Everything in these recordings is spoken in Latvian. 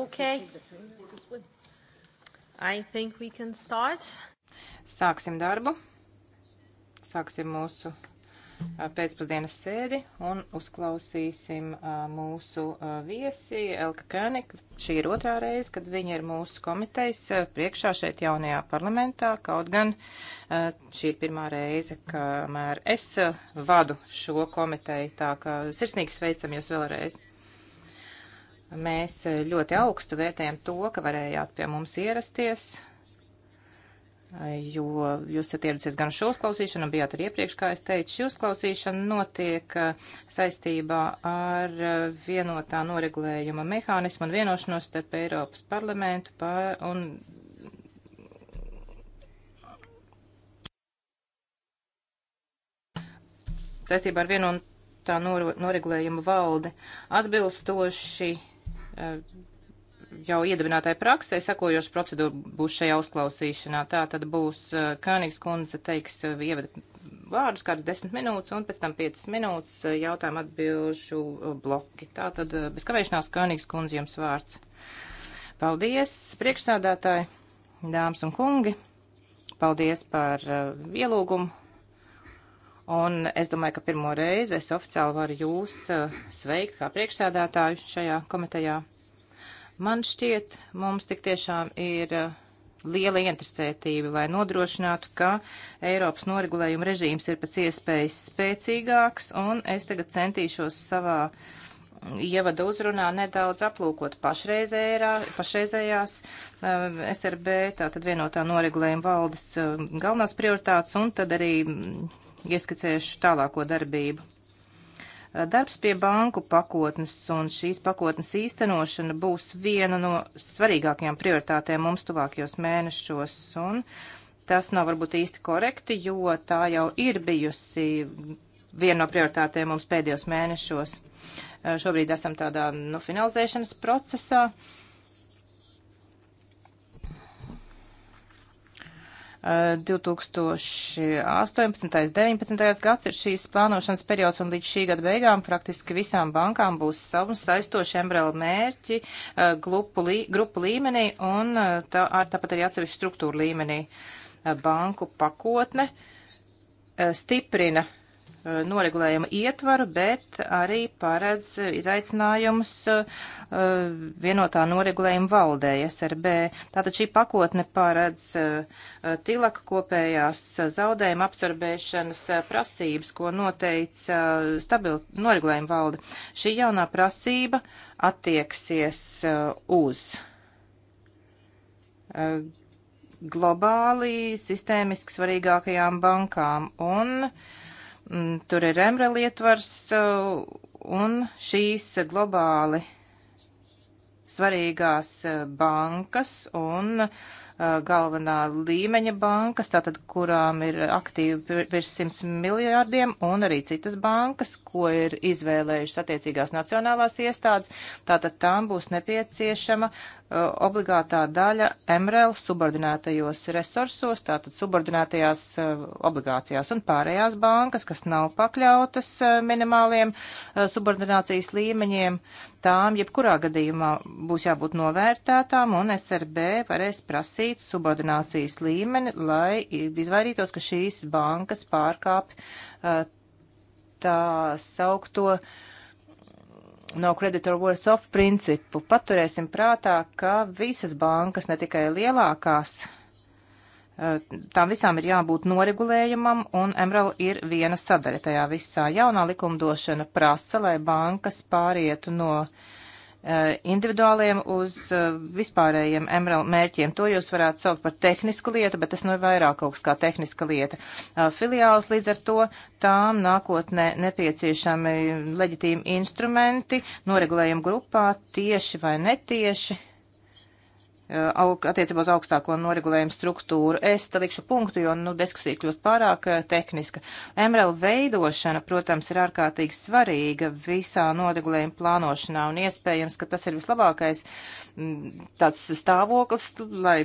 Okay. I think we can start. Sāksim darbu. Sāksim mūsu pēcpusdienas sēdi un uzklausīsim mūsu viesi Elka König. Šī ir otrā reize, kad viņa ir mūsu komitejas priekšā šeit jaunajā parlamentā, kaut gan šī ir pirmā reize, kamēr es vadu šo komiteju, tā kā sirsnīgi sveicam jūs vēlreiz. Mēs eh, ļoti augstu vērtējam to, ka varējāt pie mums ierasties, eh, jo jūs esat ieradusies gan šo uzklausīšanu, un bijāt arī iepriekš, kā es teicu, šī uzklausīšana notiek eh, saistībā ar vienotā noregulējuma mehānismu un vienošanos starp Eiropas parlamentu par, un saistībā ar vienu un tā noregulējumu valdi atbilstoši jau iedibinātai praksē, sekojoša procedūra būs šajā uzklausīšanā. Tā tad būs eh, Kānīgs kundze teiks eh, ievada vārdus kāds desmit minūtes un pēc tam piecas minūtes eh, jautājumu atbilžu bloki. Tā tad bez kavēšanās Kānīgs kundze jums vārds. Paldies, priekšsādātāji, dāmas un kungi. Paldies par ielūgumu Un es domāju, ka pirmo reizi es oficiāli varu jūs eh, sveikt kā priekšsēdētāju šajā komitejā. Man šķiet, mums tik tiešām ir eh, liela interesētība, lai nodrošinātu, ka Eiropas noregulējuma režīms ir pēc iespējas spēcīgāks, un es tagad centīšos savā mm, ievada uzrunā nedaudz aplūkot pašreizējā, pašreizējās um, eh, SRB, tātad vienotā noregulējuma valdes um, galvenās prioritātes un tad arī mm, ieskicējuši tālāko darbību. Darbs pie banku pakotnes un šīs pakotnes īstenošana būs viena no svarīgākajām prioritātēm mums tuvākajos mēnešos, un tas nav varbūt īsti korekti, jo tā jau ir bijusi viena no prioritātēm mums pēdējos mēnešos. Šobrīd esam tādā nu, finalizēšanas procesā. Uh, 2018. un 19. gads ir šīs plānošanas periods, un līdz šī gada beigām praktiski visām bankām būs savu saistoši embrela mērķi eh, grupu, lī, grupu līmenī un eh, tā, ar, tāpat arī atsevišķu struktūru līmenī. Eh, banku pakotne stiprina noregulējuma ietvaru, bet arī paredz izaicinājumus uh, vienotā noregulējuma valdē SRB. Tātad šī pakotne paredz uh, tilaka kopējās zaudējuma absorbēšanas uh, prasības, ko noteica stabil noregulējuma valde. Šī jaunā prasība attieksies uz globāli sistēmiski svarīgākajām bankām un uh, Mm, tur ir Emreli ietvars uh, un šīs globāli svarīgās uh, bankas un uh, Uh, galvenā līmeņa bankas, tātad kurām ir aktīvi virs 100 miljārdiem, un arī citas bankas, ko ir izvēlējušas attiecīgās nacionālās iestādes, tātad tām būs nepieciešama uh, obligātā daļa MREL subordinētajos resursos, tātad subordinētajās uh, obligācijās un pārējās bankas, kas nav pakļautas minimāliem subordinācijas līmeņiem, tām jebkurā gadījumā būs jābūt novērtētām un SRB varēs prasīt norādīt subordinācijas līmeni, lai izvairītos, ka šīs bankas pārkāp uh, tā saukto no creditor worse off principu. Paturēsim prātā, ka visas bankas, ne tikai lielākās, uh, tām visām ir jābūt noregulējumam, un MRL ir viena sadaļa tajā visā. Jaunā likumdošana prasa, lai bankas pārietu no uh, Eh, individuāliem uz eh, vispārējiem MRL mērķiem. To jūs varētu saukt par tehnisku lietu, bet tas nu ir vairāk kaut kas kā tehniska lieta. Eh, filiāls līdz ar to tām nākotnē nepieciešami leģitīmi instrumenti noregulējuma grupā tieši vai netieši Eh, attiecībā uz augstāko noregulējumu struktūru. Es te likšu punktu, jo nu, diskusija kļūst pārāk eh, tehniska. MRL veidošana, protams, ir ārkārtīgi svarīga visā noregulējuma plānošanā un iespējams, ka tas ir vislabākais mm, tāds stāvoklis, lai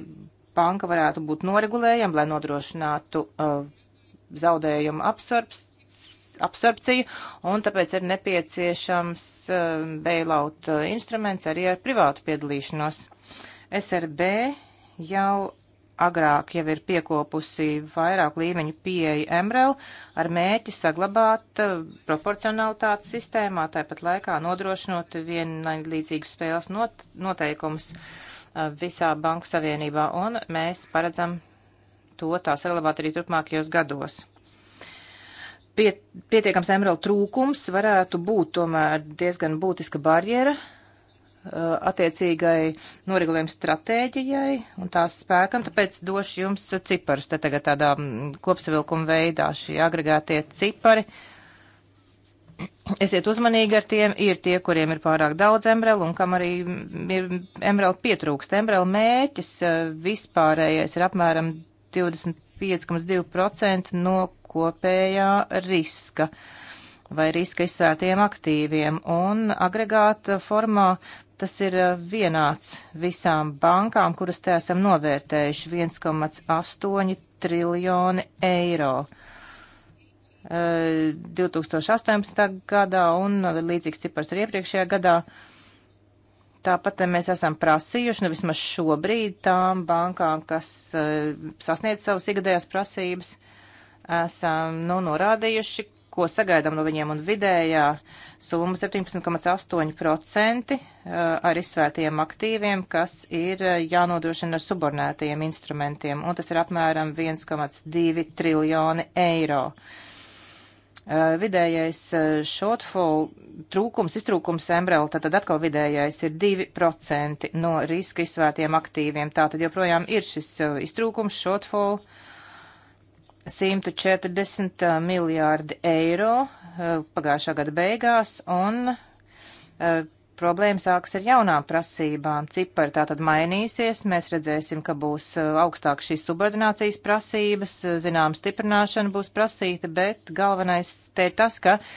banka varētu būt noregulējama, lai nodrošinātu uh, zaudējumu absorpciju absorpciju, un tāpēc ir nepieciešams uh, bailout instruments arī ar privātu piedalīšanos. SRB jau agrāk jau ir piekopusi vairāk līmeņu pieeja MREL ar mēķi saglabāt uh, proporcionalitāti sistēmā, tāpat laikā nodrošinot vienlīdzīgus spēles not noteikumus uh, visā Banku Savienībā, un mēs paredzam to tā saglabāt arī turpmākajos gados. Piet, pietiekams MREL trūkums varētu būt tomēr diezgan būtiska barjera Uh, attiecīgai noregulējuma stratēģijai un tās spēkam, tāpēc došu jums ciparus te tagad tādā mm, kopsavilkuma veidā šie agregātie cipari. Esiet uzmanīgi ar tiem, ir tie, kuriem ir pārāk daudz embrelu un kam arī mm, ir embrelu pietrūkst. Embrelu mērķis uh, vispārējais ir apmēram 25,2% no kopējā riska. Uh, vai riska izsvērtiem aktīviem, un agregāta formā tas ir eh, vienāds visām bankām, kuras te esam novērtējuši 1,8 triljoni eiro. 2018. Eh, gadā un līdzīgs cipars arī iepriekšējā gadā. Tāpat eh, mēs esam prasījuši, nu vismaz šobrīd tām bankām, kas sasniedz savas ikgadējās prasības, esam nu, norādījuši, ko sagaidām no viņiem, un vidējā summa 17,8% eh, ar izsvērtajiem aktīviem, kas ir eh, jānodrošina ar subordinētajiem instrumentiem, un tas ir apmēram 1,2 triljoni eiro. Eh, vidējais shortfall trūkums, iztrūkums MRL, tad atkal vidējais ir 2% no riska izsvērtiem aktīviem. Tātad joprojām ir šis iztrūkums shortfall. Uh, 140 eh, miljārdi eiro eh, pagājušā gada beigās, un eh, problēma sāks ar jaunām prasībām. Cipari tā tad mainīsies, mēs redzēsim, ka būs augstāk šīs subordinācijas prasības, zinām, stiprināšana būs prasīta, bet galvenais te ir tas, ka uh,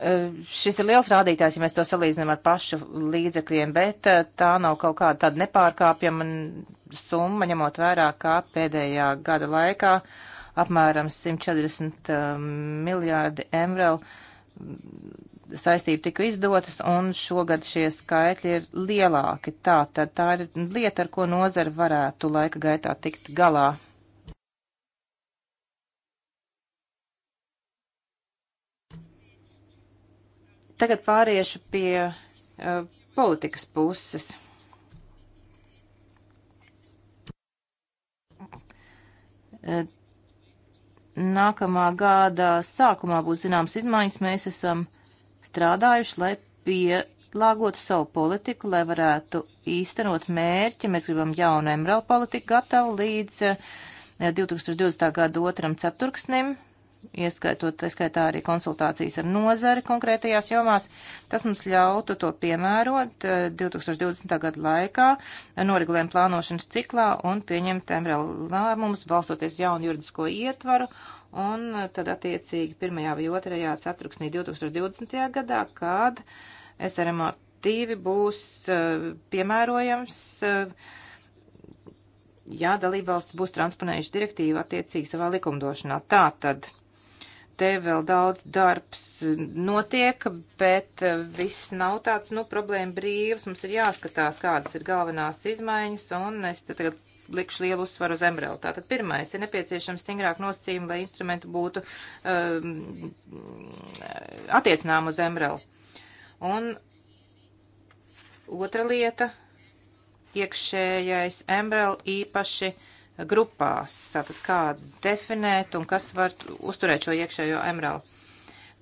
Eh, šis ir liels rādītājs, ja mēs to salīdzinām ar pašu līdzekļiem, bet eh, tā nav kaut kāda tāda nepārkāpjama summa, ņemot vērā, kā pēdējā gada laikā apmēram 140 eh, miljārdi emrelu mm, saistību tika izdotas, un šogad šie skaitļi ir lielāki. Tā tad tā ir lieta, ar ko nozara varētu laika gaitā tikt galā. Tagad pāriešu pie uh, politikas puses. Uh, nākamā gada sākumā būs zināmas izmaiņas. Mēs esam strādājuši, lai pielāgotu savu politiku, lai varētu īstenot mērķi. Mēs gribam jaunu MRL politiku gatavu līdz eh, 2020. gada otram ceturksnim ieskaitot, tā skaitā arī konsultācijas ar nozari konkrētajās jomās. Tas mums ļautu to piemērot 2020. Eh, gada laikā eh, noregulējuma plānošanas ciklā un pieņemt temrelu lēmumus, balstoties jaunu juridisko ietvaru. Un eh, tad attiecīgi 1. vai 2. ceturksnī 2020. gadā, kad SRMA 2 būs piemērojams ja dalībvalsts būs transponējuši direktīvu attiecīgi savā likumdošanā. Tā tad te vēl daudz darbs notiek, bet eh, viss nav tāds, nu, problēma brīvs. Mums ir jāskatās, kādas ir galvenās izmaiņas, un es te tagad likšu lielu uzsvaru uz MRL. Tātad pirmais ir nepieciešams stingrāk nosacījumi, lai instrumenti būtu um, attiecinām uz MRL. Un otra lieta - iekšējais MRL īpaši uh, grupās, tātad kā definēt un kas var uzturēt šo iekšējo emerālu.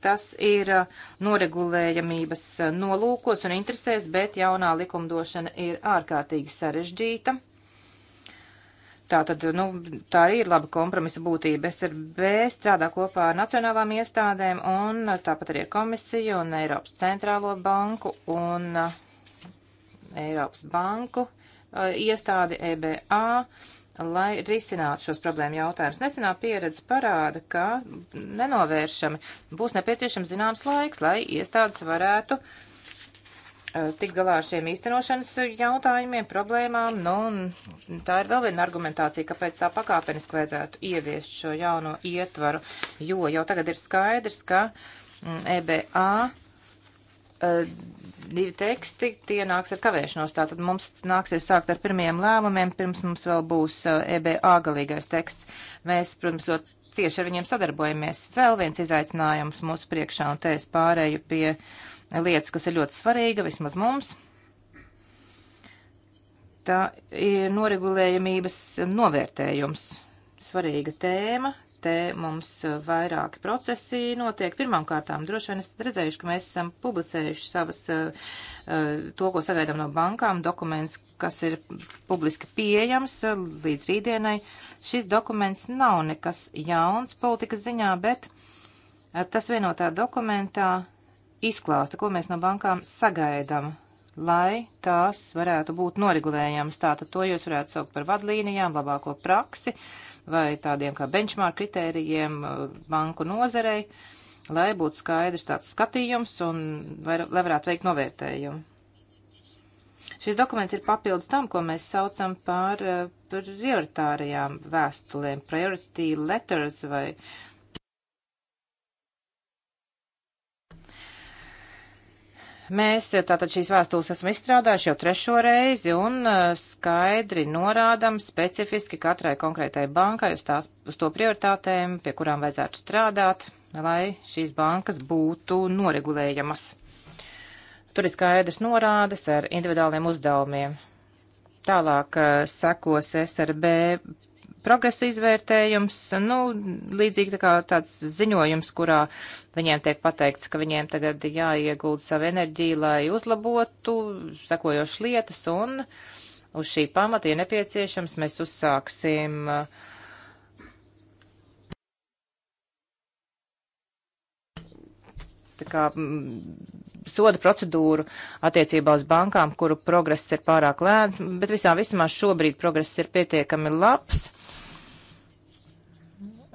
Tas ir uh, noregulējamības uh, nolūkos un interesēs, bet jaunā likumdošana ir ārkārtīgi sarežģīta. Tā tad, nu, tā arī ir laba kompromisa būtība. SRB strādā kopā ar nacionālām iestādēm un uh, tāpat arī ar komisiju un Eiropas centrālo banku un Eiropas banku iestādi EBA. Uh, lai risinātu šos problēmu jautājumus. Nesenā pieredze parāda, ka nenovēršami būs nepieciešams zināms laiks, lai iestādes varētu uh, e, tik galā ar šiem īstenošanas jautājumiem, problēmām, nu, un tā ir vēl viena argumentācija, kāpēc tā pakāpeniski vajadzētu ieviest šo jauno ietvaru, jo jau tagad ir skaidrs, ka mm, EBA uh, e, divi teksti, tie nāks ar kavēšanos. Tātad mums nāksies sākt ar pirmiem lēmumiem, pirms mums vēl būs EBA eh, e galīgais teksts. Mēs, protams, ļoti cieši ar viņiem sadarbojamies. Vēl viens izaicinājums mūsu priekšā, un te es pārēju pie lietas, kas ir ļoti svarīga, vismaz mums. Tā ir noregulējumības novērtējums. Svarīga tēma, te mums eh, vairāki procesi notiek. Pirmkārtām, droši vien esat redzējuši, ka mēs esam publicējuši savas, eh, eh, to, ko sagaidām no bankām, dokuments, kas ir publiski pieejams līdz rītdienai. Šis dokuments nav nekas jauns politikas ziņā, bet tas vienotā dokumentā izklāsta, ko mēs no bankām sagaidām lai tās varētu būt noregulējamas. Tātad to jūs varētu saukt par vadlīnijām, labāko praksi vai tādiem kā benchmark kritērijiem uh, banku nozarei, lai būtu skaidrs tāds skatījums un var, lai varētu veikt novērtējumu. Šis dokuments ir papildus tam, ko mēs saucam par uh, prioritārajām vēstulēm, priority letters vai uh, Mēs eh, tātad šīs vēstules esam izstrādājuši jau trešo reizi un eh, skaidri norādam specifiski katrai konkrētai bankai uz, tās, uz to prioritātēm, pie kurām vajadzētu strādāt, lai šīs bankas būtu noregulējamas. Tur ir skaidrs norādes ar individuāliem uzdevumiem. Tālāk eh, sekos SRB progresa izvērtējums, nu, līdzīgi tā kā tāds ziņojums, kurā viņiem tiek pateikts, ka viņiem tagad jāiegulda savu enerģiju, lai uzlabotu sekojošas lietas, un uz šī pamata, ja nepieciešams, mēs uzsāksim uh, tā kā soda procedūru attiecībā uz bankām, kuru progress ir pārāk lēns, bet visā vismā šobrīd progress ir pietiekami labs.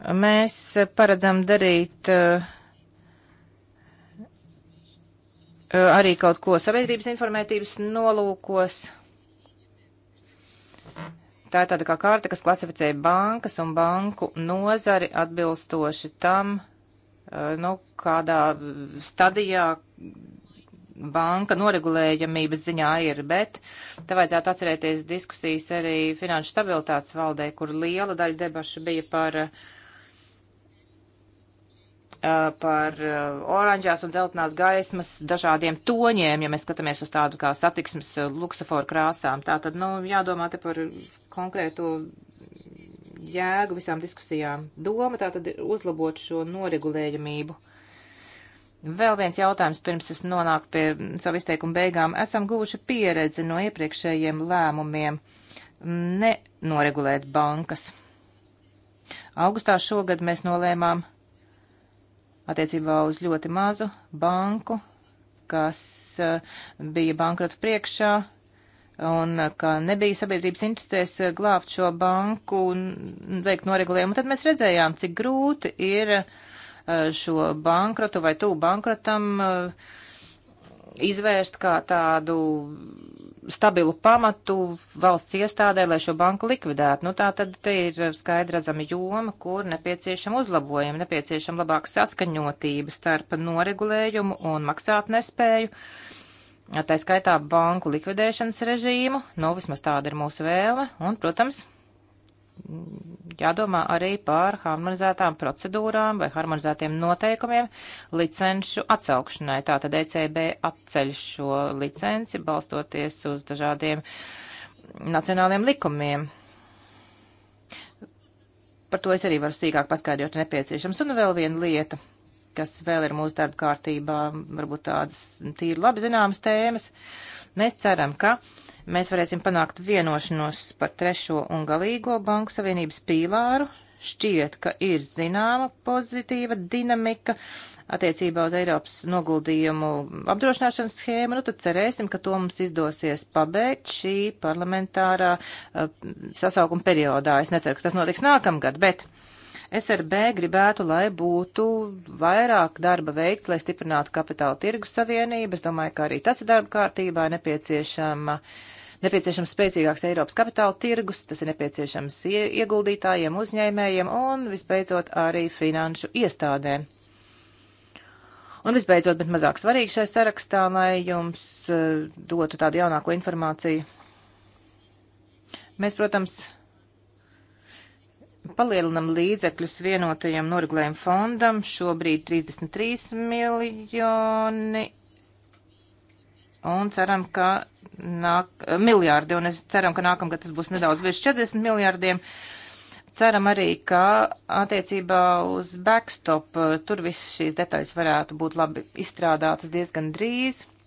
Mēs paredzam darīt uh, arī kaut ko sabiedrības informētības nolūkos. Tā ir tāda kā kārta, kas klasificē bankas un banku nozari atbilstoši tam, eh, nu, kādā stadijā banka noregulējamības ziņā ir, bet te vajadzētu atcerēties diskusijas arī finanšu stabilitātes valdē, kur liela daļa debašu bija par, par oranžās un dzeltenās gaismas dažādiem toņiem, ja mēs skatāmies uz tādu kā satiksmes luksuforu krāsām. Tā tad, nu, jādomā te par konkrētu jēgu visām diskusijām. Doma tā tad ir uzlabot šo noregulējamību. Vēl viens jautājums, pirms es nonāku pie savu izteikumu beigām. Esam guvuši pieredzi no iepriekšējiem lēmumiem nenoregulēt bankas. Augustā šogad mēs nolēmām attiecībā uz ļoti mazu banku, kas eh, bija bankrota priekšā un eh, ka nebija sabiedrības interesēs eh, glābt šo banku un veikt noregulējumu. Tad mēs redzējām, cik grūti ir uh, Eh, šo bankrotu vai tuvu bankrotam eh, izvērst kā tādu stabilu pamatu valsts iestādē, lai šo banku likvidētu. Nu, tā tad te ir skaidredzama joma, kur nepieciešama uzlabojuma, nepieciešama labāka saskaņotība starp noregulējumu un maksāt nespēju. Tā skaitā banku likvidēšanas režīmu, nu vismaz tāda ir mūsu vēle, un, protams, jādomā arī par harmonizētām procedūrām vai harmonizētiem noteikumiem licenšu atsaukšanai. Tātad ECB atceļ šo licenci balstoties uz dažādiem nacionāliem likumiem. Par to es arī varu sīkāk paskaidrot nepieciešams. Un vēl viena lieta, kas vēl ir mūsu darba kārtībā, varbūt tādas tīri labi zināmas tēmas. Mēs ceram, ka uh, mēs varēsim panākt vienošanos par trešo un galīgo banku savienības pīlāru. Šķiet, ka ir zināma pozitīva dinamika attiecībā uz Eiropas noguldījumu apdrošināšanas schēmu. Nu, tad cerēsim, ka to mums izdosies pabeigt šī parlamentārā uh, sasaukuma periodā. Es neceru, ka tas notiks nākamgad, bet uh, SRB gribētu, lai būtu vairāk darba veikts, lai stiprinātu kapitāla tirgus savienību. Es domāju, ka arī tas ir darba kārtībā nepieciešama. Nepieciešams spēcīgāks Eiropas kapitāla tirgus, tas ir nepieciešams ieguldītājiem, uzņēmējiem un, visbeidzot, arī finanšu iestādēm. Un visbeidzot, bet mazāk svarīgi šai sarakstā, lai jums uh, dotu tādu jaunāko informāciju. Mēs, protams, palielinam līdzekļus vienotajam noreglējuma fondam. Šobrīd 33 miljoni un ceram, ka nāk miljārdi, un es ceram, ka nākamgad tas būs nedaudz virs 40 miljārdiem. Ceram arī, ka attiecībā uz backstop tur viss šīs detaļas varētu būt labi izstrādātas diezgan drīz. Uh,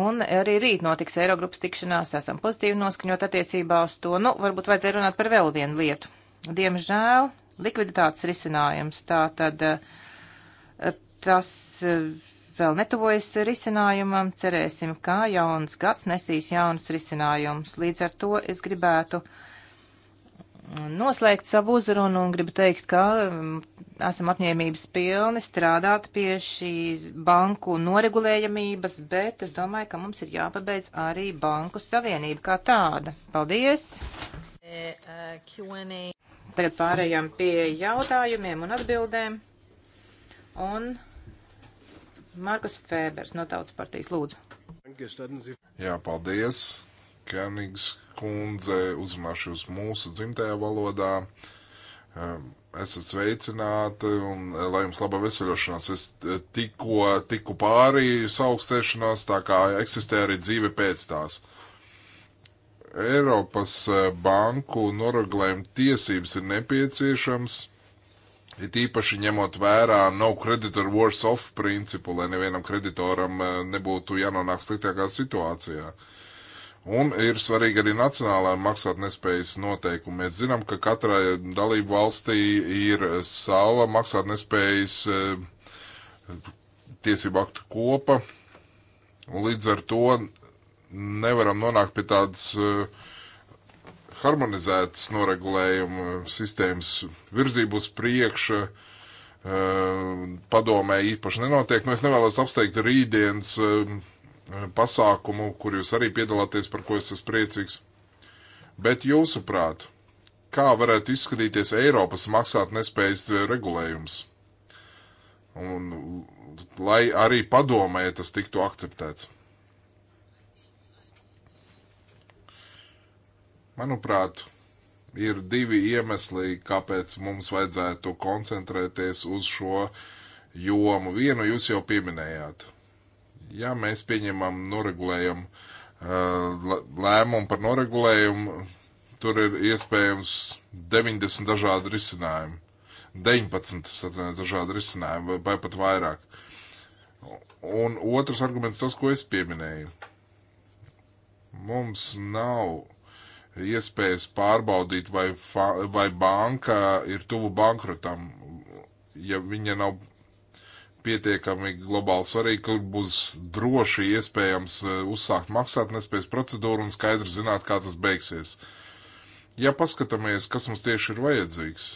Un arī rīt notiks Eirogrupas tikšanās, esam pozitīvi noskaņot attiecībā uz to. Nu, varbūt vajadzēja runāt par vēl vienu lietu. Diemžēl likviditātes risinājums, tā tad eh, tas eh, vēl netuvojas risinājumam, cerēsim, kā jauns gads nesīs jaunas risinājumus. Līdz ar to es gribētu uh, noslēgt savu uzrunu un gribu teikt, ka mm, esam apņēmības pilni strādāt pie šīs banku noregulējamības, bet es domāju, ka mums ir jāpabeidz arī banku savienība kā tāda. Paldies! Tagad pārējām pie jautājumiem un atbildēm. Un Markus Fēbers no Tautas partijas lūdzu. Jā, paldies! Kenigs kundze uzrunāšu jūs mūsu dzimtajā valodā. Esat sveicināti un eh, lai jums laba veseļošanās. Es eh, tikko tiku pāri saukstēšanās, tā kā eksistē arī dzīve pēc tās. Eiropas eh, banku noraglējuma tiesības ir nepieciešams. Ir tīpaši ņemot vērā no creditor worse off principu, lai nevienam kreditoram nebūtu jānonāk sliktākā situācijā. Uh, Un ir svarīgi arī nacionālā maksātnespējas noteikumi. Mēs zinām, ka katrai dalību valstī ir sava maksātnespējas eh, tiesību aktu kopa, un līdz ar to nevaram nonākt pie tādas eh, harmonizētas noregulējuma sistēmas virzību uz priekšu. Eh, padomē īpaši nenotiek. Nu, es nevēlos apsteigt rītdienas Eh, pasākumu, kur jūs arī piedalāties, par ko es esmu priecīgs. Bet jūsuprāt, kā varētu izskatīties Eiropas maksātnespējas eh, regulējums? Un lai arī padomē tas tiktu akceptēts. Manuprāt, ir divi iemesli, kāpēc mums vajadzētu koncentrēties uz šo jomu. Vienu jūs jau pieminējāt Ja mēs pieņemam noregulējumu, uh, lēmumu par noregulējumu, tur ir iespējams 90 dažādi risinājumi. 19 atvienu, dažādi risinājumi, vai pat vairāk. Un otrs arguments tas, ko es pieminēju. Mums nav iespējas pārbaudīt, vai, vai banka ir tuvu bankrotam, ja viņa nav pietiekami globāli svarīgi, kur būs droši iespējams eh, uzsākt maksātnespējas procedūru un skaidri zināt, kā tas beigsies. Ja paskatāmies, kas mums tieši ir vajadzīgs,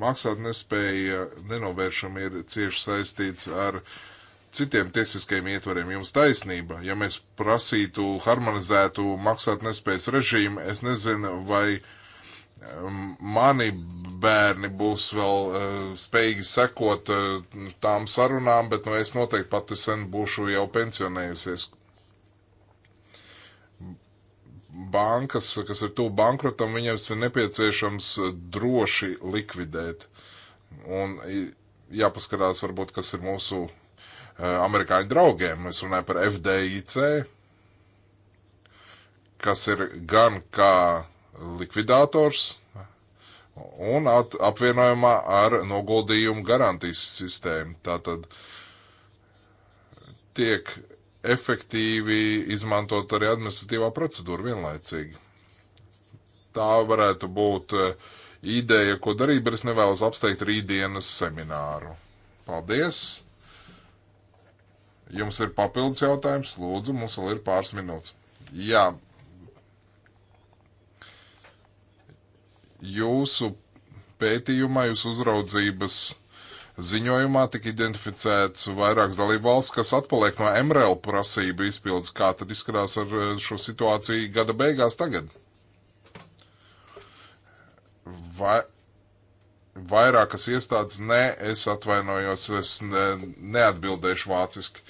maksātnespēja nenovēršami ir cieši saistīts ar citiem tiesiskajiem ietvariem. Jums taisnība, ja mēs prasītu harmonizētu maksātnespējas režīmu, es nezinu, vai uh, mani bērni būs vēl uh, spējīgi sekot uh, tām sarunām, bet nu, es noteikti pati sen būšu jau pensionējusies. Bankas, kas ir tuvu bankrotam, viņiem ir nepieciešams droši likvidēt. Un jāpaskarās, varbūt, kas ir mūsu uh, amerikāņu draugiem. Es runāju par FDIC, kas ir gan kā likvidators un at, apvienojumā ar noguldījumu garantijas sistēmu. Tātad tiek efektīvi izmantot arī administratīvā procedūra vienlaicīgi. Tā varētu būt eh, ideja, ko darīt, bet es nevēlos apsteigt rītdienas semināru. Paldies! Jums ir papildus jautājums? Lūdzu, mums vēl ir pāris minūtes. Jā, Jūsu pētījumā, jūsu uzraudzības ziņojumā tika identificēts vairākas dalībvalsts, kas atpaliek no MRL prasību izpildes. Kā tad izskatās ar eh, šo situāciju gada beigās tagad? Vai, vairākas iestādes, nē, es atvainojos, es ne, neatbildēšu vāciski,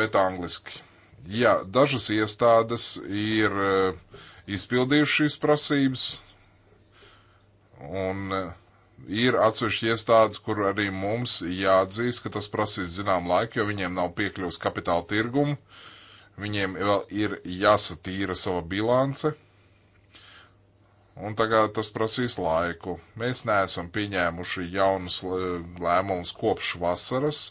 bet angliski. Jā, dažas iestādes ir eh, izpildījušas šīs prasības, Un eh, ir atsevišķi iestādes, kur arī mums jāatzīst, ka tas prasīs zinām laiku, jo viņiem nav piekļuvs kapitāla tirgumu, viņiem vēl ir jāsatīra sava bilance, un tagad tas prasīs laiku. Mēs neesam pieņēmuši jaunus eh, lēmumus kopš vasaras.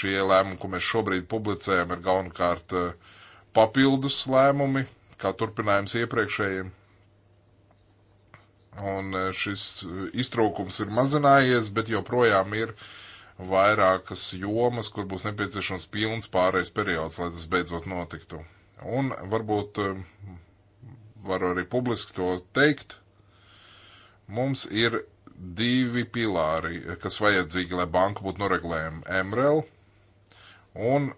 Šie lēmumi, ko mēs šobrīd publicējam, ir galvenokārt eh, papildus lēmumi, kā turpinājums iepriekšējiem un e, šis e, iztrūkums ir mazinājies, bet joprojām ir vairākas jomas, kur būs nepieciešams pilns pārējais periods, lai tas beidzot notiktu. Un varbūt e, varu arī publiski to teikt, mums ir divi pilāri, kas vajadzīgi, lai banka būtu noregulējama MREL un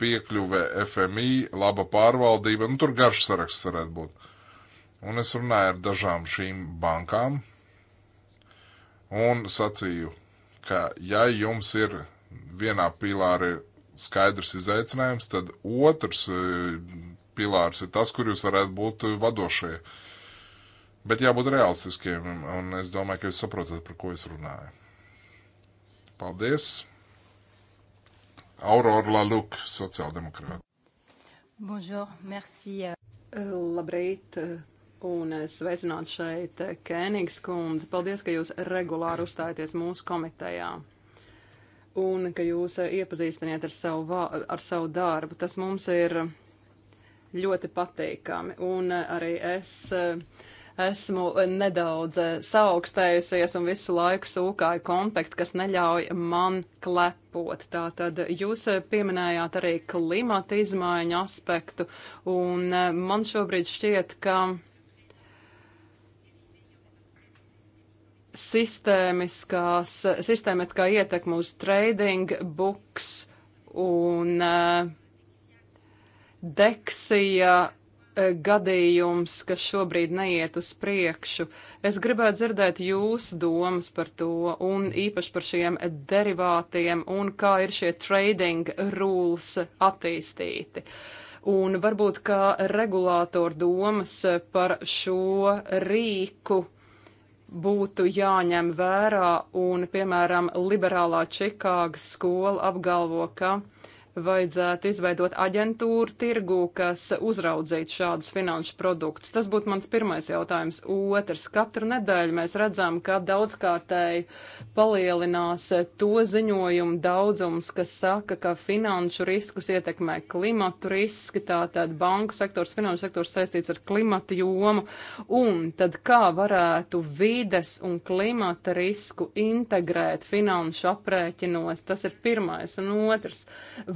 piekļuve FMI, laba pārvaldība, nu tur garš saraksts varētu būt. Un es runāju ar dažām šīm bankām un sacīju, ka ja jums ir vienā pīlāra skaidrs izaicinājums, tad otrs e, pilārs ir tas, kur jūs varētu būt vadošie. Bet jābūt realistiskiem, un es domāju, ka jūs saprotat, par ko es runāju. Paldies! Aurora Laluk, sociāldemokrāta. Bonjour, merci. Labrīt, Un sveicināt šeit Kēnigs kundze. Paldies, ka jūs regulāri uzstājaties mūsu komitejā. Un ka jūs iepazīstiniet ar savu, ar savu darbu. Tas mums ir ļoti patīkami. Un arī es esmu nedaudz saaugstējusies un visu laiku sūkāju kontaktu, kas neļauj man klepot. Tātad jūs pieminējāt arī klimata izmaiņu aspektu, un man šobrīd šķiet, ka sistēmiskās, sistēmiskā ietekme uz trading, books un uh, eh, deksija eh, gadījums, kas šobrīd neiet uz priekšu. Es gribētu dzirdēt jūsu domas par to, un īpaši par šiem derivātiem, un kā ir šie trading rules attīstīti. Un varbūt kā regulātori domas par šo rīku būtu jāņem vērā, un, piemēram, liberālā Čikāgas skola apgalvo, ka vajadzētu izveidot aģentūru tirgu, kas uzraudzītu šādus finanšu produktus. Tas būtu mans pirmais jautājums. Otrs, katru nedēļu mēs redzam, ka daudzkārtēji palielinās to ziņojumu daudzums, kas saka, ka finanšu riskus ietekmē klimatu riski, tātad banku sektors, finanšu sektors saistīts ar klimatu jomu, un tad kā varētu vides un klimata risku integrēt finanšu aprēķinos. Tas ir pirmais. Un otrs,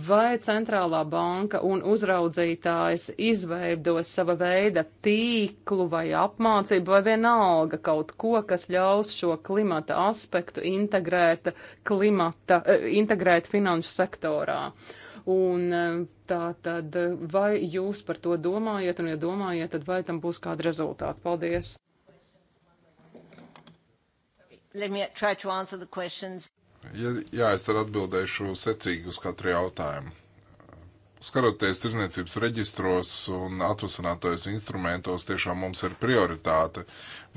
vai centrālā banka un uzraudzītājs izveidos sava veida tīklu vai apmācību vai vienalga kaut ko, kas ļaus šo klimata aspektu integrēt, klimata, eh, integrēt finanšu sektorā. Un eh, tā tad, vai jūs par to domājat, un ja domājat, tad vai tam būs kāda rezultāta? Paldies! Let me try to answer the questions. Ja, jā, es tad atbildēšu secīgi uz katru jautājumu. Skatoties tirdzniecības reģistros un atvasinātojas instrumentos, tiešām mums ir prioritāte,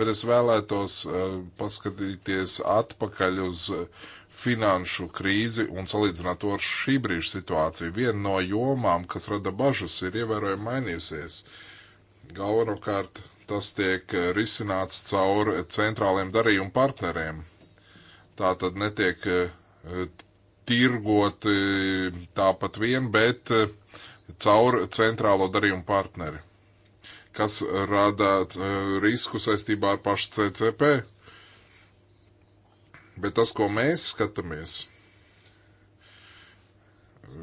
bet es vēlētos uh, paskatīties atpakaļ uz uh, finanšu krīzi un salīdzināt to ar šī brīža situāciju. Viena no jomām, kas rada bažas, ir ievērojami mainījusies. Galvenokārt tas tiek risināts caur centrāliem darījumu partneriem tā tad netiek e, tirgoti tāpat vien, bet e, caur centrālo darījumu partneri, kas rada e, risku saistībā ar pašu CCP. Bet tas, ko mēs skatāmies,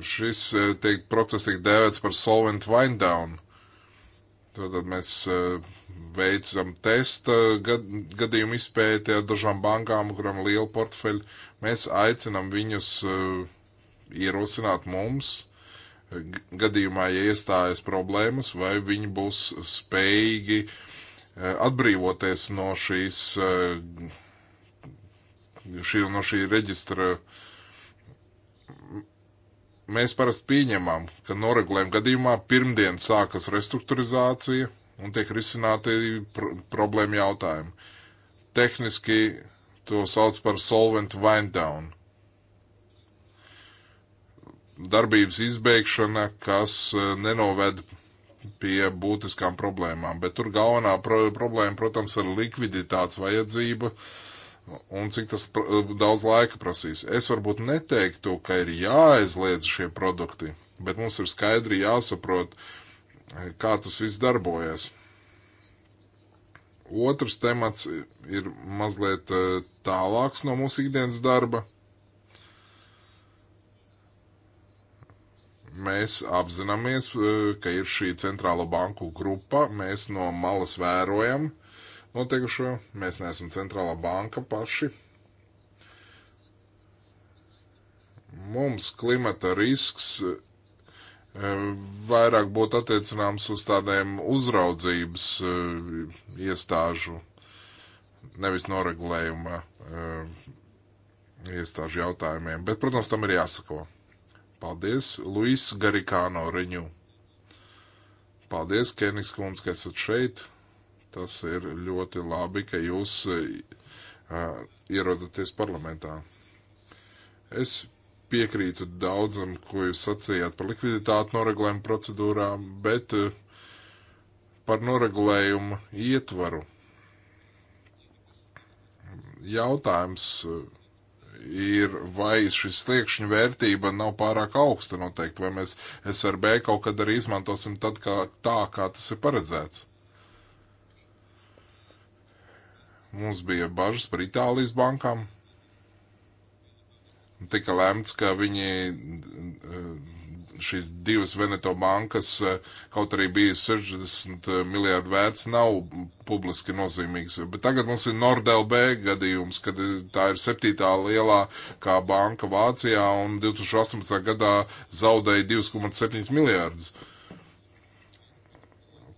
šis tiek, process tiek dēvēts par solvent wind down. Tātad mēs uh, veicam testa gad, gadījumu izpēti ar dažām bankām, kurām ir liela portfeļa. Mēs aicinam viņus uh, ierosināt mums, eh, gadījumā, ja iestājas problēmas, vai viņi būs spējīgi uh, atbrīvoties no šīs, uh, šī, no šī reģistra. Mēs parasti pieņemam, ka noregulējuma gadījumā pirmdien sākas restruktūrizācija, un tiek risināti pr problēma jautājumi. Tehniski to sauc par solvent wind down. Darbības izbeigšana, kas eh, nenoved pie būtiskām problēmām, bet tur galvenā pro problēma, protams, ir likviditātes vajadzība un cik tas eh, daudz laika prasīs. Es varbūt neteiktu, ka ir jāaizliedz šie produkti, bet mums ir skaidri jāsaprot, uh, kā tas viss darbojas. Otrs temats ir mazliet e, tālāks no mūsu ikdienas darba. Mēs apzināmies, e, ka ir šī centrāla banku grupa, mēs no malas vērojam notiekušo, mēs neesam centrālā banka paši. Mums klimata risks vairāk būtu attiecināms uz tādiem uzraudzības eh, iestāžu, nevis noregulējuma eh, iestāžu jautājumiem. Bet, protams, tam ir jāsako. Paldies, Luis Garikāno Riņu. Paldies, Kenigs kundz, ka esat šeit. Tas ir ļoti labi, ka jūs uh, ierodaties parlamentā. Es piekrītu daudzam, ko jūs sacījāt par likviditāti noregulējumu procedūrām, bet eh, par noregulējumu ietvaru. Jautājums eh, ir, vai šis sliekšņa vērtība nav pārāk augsta noteikti, vai mēs SRB kaut kad arī izmantosim tad, kā, tā, kā tas ir paredzēts. Mums bija bažas par Itālijas bankām, tika lemts, ka viņi eh, šīs divas Veneto bankas, eh, kaut arī bija 60 eh, miljārdu vērts, nav publiski nozīmīgas. Bet tagad mums ir NordLB gadījums, kad tā ir septītā lielā kā banka Vācijā un 2018. gadā zaudēja 2,7 miljārdus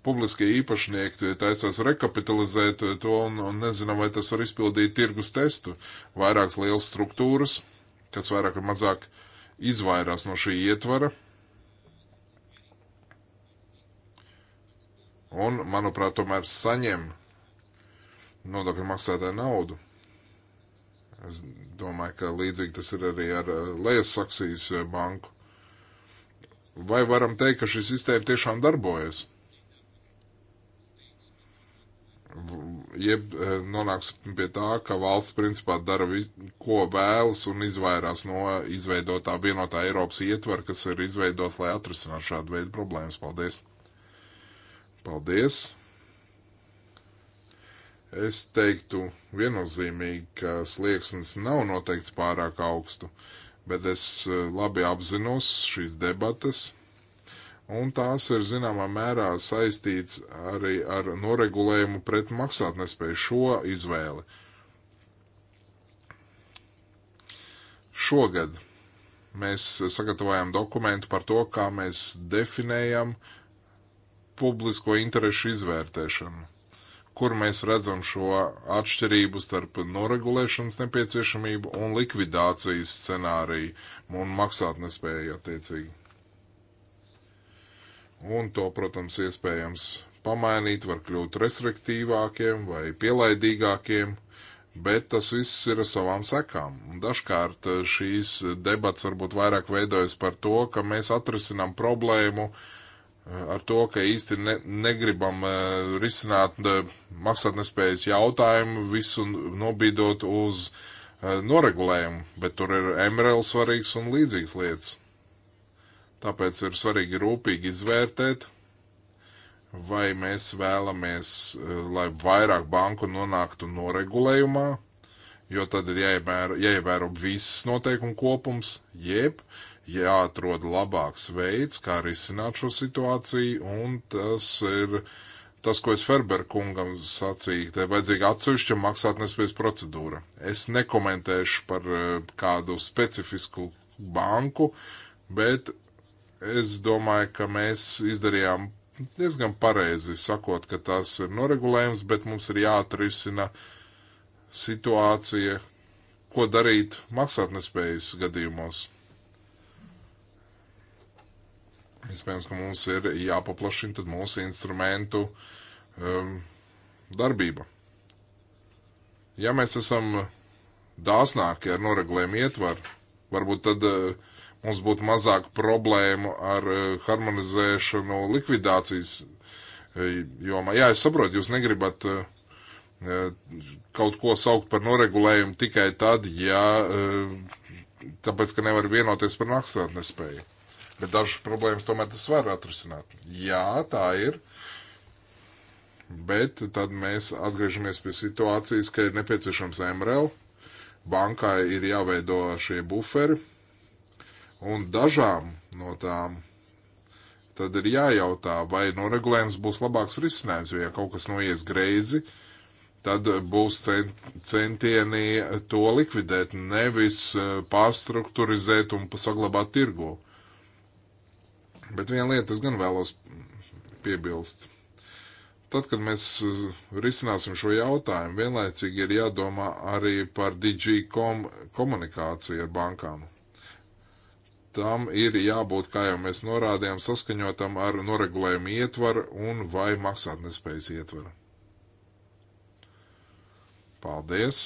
publiskie īpašnieki taisās rekapitalizēt to un, un nezinām, vai tas var izpildīt tirgus testu. Vairākas lielas struktūras kas vairāk vai mazāk izvairās no šī ietvara. Un, manuprāt, tomēr saņem nodokļu maksātāju naudu. Es domāju, ka līdzīgi tas ir arī ar eh, Lejas Saksijas eh, banku. Vai varam teikt, ka šī sistēma tiešām darbojas? jeb eh, nonāks pie tā, ka valsts principā dara, vis, ko vēlas un izvairās no izveidotā vienotā Eiropas ietvara, kas ir izveidots, lai atrisināt šādu veidu problēmas. Paldies! Paldies! Es teiktu viennozīmīgi, ka slieksnis nav noteikts pārāk augstu, bet es eh, labi apzinos šīs debatas un tās ir zināmā mērā saistīts arī ar noregulējumu pret maksātnespēju šo izvēli. Šogad mēs sagatavojam dokumentu par to, kā mēs definējam publisko interešu izvērtēšanu, kur mēs redzam šo atšķirību starp noregulēšanas nepieciešamību un likvidācijas scenāriju un maksātnespēju attiecīgi un to, protams, iespējams pamainīt, var kļūt restriktīvākiem vai pielaidīgākiem, bet tas viss ir savām sekām. Un dažkārt eh, šīs debats varbūt vairāk veidojas par to, ka mēs atrisinām problēmu eh, ar to, ka īsti ne, negribam eh, risināt maksātnespējas jautājumu, visu nobīdot uz noregulējumu, bet tur ir MRL svarīgs un līdzīgas lietas. Tāpēc ir svarīgi rūpīgi izvērtēt, vai mēs vēlamies, eh, lai vairāk banku nonāktu noregulējumā, jo tad ir jāievēro, jāievēro viss noteikumu kopums, jeb jāatrod labāks veids, kā risināt šo situāciju, un tas ir tas, ko es Ferberkungam sacīju, te vajadzīga atsevišķa maksātnespējas procedūra. Es nekomentēšu par eh, kādu specifisku banku, bet Es domāju, ka mēs izdarījām diezgan pareizi sakot, ka tas ir noregulējums, bet mums ir jāatrisina situācija, ko darīt maksātnespējas gadījumos. Iespējams, ka mums ir jāpaplašina tad mūsu instrumentu um, darbība. Ja mēs esam dāsnāki ar noregulējumu ietvaru, varbūt tad uh, mums būtu mazāk problēmu ar eh, harmonizēšanu likvidācijas eh, jomā. Jā, es saprotu, jūs negribat eh, kaut ko saukt par noregulējumu tikai tad, ja tāpēc, ka nevar vienoties par maksātnespēju. Bet dažas problēmas tomēr tas var atrisināt. Jā, tā ir. Bet tad mēs atgriežamies pie situācijas, ka ir nepieciešams MRL, bankai ir jāveido šie buferi, Un dažām no tām tad ir jājautā, vai no regulējums būs labāks risinājums, jo ja kaut kas noies greizi, tad būs centieni to likvidēt, nevis eh, pārstrukturizēt un saglabāt tirgu. Bet viena lieta es gan vēlos piebilst. Tad, kad mēs eh, risināsim šo jautājumu, vienlaicīgi ir jādomā arī par DG kom komunikāciju ar bankām tam ir jābūt, kā jau mēs norādījām, saskaņotam ar noregulējumu ietvaru un vai maksātnespējas ietvaru. Paldies!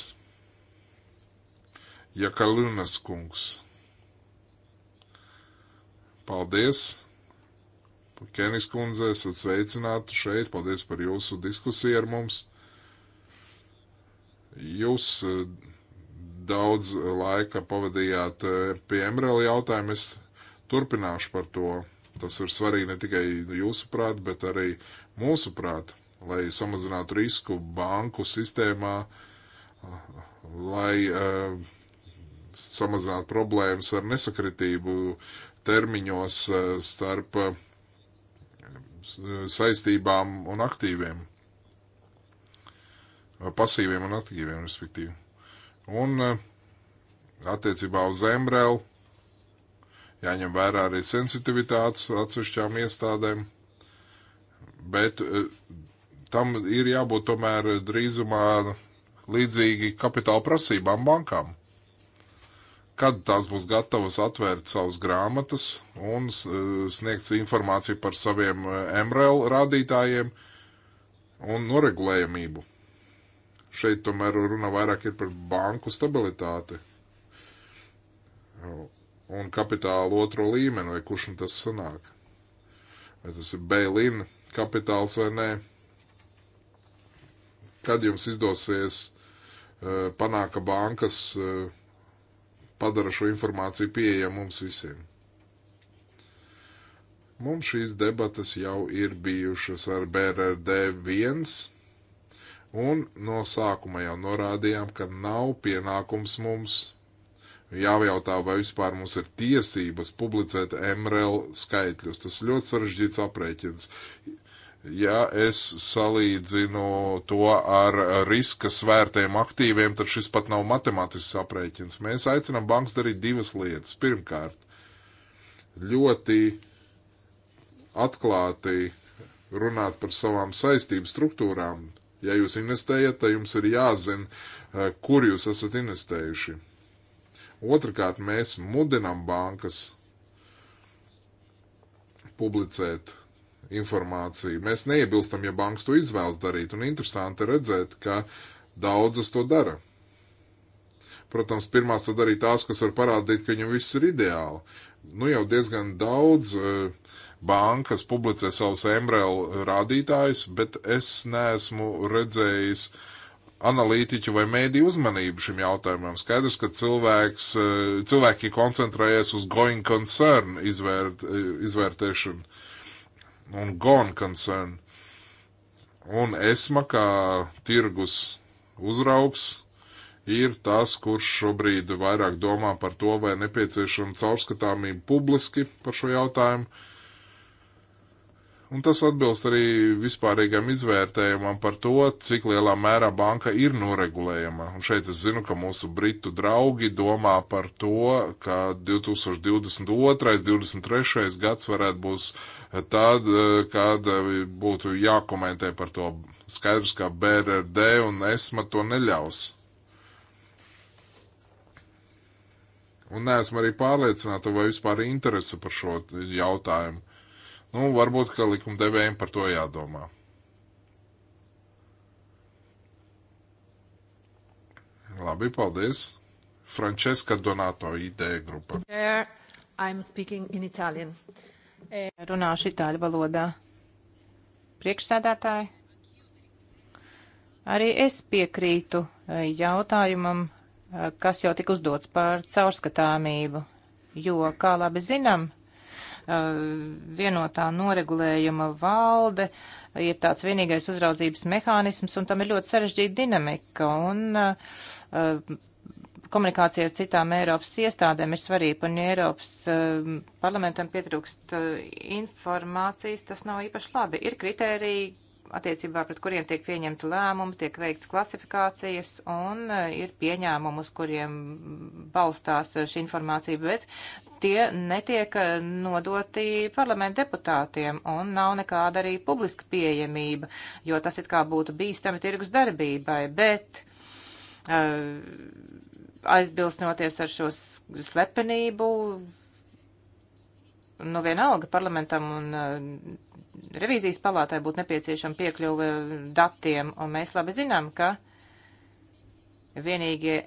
Jakalunas kungs. Paldies! Kenis kundze, esat sveicināti šeit. Paldies par jūsu diskusiju ar mums. Jūs uh, daudz eh, laika pavadījāt eh, pie MRL jautājumu. Es turpināšu par to. Tas ir svarīgi ne tikai jūsu prāt, bet arī mūsu prāt, lai samazinātu risku banku sistēmā, lai uh, samazinātu problēmas ar nesakritību termiņos starp saistībām un aktīviem, pasīviem un aktīviem, respektīvi. Un eh, attiecībā uz Zembrelu jāņem vērā arī sensitivitātes atsevišķām iestādēm, bet eh, tam ir jābūt tomēr drīzumā līdzīgi kapitāla prasībām bankām. Kad tās būs gatavas atvērt savas grāmatas un eh, sniegt informāciju par saviem MRL rādītājiem un noregulējamību. Šeit tomēr runa vairāk ir par banku stabilitāti un kapitālu otro līmeni, vai kurš un tas sanāk. Vai tas ir bail-in kapitāls vai nē. Kad jums izdosies uh, panākt, ka bankas uh, padara šo informāciju pieejamu mums visiem. Mums šīs debatas jau ir bijušas ar BRD 1 Un no sākuma jau norādījām, ka nav pienākums mums jājautā, vai vispār mums ir tiesības publicēt MRL skaitļus. Tas ļoti sarežģīts aprēķins. Ja es salīdzinu to ar riska svērtiem aktīviem, tad šis pat nav matemātisks aprēķins. Mēs aicinām bankas darīt divas lietas. Pirmkārt, ļoti atklāti runāt par savām saistību struktūrām, Ja jūs investējat, tad jums ir jāzina, eh, kur jūs esat investējuši. Otrakārt, mēs mudinām bankas publicēt informāciju. Mēs neiebilstam, ja bankas to izvēlas darīt, un interesanti redzēt, ka daudzas to dara. Protams, pirmās to darīja tās, kas var parādīt, ka viņam viss ir ideāli. Nu jau diezgan daudz uh, bankas publicē savus MRL rādītājus, bet es neesmu redzējis analītiķu vai mēdī uzmanību šim jautājumam. Skaidrs, ka cilvēks, eh, cilvēki koncentrējies uz going concern izvērt, eh, izvērtēšanu un gone concern. Un esma kā tirgus uzraugs ir tas, kurš šobrīd vairāk domā par to, vai nepieciešama caurskatāmība publiski par šo jautājumu Un tas atbilst arī vispārīgam izvērtējumam par to, cik lielā mērā banka ir noregulējama. Un šeit es zinu, ka mūsu britu draugi domā par to, ka 2022. 23. gads varētu būs tad, kad būtu jākomentē par to. Skaidrs, ka BRD un ESMA to neļaus. Un neesmu arī pārliecināta, vai vispār interese par šo jautājumu Nu, varbūt, ka likumdevējiem par to jādomā. Labi, paldies. Francesca Donato, ID grupa. I'm speaking in Italian. Eh, runāšu itāļu valodā. Priekšsēdētāji, arī es piekrītu eh, jautājumam, eh, kas jau tika uzdots par caurskatāmību, jo, kā labi zinām, vienotā noregulējuma valde ir tāds vienīgais uzraudzības mehānisms, un tam ir ļoti sarežģīta dinamika. Un, Komunikācija ar citām Eiropas iestādēm ir svarīga, un ja Eiropas uh, parlamentam pietrūkst uh, informācijas, tas nav īpaši labi. Ir kritēriji, attiecībā pret kuriem tiek pieņemti lēmumi, tiek veikts klasifikācijas un ir pieņēmumi, uz kuriem balstās šī informācija, bet tie netiek eh, nodoti parlamentu deputātiem un nav nekāda arī publiska pieejamība, jo tas it kā būtu bīstami tirgus darbībai, bet eh, aizbilstinoties ar šo slepenību, nu vienalga parlamentam un uh, revīzijas palātai būtu nepieciešama piekļuve datiem, un mēs labi zinām, ka vienīgie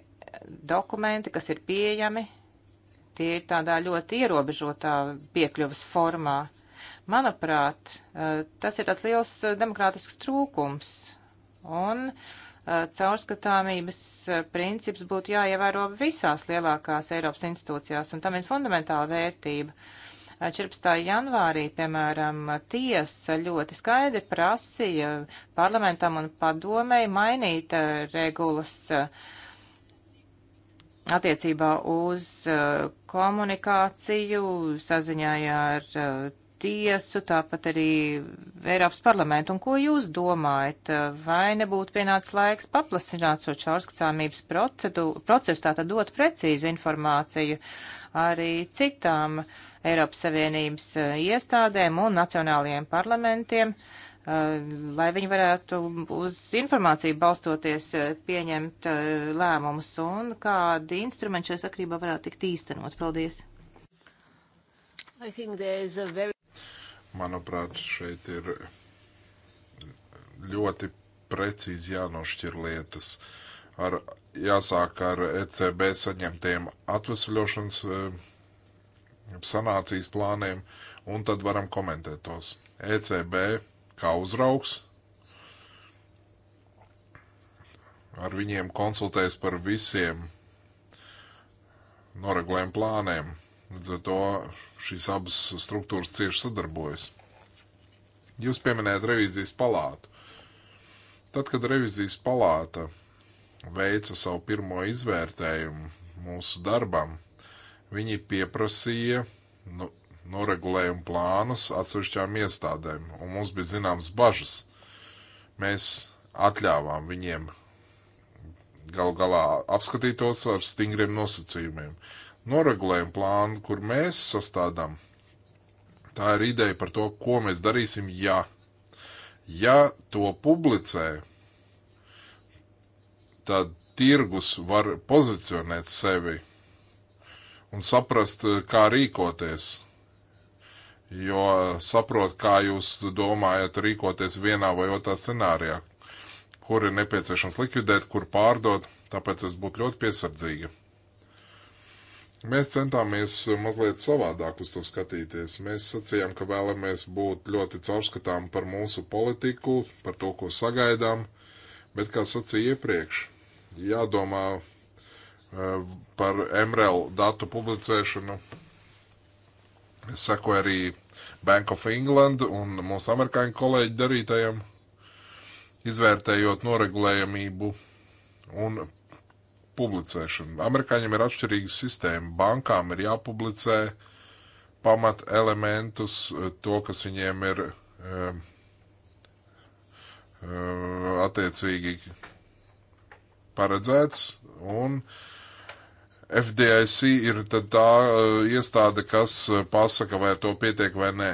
dokumenti, kas ir pieejami, tie ir tādā ļoti ierobežotā piekļuvas formā. Manuprāt, eh, tas ir tāds liels eh, demokrātisks trūkums. Un eh, caurskatāmības princips būtu jāievēro visās lielākās Eiropas institūcijās, un tam ir fundamentāla vērtība. 14. janvārī, piemēram, tiesa ļoti skaidri prasīja parlamentam un padomēji mainīt regulas uh, attiecībā uz uh, komunikāciju, saziņā ar uh, tiesu, tāpat arī Eiropas parlamentu. Un ko jūs domājat, vai nebūtu pienācis laiks paplašināt šo caurskatāmības procesu, tātad dot precīzu informāciju arī citām Eiropas Savienības uh, iestādēm un nacionālajiem parlamentiem, uh, Eh, lai viņi varētu uz informāciju balstoties eh, pieņemt eh, lēmumus un kādi instrumenti šajā sakrībā varētu tikt īstenots. Paldies! Very... Manuprāt, šeit ir ļoti precīzi jānošķir lietas. Ar, jāsāk ar ECB saņemtiem atvesļošanas sanācijas plāniem, un tad varam komentēt tos. ECB kā uzraugs. Ar viņiem konsultējas par visiem noregulējumu plāniem. Līdz ar to šīs abas struktūras cieši sadarbojas. Jūs pieminējat revīzijas palātu. Tad, kad revīzijas palāta veica savu pirmo izvērtējumu mūsu darbam, viņi pieprasīja nu, noregulējumu plānus atsevišķām iestādēm, un mums bija zināmas bažas. Mēs atļāvām viņiem gal galā apskatītos ar stingriem nosacījumiem. Noregulējumu plānu, kur mēs sastādām, tā ir ideja par to, ko mēs darīsim, ja. Ja to publicē, tad tirgus var pozicionēt sevi un saprast, kā rīkoties jo saprot, kā jūs domājat rīkoties vienā vai otrā scenārijā, kur ir nepieciešams likvidēt, kur pārdot, tāpēc es būtu ļoti piesardzīga. Mēs centāmies mazliet savādāk uz to skatīties. Mēs sacījām, ka vēlamies būt ļoti caurskatām par mūsu politiku, par to, ko sagaidām, bet, kā sacīja iepriekš, jādomā eh, par MRL datu publicēšanu. Es sekoju arī Bank of England un mūsu amerikāņu kolēģi darītajam, izvērtējot noregulējamību un publicēšanu. Amerikāņiem ir atšķirīga sistēma. Bankām ir jāpublicē pamat elementus, eh, to, kas viņiem ir eh, eh, attiecīgi paredzēts, un uh, FDIC ir tā eh, iestāde, kas eh, pasaka, vai to pietiek vai nē.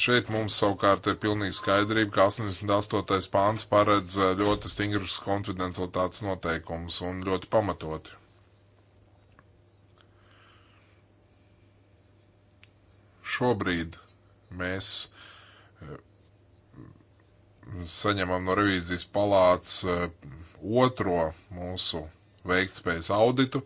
Šeit mums savukārt ir pilnīgi skaidrība, ka 88. pāns paredz eh, ļoti stingrus konfidencialitātes noteikumus un ļoti pamatoti. Šobrīd mēs saņemam no revīzijas palāts otro mūsu veiktspējas auditu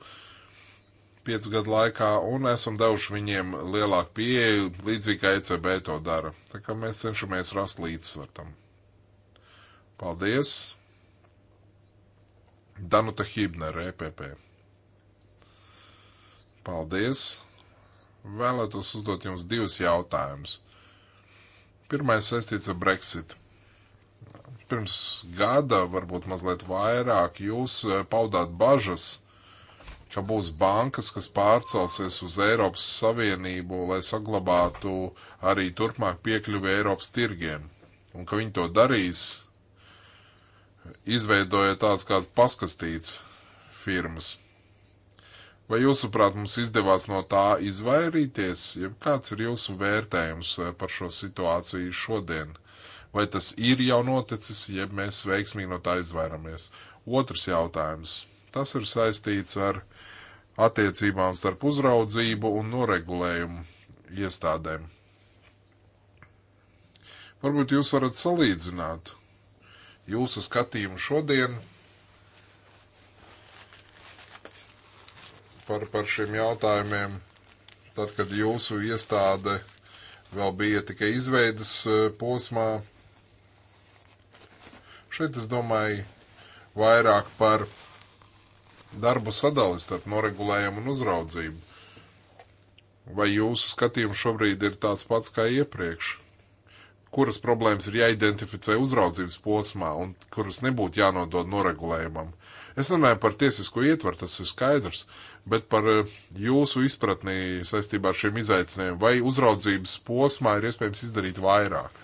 piecu gadu laikā, un esam devuši viņiem lielāku pieeju, līdzīgi kā ECB to dara. Tā kā mēs cenšamies rast līdzsvaru tam. Paldies! Danuta Hibnere, EPP. Paldies! Vēlētos uzdot jums divus jautājumus. Pirmais saistīts ar Brexit pirms gada, varbūt mazliet vairāk, jūs e, paudāt bažas, ka būs bankas, kas pārcelsies uz Eiropas Savienību, lai saglabātu arī turpmāk piekļuvi Eiropas tirgiem, un ka viņi to darīs, izveidojot tāds kāds paskastīts firmas. Vai jūsuprāt, mums izdevās no tā izvairīties, ja kāds ir jūsu vērtējums e, par šo situāciju šodien? vai tas ir jau noticis, jeb mēs veiksmīgi no tā izvairamies. Otrs jautājums. Tas ir saistīts ar attiecībām starp uzraudzību un noregulējumu iestādēm. Varbūt jūs varat salīdzināt jūsu skatījumu šodien par, par šiem jautājumiem, tad, kad jūsu iestāde vēl bija tikai izveidas eh, posmā, Šeit es domāju vairāk par darbu sadali starp noregulējumu un uzraudzību. Vai jūsu skatījums šobrīd ir tāds pats kā iepriekš? Kuras problēmas ir jāidentificē uzraudzības posmā un kuras nebūtu jānodod noregulējumam? Es runāju par tiesisko ietvaru, tas ir skaidrs, bet par eh, jūsu izpratnī saistībā ar šiem izaicinājumiem, vai uzraudzības posmā ir iespējams izdarīt vairāk?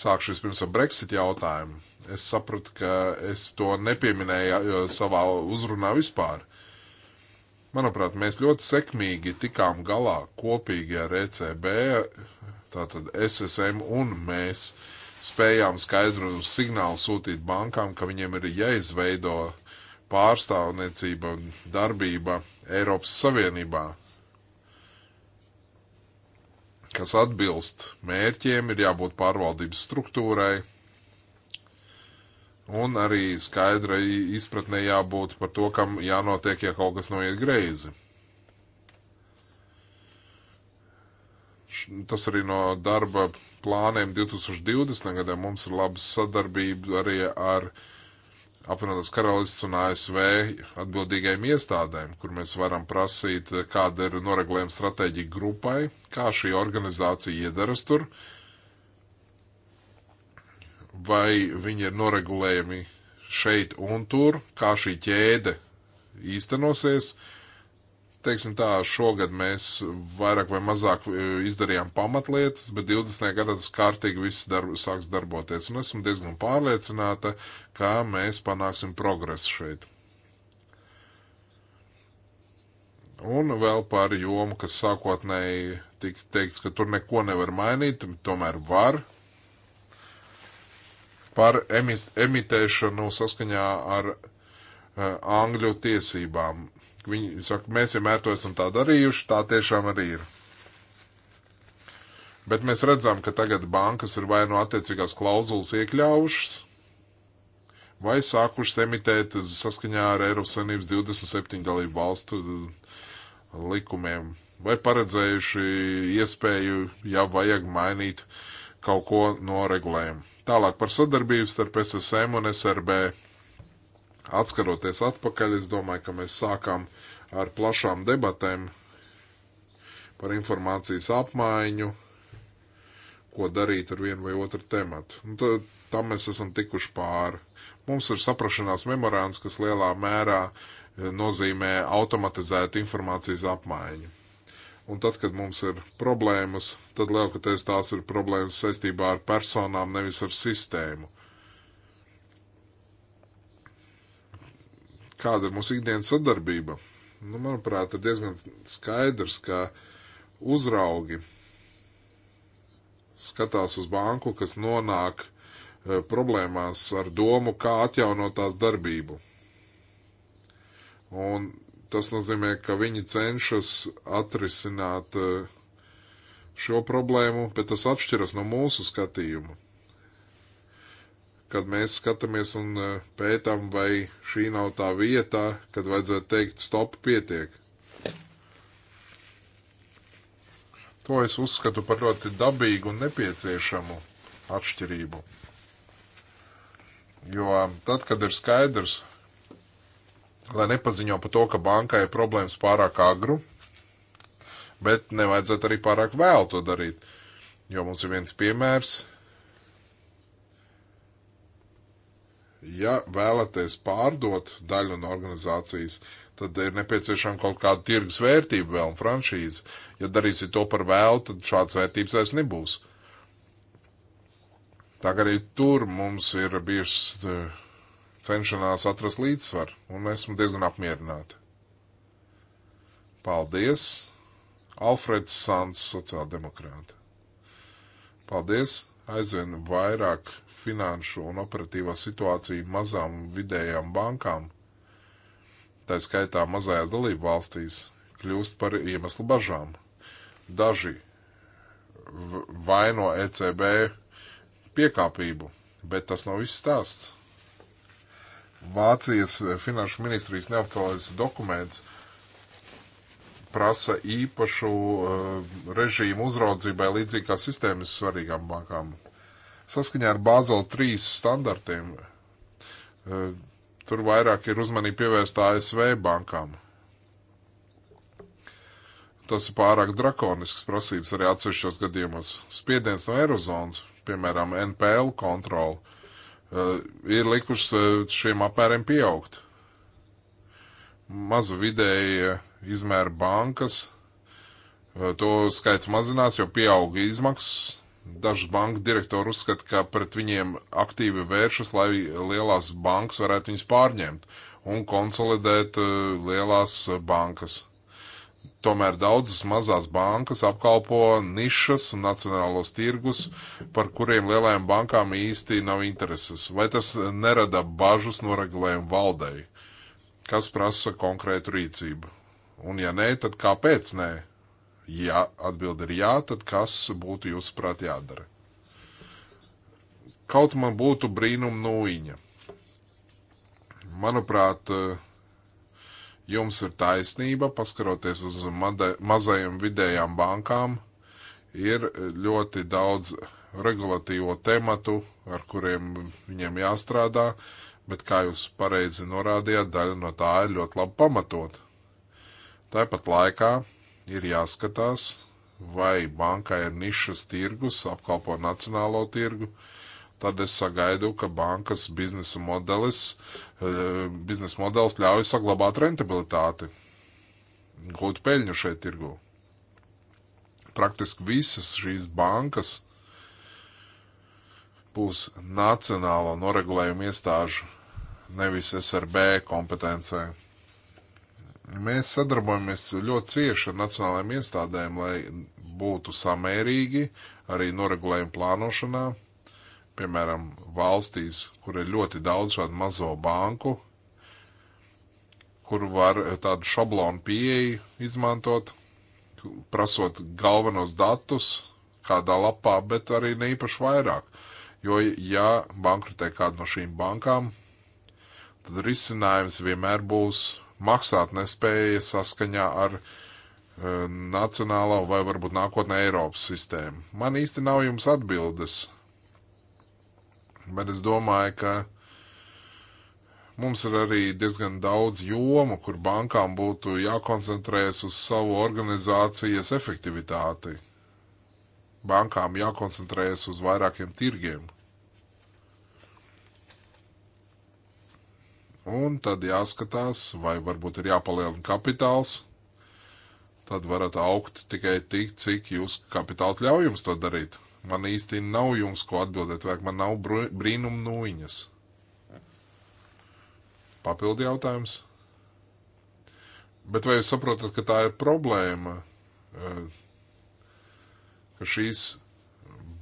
Sākšu vispirms ar Brexit jautājumu. Es sapratu, ka es to nepieminēju savā uzrunā vispār. Manuprāt, mēs ļoti sekmīgi tikām galā kopīgi ar ECB, tātad SSM un mēs spējām skaidru signālu sūtīt bankām, ka viņiem ir jāizveido pārstāvniecība un darbība Eiropas Savienībā kas atbilst mērķiem, ir jābūt pārvaldības struktūrai un arī skaidrai izpratnē jābūt par to, kam jānotiek, ja kaut kas noiet greizi. tas arī no darba plāniem 2020. gadam mums ir labas sadarbība arī ar uh, apvienotās karalists un ASV atbildīgajiem iestādēm, kur mēs varam prasīt, kāda ir noregulējuma stratēģija grupai, kā šī organizācija iedaras tur, vai viņi ir noregulējami šeit un tur, kā šī ķēde īstenosies, uh, teiksim tā, šogad mēs vairāk vai mazāk e, izdarījām pamatlietas, bet 20. gadā tas kārtīgi viss dar, sāks darboties. Un esmu diezgan pārliecināta, ka mēs panāksim progresu šeit. Un vēl par jomu, kas sākotnēji tika teikts, ka tur neko nevar mainīt, tomēr var. Par emis, emitēšanu saskaņā ar uh, Angļu tiesībām Viņi saka, mēs vienmēr to esam tā darījuši, tā tiešām arī ir. Bet mēs redzam, ka tagad bankas ir vai no nu attiecīgās klauzulas iekļaujušas, vai sākušas emitēt saskaņā ar Eiropas Savienības 27 dalību valstu uh, likumiem, vai paredzējuši iespēju, ja vajag mainīt kaut ko no regulējuma. Tālāk par sadarbību starp SSM un SRB. Atskaroties atpakaļ, es domāju, ka mēs sākām ar plašām debatēm par informācijas apmaiņu, ko darīt ar vienu vai otru tematu. Un nu, tad, tam mēs esam tikuši pāri. Mums ir saprašanās memorāns, kas lielā mērā eh, nozīmē automatizētu informācijas apmaiņu. Un tad, kad mums ir problēmas, tad lielākoties tās ir problēmas saistībā ar personām, nevis ar sistēmu. kāda ir mūsu ikdienas sadarbība. Nu, manuprāt, ir diezgan skaidrs, ka uzraugi skatās uz banku, kas nonāk e, problēmās ar domu, kā atjaunot tās darbību. Un tas nozīmē, ka viņi cenšas atrisināt e, šo problēmu, bet tas atšķiras no mūsu skatījuma kad mēs skatāmies un eh, pētām, vai šī nav tā vieta, kad vajadzētu teikt, stop, pietiek. To es uzskatu par ļoti dabīgu un nepieciešamu atšķirību. Jo eh, tad, kad ir skaidrs, lai nepaziņo par to, ka bankai ir problēmas pārāk agru, bet nevajadzētu arī pārāk vēl to darīt. Jo mums ir viens piemērs, ja vēlaties pārdot daļu no organizācijas, tad ir nepieciešama kaut kāda tirgus vērtība vēl un franšīze. Ja darīsiet to par vēlu, tad šāds vērtības vairs nebūs. Tā kā arī tur mums ir bijušas e, cenšanās atrast līdzsvaru, un esmu diezgan apmierināti. Paldies! Alfreds Sants, sociāldemokrāti. Paldies! Aizvien vairāk finanšu un operatīvā situācija mazām vidējām bankām, tā skaitā mazajās dalību valstīs, kļūst par iemeslu bažām. Daži vaino ECB piekāpību, bet tas nav viss stāsts. Vācijas finanšu ministrijas neoficiālais dokuments prasa īpašu uh, režīmu uzraudzībai, līdzīgi kā sistēmas svarīgām bankām. Saskaņā ar Bāzeli 3 standartiem eh, tur vairāk ir uzmanība pievērsta ASV bankām. Tas ir pārāk drakonisks prasības arī atsevišķos gadījumos. Spiediens no Eirozonas, piemēram, NPL kontroli, eh, ir likušas eh, šiem apmēriem pieaugt. Maza vidēja izmēra bankas, to skaits mazinās, jo pieauga izmaksas Daži banku direktori uzskata, ka pret viņiem aktīvi vēršas, lai lielās bankas varētu viņus pārņemt un konsolidēt eh, lielās bankas. Tomēr daudzas mazās bankas apkalpo nišas un nacionālos tirgus, par kuriem lielajām bankām īsti nav intereses. Vai tas nerada bažas noregulējumu valdei, kas prasa konkrētu rīcību? Un ja nē, tad kāpēc nē? Ja atbild ir jā, tad kas būtu jūsuprāt jādara? Kaut man būtu brīnum nūjiņa. Manuprāt, eh, jums ir taisnība, paskaroties uz mazajiem vidējām bankām, ir ļoti daudz regulatīvo tematu, ar kuriem viņiem jāstrādā, bet, kā jūs pareizi norādījāt, daļa no tā ir ļoti labi pamatot. Tāpat laikā ir jāskatās, vai bankā ir nišas tirgus, apkalpo nacionālo tirgu, tad es sagaidu, ka bankas biznesa modelis, e, biznesa modelis ļauj saglabāt rentabilitāti, gūt peļņu šeit tirgu. Praktiski visas šīs bankas būs nacionālo noregulējumu iestāžu, nevis SRB kompetencē. Mēs sadarbojamies ļoti cieši ar nacionālajiem iestādēm, lai būtu samērīgi arī noregulējuma plānošanā. Piemēram, valstīs, kur ir ļoti daudz šādu mazo banku, kur var tādu šablonu pieeju izmantot, prasot galvenos datus kādā lapā, bet arī ne īpaši vairāk. Jo, ja bankrotē kāda no šīm bankām, tad risinājums vienmēr būs maksāt nespēja saskaņā ar uh, nacionālo vai varbūt nākotnē Eiropas sistēmu. Man īsti nav jums atbildes, bet es domāju, ka mums ir arī diezgan daudz jomu, kur bankām būtu jākoncentrējas uz savu organizācijas efektivitāti. Bankām jākoncentrējas uz vairākiem tirgiem Un tad jāskatās, vai varbūt ir jāpalielina kapitāls. Tad varat augt tikai tik, cik jūs kapitāls ļauj jums to darīt. Man īsti nav jums ko atbildēt, vai man nav brīnumu nūjiņas. Papildi jautājums. Bet vai jūs saprotat, ka tā ir problēma? Eh, ka šīs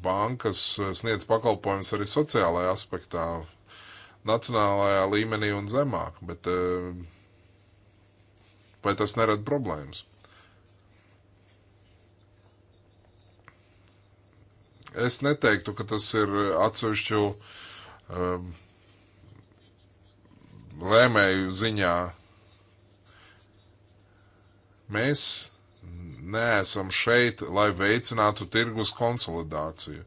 bankas eh, sniedz pakalpojumus arī sociālajā aspektā, nacionālajā līmenī un zemāk, bet eh, vai tas nerada problēmas? Es neteiktu, ka tas ir atsevišķu um, lēmēju ziņā. Mēs neesam šeit, lai veicinātu tirgus konsolidāciju.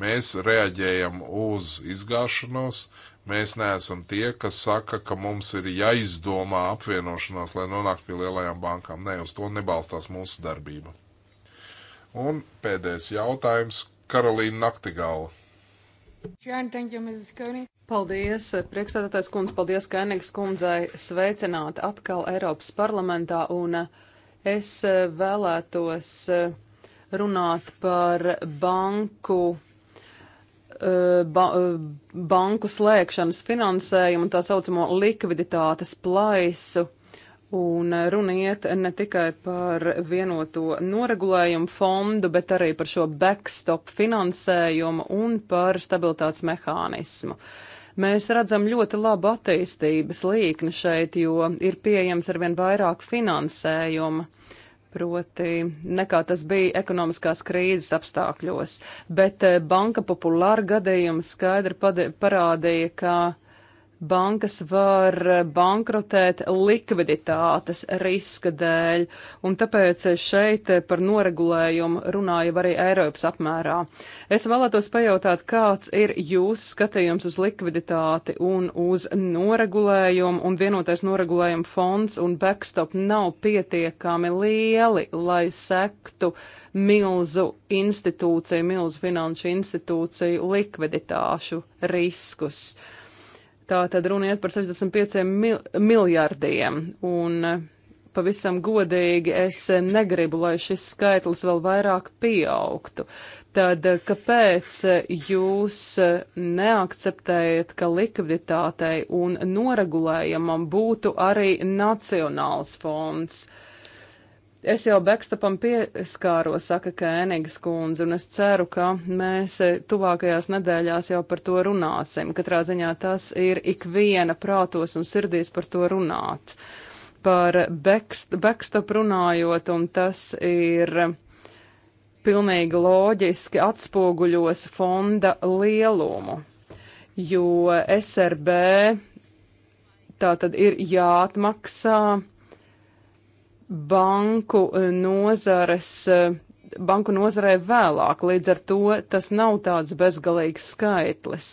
Mēs reaģējam uz izgāšanos, uh, Mēs neesam tie, kas saka, ka mums ir jāizdomā apvienošanās, lai nonāktu pie lielajām bankām. Nē, uz to nebalstās mūsu darbība. Un pēdējais jautājums - Karolīna Naktigāla. Paldies, priekšstādātais kundze, paldies Kainīgas kundzei sveicināt atkal Eiropas parlamentā, un es eh, vēlētos eh, runāt par banku E, ba e, banku slēgšanas finansējumu un tā saucamo likviditātes plaisu. Un runa iet ne tikai par vienoto noregulējumu fondu, bet arī par šo backstop finansējumu un par stabilitātes mehānismu. Mēs redzam ļoti labu attīstības līkni šeit, jo ir pieejams arvien vairāk finansējuma. Uh, proti nekā tas bija ekonomiskās krīzes apstākļos. Bet eh, Banka populāra gadījums skaidri parādīja, ka bankas var bankrotēt likviditātes riska dēļ, un tāpēc šeit par noregulējumu runāju arī Eiropas apmērā. Es vēlētos pajautāt, kāds ir jūsu skatījums uz likviditāti un uz noregulējumu, un vienotais noregulējuma fonds un backstop nav pietiekami lieli, lai sektu milzu institūciju, milzu finanšu institūciju likviditāšu riskus. Uh, Tā tad runa iet par 65 mil miljardiem. Un eh, pavisam godīgi es negribu, lai šis skaitlis vēl vairāk pieaugtu. Tad eh, kāpēc eh, jūs neakceptējat, ka likviditātei un noregulējumam būtu arī nacionāls fonds? Es jau backstopam pieskāro, saka Kēnigas kundze, un es ceru, ka mēs eh, tuvākajās nedēļās jau par to runāsim. Katrā ziņā tas ir ikviena prātos un sirdīs par to runāt. Par backstop runājot, un tas ir pilnīgi loģiski atspoguļos fonda lielumu, jo SRB tā tad ir jāatmaksā banku eh, nozares. Eh, banku nozarē vēlāk, līdz ar to tas nav tāds bezgalīgs skaitlis.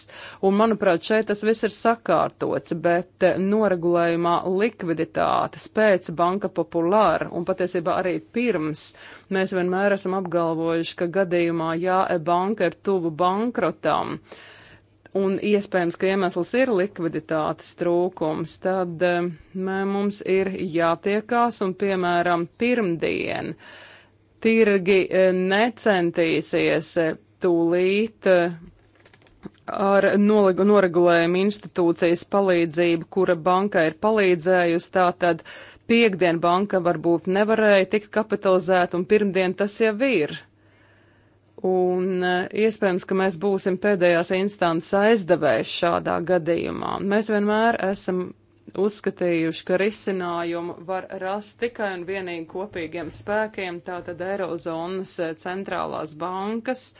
Un, manuprāt, šeit tas viss ir sakārtots, bet eh, noregulējumā likviditātes pēc banka populāra un patiesībā arī pirms mēs vienmēr esam apgalvojuši, ka gadījumā, ja banka ir tuvu bankrotam, uh, un iespējams, ka iemesls ir likviditātes trūkums, tad eh, mē, mums ir jātiekās un, piemēram, pirmdien tirgi eh, necentīsies eh, tūlīt ar noregulējumu institūcijas palīdzību, kura banka ir palīdzējusi, tātad piekdien banka varbūt nevarēja tikt kapitalizēta un pirmdien tas jau ir. Un eh, iespējams, ka mēs būsim pēdējās instances aizdevējs šādā gadījumā. Mēs vienmēr esam uzskatījuši, ka risinājumu var rast tikai un vienīgi kopīgiem spēkiem, tātad Eirozonas eh, centrālās bankas,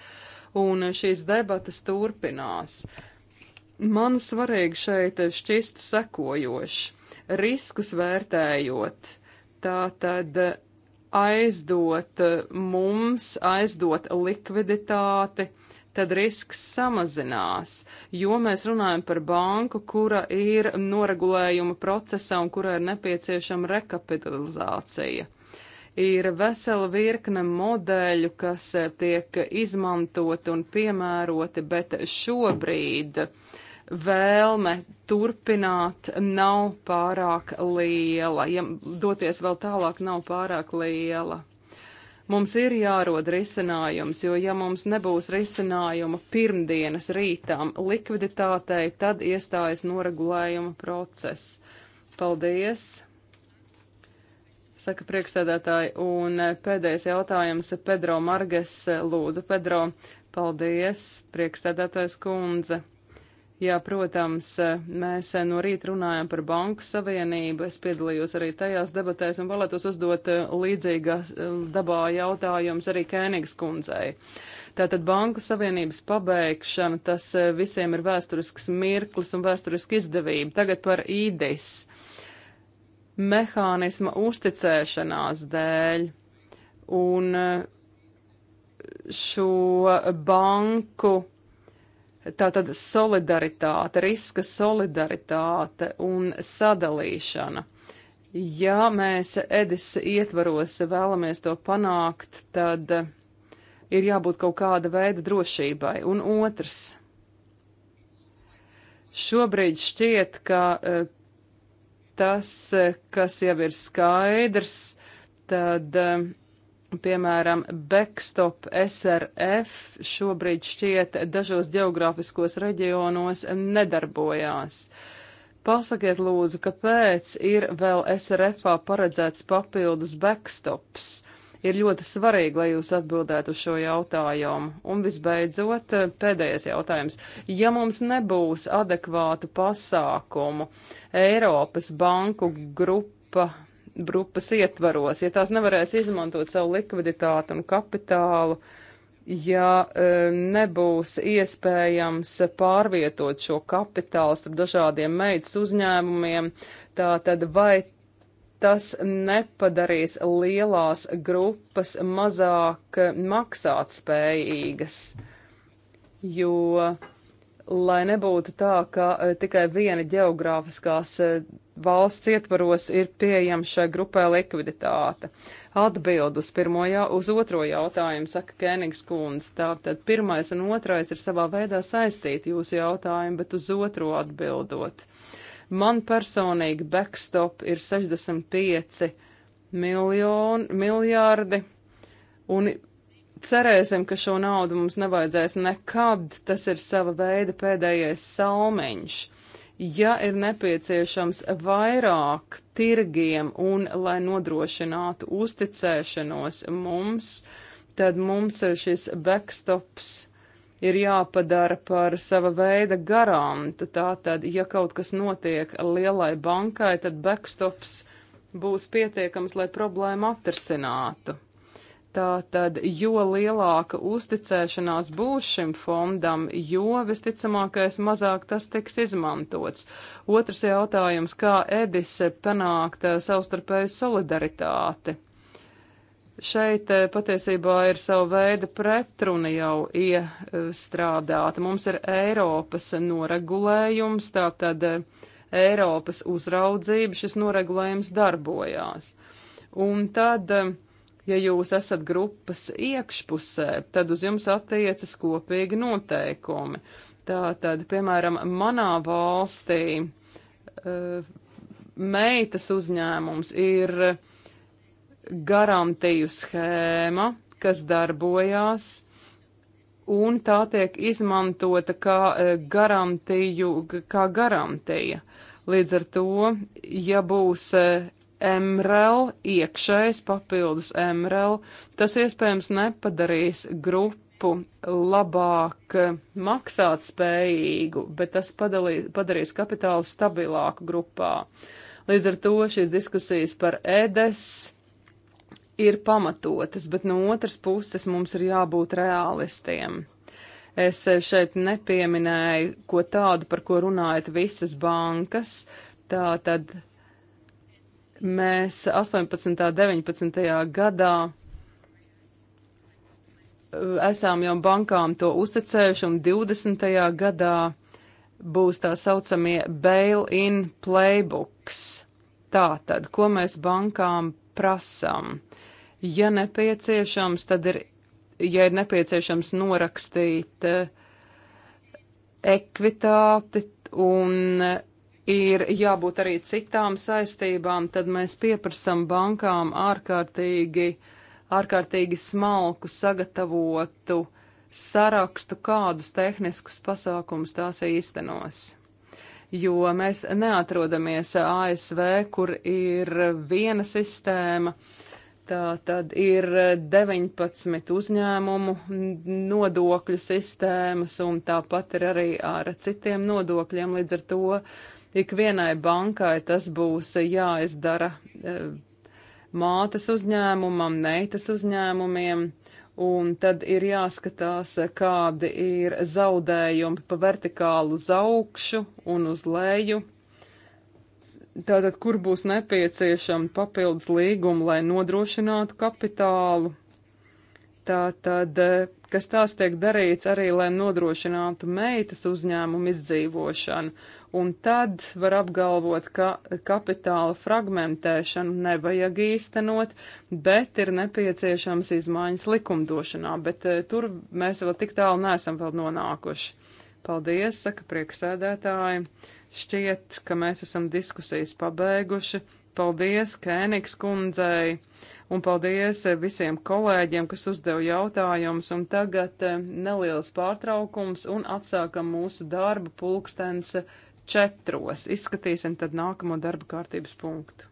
un eh, šīs debatas turpinās. Man svarīgi šeit šķistu sekojoši, riskus vērtējot, tātad aizdot eh, mums, aizdot likviditāti, tad risks samazinās, jo mēs runājam par banku, kura ir noregulējuma procesā un kurai ir nepieciešama rekapitalizācija. Ir vesela virkne modeļu, kas eh, tiek izmantoti un piemēroti, bet šobrīd uh, vēlme turpināt nav pārāk liela, ja doties vēl tālāk nav pārāk liela. Mums ir jārod risinājums, jo ja mums nebūs risinājuma pirmdienas rītām likviditātei, tad iestājas noregulējuma process. Paldies! Saka priekšsēdētāji, un pēdējais jautājums Pedro Marges. Lūdzu, Pedro, paldies, priekšsēdētājs kundze. Jā, protams, mēs no rīta runājam par banku savienību. Es piedalījos arī tajās debatēs un vēlētos uzdot eh, līdzīgas eh, dabā jautājums arī Kēnigas kundzei. Tātad banku savienības pabeigšana, tas eh, visiem ir vēsturisks mirklis un vēsturiski izdevība. Tagad par īdis mehānisma uzticēšanās dēļ un šo banku Tātad solidaritāte, riska solidaritāte un sadalīšana. Ja mēs Edis ietvaros vēlamies to panākt, tad ir jābūt kaut kāda veida drošībai. Un otrs. Šobrīd šķiet, ka eh, tas, eh, kas jau ir skaidrs, tad eh, Piemēram, backstop SRF šobrīd šķiet dažos geogrāfiskos reģionos nedarbojās. Pasakiet lūdzu, kāpēc ir vēl SRF-ā paredzēts papildus backstops? Ir ļoti svarīgi, lai jūs atbildētu uz šo jautājumu. Un visbeidzot, pēdējais jautājums. Ja mums nebūs adekvātu pasākumu, Eiropas banku grupa grupas ietvaros, ja tās nevarēs izmantot savu likviditātu un kapitālu, ja e, nebūs iespējams pārvietot šo kapitālu starp dažādiem meitas uzņēmumiem, tā tad vai tas nepadarīs lielās grupas mazāk maksāt spējīgas, jo lai nebūtu tā, ka eh, tikai viena geogrāfiskās eh, valsts ietvaros ir pieejama šai grupai likviditāte. Atbild uz, pirmo, jā, uz otro jautājumu, saka Kēnigs kundze. Tātad pirmais un otrais ir savā veidā saistīti jūsu jautājumi, bet uz otro atbildot. Man personīgi backstop ir 65 miljoni, miljārdi, un cerēsim, ka šo naudu mums nevajadzēs nekad. Tas ir sava veida pēdējais salmiņš. Ja ir nepieciešams vairāk tirgiem un lai nodrošinātu uzticēšanos mums, tad mums šis backstops ir jāpadara par sava veida garantu. Tātad, ja kaut kas notiek lielai bankai, tad backstops būs pietiekams, lai problēmu atrisinātu. Tātad, jo lielāka uzticēšanās būs šim fondam, jo visticamākais mazāk tas tiks izmantots. Otrs jautājums, kā Edis panākt eh, savstarpēju solidaritāti? Šeit eh, patiesībā ir sava veida pretruna jau iestrādāta. Mums ir Eiropas noregulējums, tātad eh, Eiropas uzraudzība, šis noregulējums darbojās. Un tad uh, Ja jūs esat grupas iekšpusē, tad uz jums attiecas kopīgi noteikumi. Tātad, piemēram, manā valstī eh, meitas uzņēmums ir garantiju schēma, kas darbojās un tā tiek izmantota kā eh, garantiju, kā garantija. Līdz ar to, ja būs eh, MRL, iekšējs papildus MRL, tas iespējams nepadarīs grupu labāk maksāt spējīgu, bet tas padalīs, padarīs kapitālu stabilāku grupā. Līdz ar to šīs diskusijas par EDES ir pamatotas, bet no otras puses mums ir jābūt realistiem. Es šeit nepieminēju ko tādu, par ko runājat visas bankas, tā tad Mēs 18. un 19. gadā uh, esam jau bankām to uzticējuši, un 20. gadā būs tā saucamie bail-in playbooks. Tātad, ko mēs bankām prasām? Ja nepieciešams, tad ir, ja ir nepieciešams norakstīt uh, ekvitāti un ir jābūt arī citām saistībām, tad mēs pieprasam bankām ārkārtīgi, ārkārtīgi smalku sagatavotu sarakstu, kādus tehniskus pasākumus tās īstenos. Jo mēs neatrodamies ASV, kur ir viena sistēma, tā tad ir 19 uzņēmumu nodokļu sistēmas, un tāpat ir arī ar citiem nodokļiem, līdz ar to uh, Ikvienai bankai tas būs jāizdara e, mātes uzņēmumam, meitas uzņēmumiem. Un tad ir jāskatās, kādi ir zaudējumi pa vertikālu uz augšu un uz leju. Tātad, kur būs nepieciešama papildus līguma, lai nodrošinātu kapitālu. Tātad, e, kas tās tiek darīts arī, lai nodrošinātu meitas uzņēmumu izdzīvošanu un tad var apgalvot, ka kapitāla fragmentēšanu nevajag īstenot, bet ir nepieciešams izmaiņas likumdošanā, bet eh, tur mēs vēl tik tālu neesam vēl nonākuši. Paldies, saka prieksēdētāji. Šķiet, ka mēs esam diskusijas pabeiguši. Paldies Kēniks kundzei un paldies eh, visiem kolēģiem, kas uzdeva jautājumus. Un tagad eh, neliels pārtraukums un atsākam mūsu darbu pulkstense četros. Izskatīsim tad nākamo darba kārtības punktu.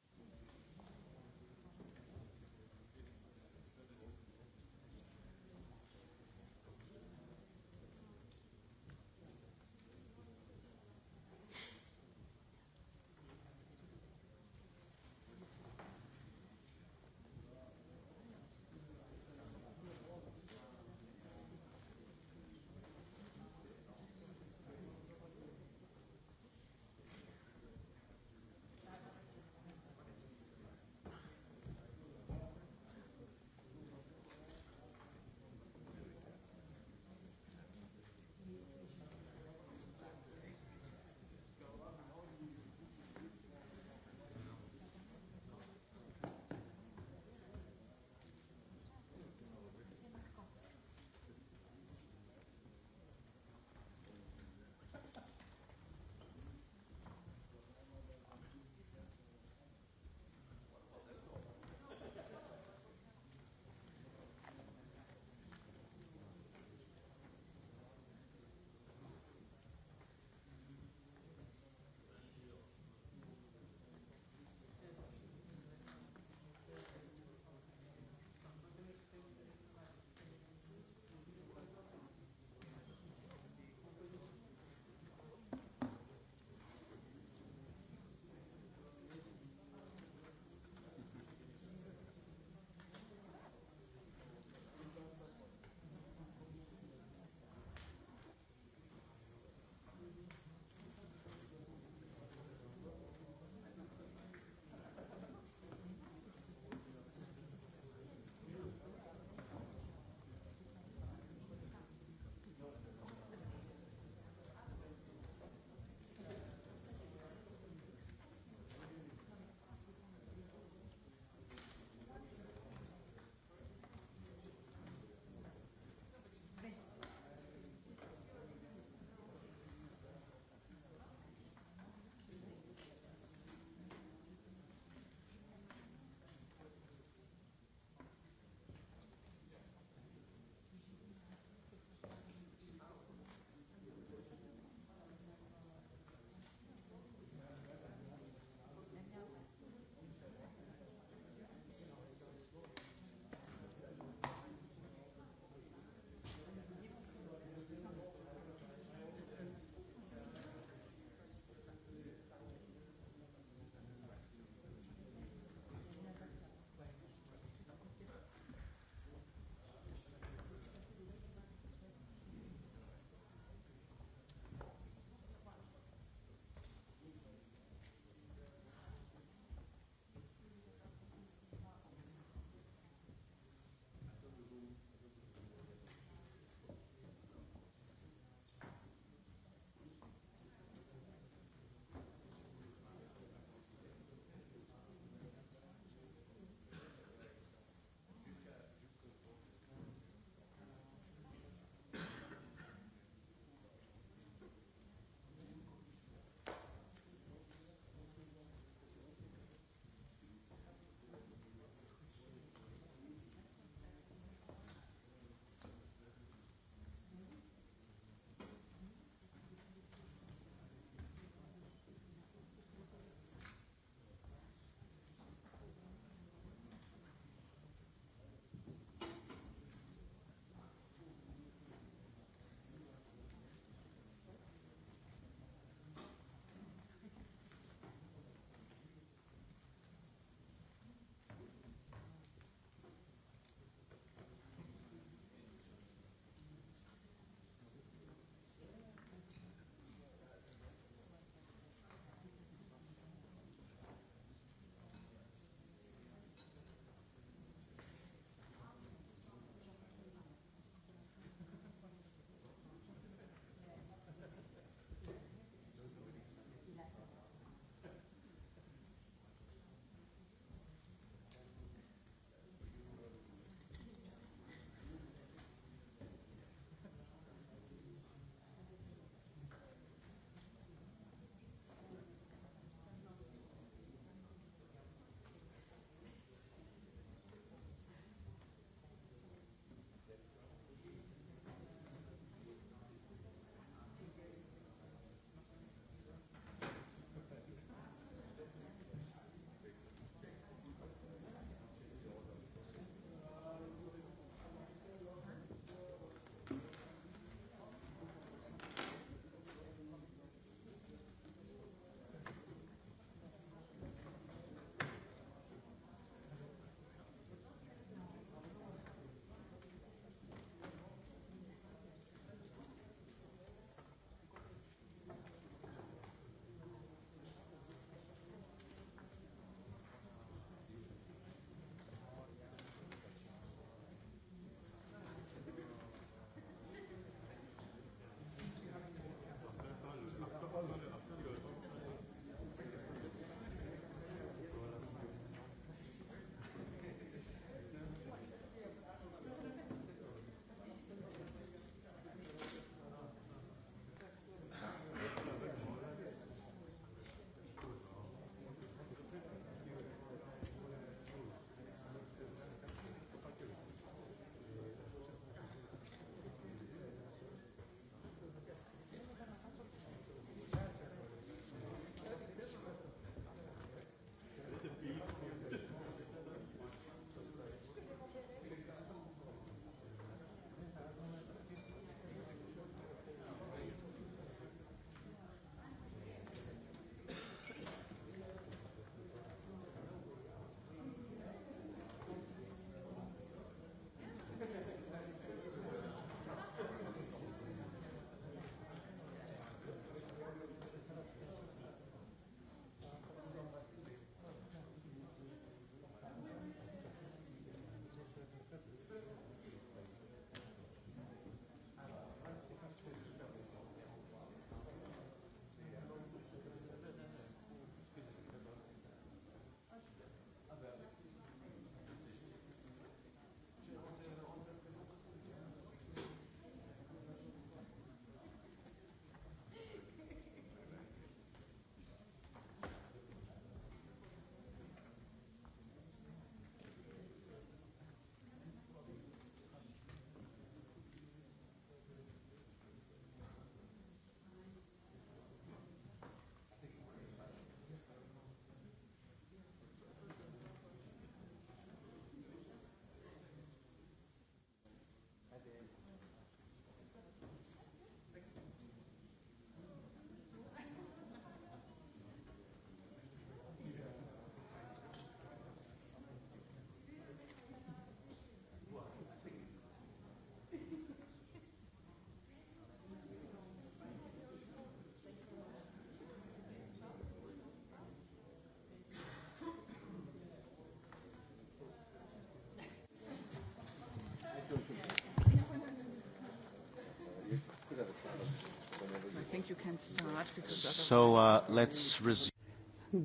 So, uh,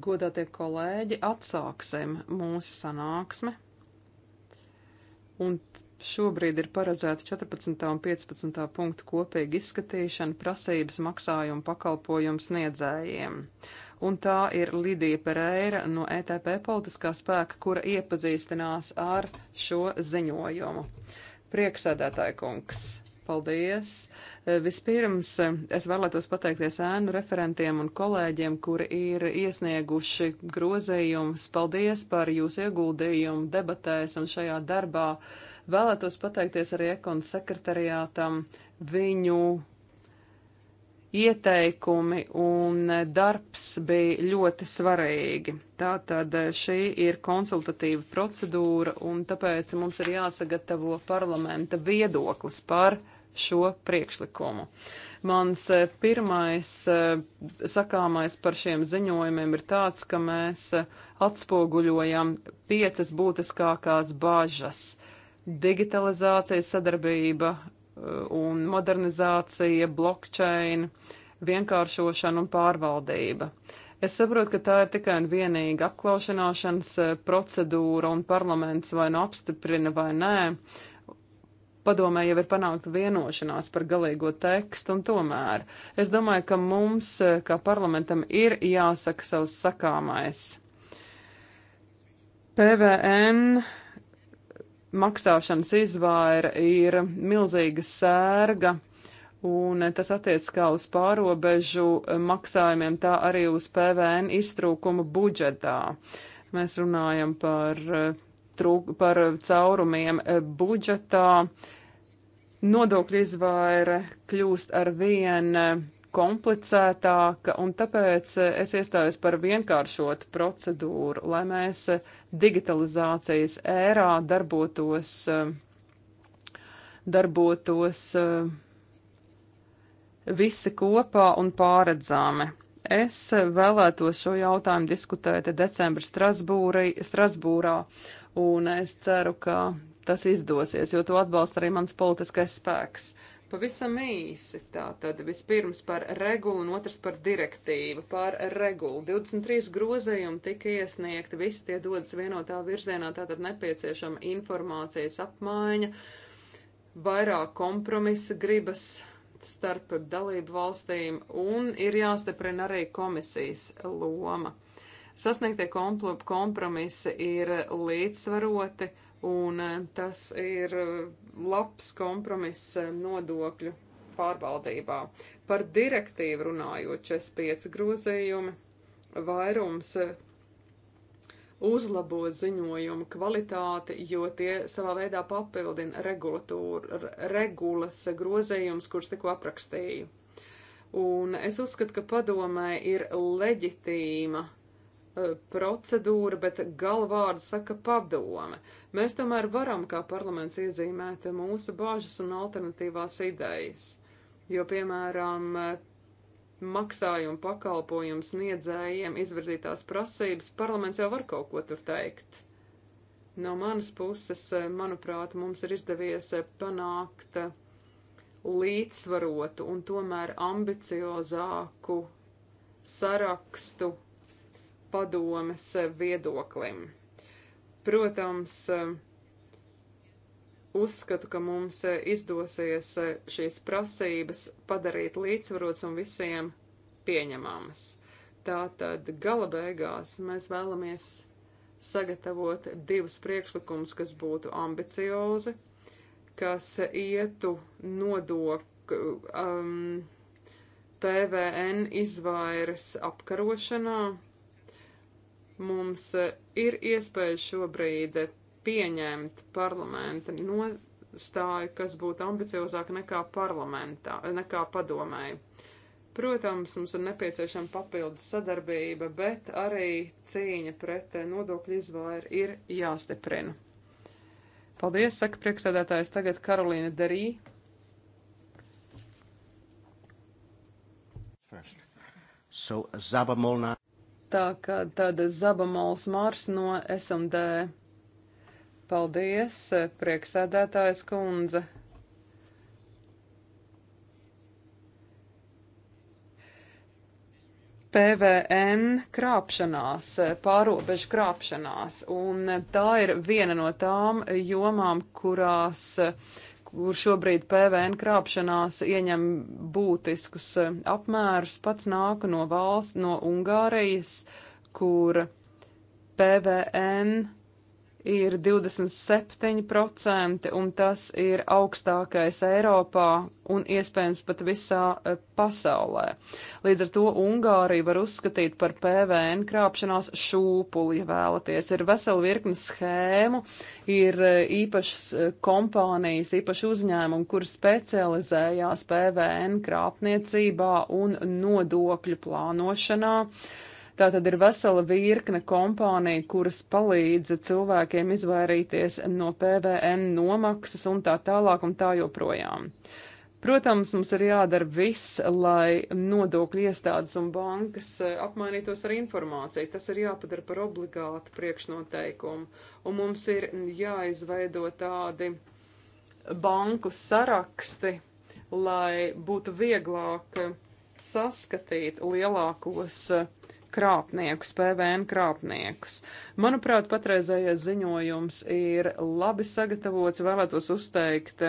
Godātie kolēģi, atsāksim mūsu sanāksmi. Un šobrīd ir paredzēta 14. un 15. punktu kopīga izskatīšana prasības maksājumu pakalpojumu sniedzējiem. Un tā ir Lidija Pereira no ETP politiskā spēka, kura iepazīstinās ar šo ziņojumu. Prieksēdētāji kungs! Paldies! Eh, vispirms eh, es vēlētos pateikties ēnu referentiem un kolēģiem, kuri ir iesnieguši grozējumus. Paldies par jūsu ieguldījumu debatēs un šajā darbā. Vēlētos pateikties arī ekonu sekretariātam viņu ieteikumi un darbs bija ļoti svarīgi. Tātad eh, šī ir konsultatīva procedūra, un tāpēc mums ir jāsagatavo parlamenta viedoklis par šo priekšlikumu. Mans eh, pirmais eh, sakāmais par šiem ziņojumiem ir tāds, ka mēs eh, atspoguļojam piecas būtiskākās bažas - digitalizācija, sadarbība un modernizācija, blockchain, vienkāršošana un pārvaldība. Es saprotu, ka tā ir tikai un vienīgi apklaušanāšanas procedūra un parlaments vai nu apstiprina vai nē, padomē jau ir panākta vienošanās par galīgo tekstu, un tomēr es domāju, ka mums, eh, kā parlamentam, ir jāsaka savs sakāmais. PVN maksāšanas izvaira ir milzīga sērga, un tas attiec kā uz pārobežu eh, maksājumiem, tā arī uz PVN iztrūkumu budžetā. Mēs runājam par eh, trūk, par caurumiem budžetā, nodokļu izvaira kļūst ar vien eh, komplicētāka, un tāpēc eh, es iestājos par vienkāršotu procedūru, lai mēs eh, digitalizācijas ērā darbotos, darbotos visi kopā un pāredzami. Es vēlētos šo jautājumu diskutēt decembra Strasbūrī, Strasbūrā, un es ceru, ka tas izdosies, jo to atbalsta arī mans politiskais spēks. Pavisam īsi tā tad vispirms par regulu un otrs par direktīvu. Par regulu 23 grozējumi tika iesniegti, visi tie dodas vienotā virzienā, tātad nepieciešama informācijas apmaiņa, vairāk kompromisa gribas starp dalību valstīm un ir jāstiprina arī komisijas loma. Sasniegtie kompromisi ir līdzsvaroti un eh, tas ir eh, labs kompromiss eh, nodokļu pārvaldībā. Par direktīvu runājot 45 grozījumi, vairums uzlabo ziņojumu kvalitāti, jo tie savā veidā papildina regulas grozījums, kurus tikko aprakstīju. Un es uzskatu, ka padomē ir leģitīma Eh, procedūra, bet galvārdu saka padome. Mēs tomēr varam kā parlaments iezīmēt mūsu bāžas un alternatīvās idejas, jo, piemēram, eh, maksājumu pakalpojumu sniedzējiem izvirzītās prasības, parlaments jau var kaut ko tur teikt. No manas puses, eh, manuprāt, mums ir izdevies panākt līdzsvarotu un tomēr ambiciozāku sarakstu padomes eh, viedoklim. Protams, eh, uzskatu, ka mums eh, izdosies šīs prasības padarīt līdzsvarots un visiem pieņemamas. Tātad gala beigās mēs vēlamies sagatavot divus priekšlikumus, kas būtu ambiciozi, kas ietu nodokļu um, PVN izvairas apkarošanā, Mums e, ir iespēja šobrīd pieņemt parlamenta nostāju, kas būtu ambiciozāka nekā parlamentā, nekā padomēji. Protams, mums ir nepieciešama papildus sadarbība, bet arī cīņa pret e, nodokļu izvairu ir jāstiprina. Paldies, saka priekšsēdētājs tagad Karolīna Darī. So, Zaba Molnāra. Tā kā tad Zabamols Mārs no SMD. Paldies, prieksēdētājs kundze. PVN krāpšanās, pārobežu krāpšanās, un tā ir viena no tām jomām, kurās, kur šobrīd PVN krāpšanās ieņem būtiskus eh, apmērus, pats nāku no valsts, no Ungārijas, kur PVN ir 27%, un tas ir augstākais Eiropā un iespējams pat visā e, pasaulē. Līdz ar to Ungāriju var uzskatīt par PVN krāpšanās šūpuli, ja vēlaties. Ir vesela virkne schēmu, ir e, īpašas e, kompānijas, īpaši uzņēmumi, kur specializējās PVN krāpniecībā un nodokļu plānošanā. Uh, Tā tad ir vesela virkne kompānija, kuras palīdz cilvēkiem izvairīties no PVN nomaksas un tā tālāk un tā joprojām. Protams, mums ir jādara viss, lai nodokļu iestādes un bankas eh, apmainītos ar informāciju. Tas ir jāpadara par obligātu priekšnoteikumu. Un mums ir jāizveido tādi banku saraksti, lai būtu vieglāk saskatīt lielākos eh, krāpniekus, PVN krāpniekus. Manuprāt, patreizējais ziņojums ir labi sagatavots, vēlētos uzteikt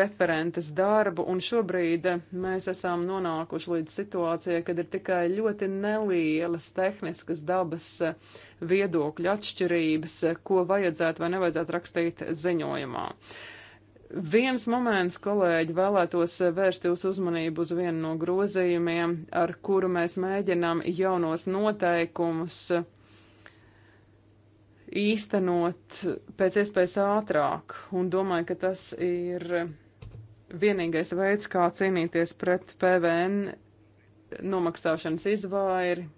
referentes darbu, un šobrīd mēs esam nonākuši līdz situācijai, kad ir tikai ļoti nelielas tehniskas dabas viedokļu atšķirības, ko vajadzētu vai nevajadzētu rakstīt ziņojumā. Uh, Viens moments, kolēģi, vēlētos vērst jūsu uzmanību uz vienu no grozījumiem, ar kuru mēs mēģinām jaunos noteikumus īstenot pēc iespējas ātrāk, un domāju, ka tas ir vienīgais veids, kā cīnīties pret PVN nomaksāšanas izvairi.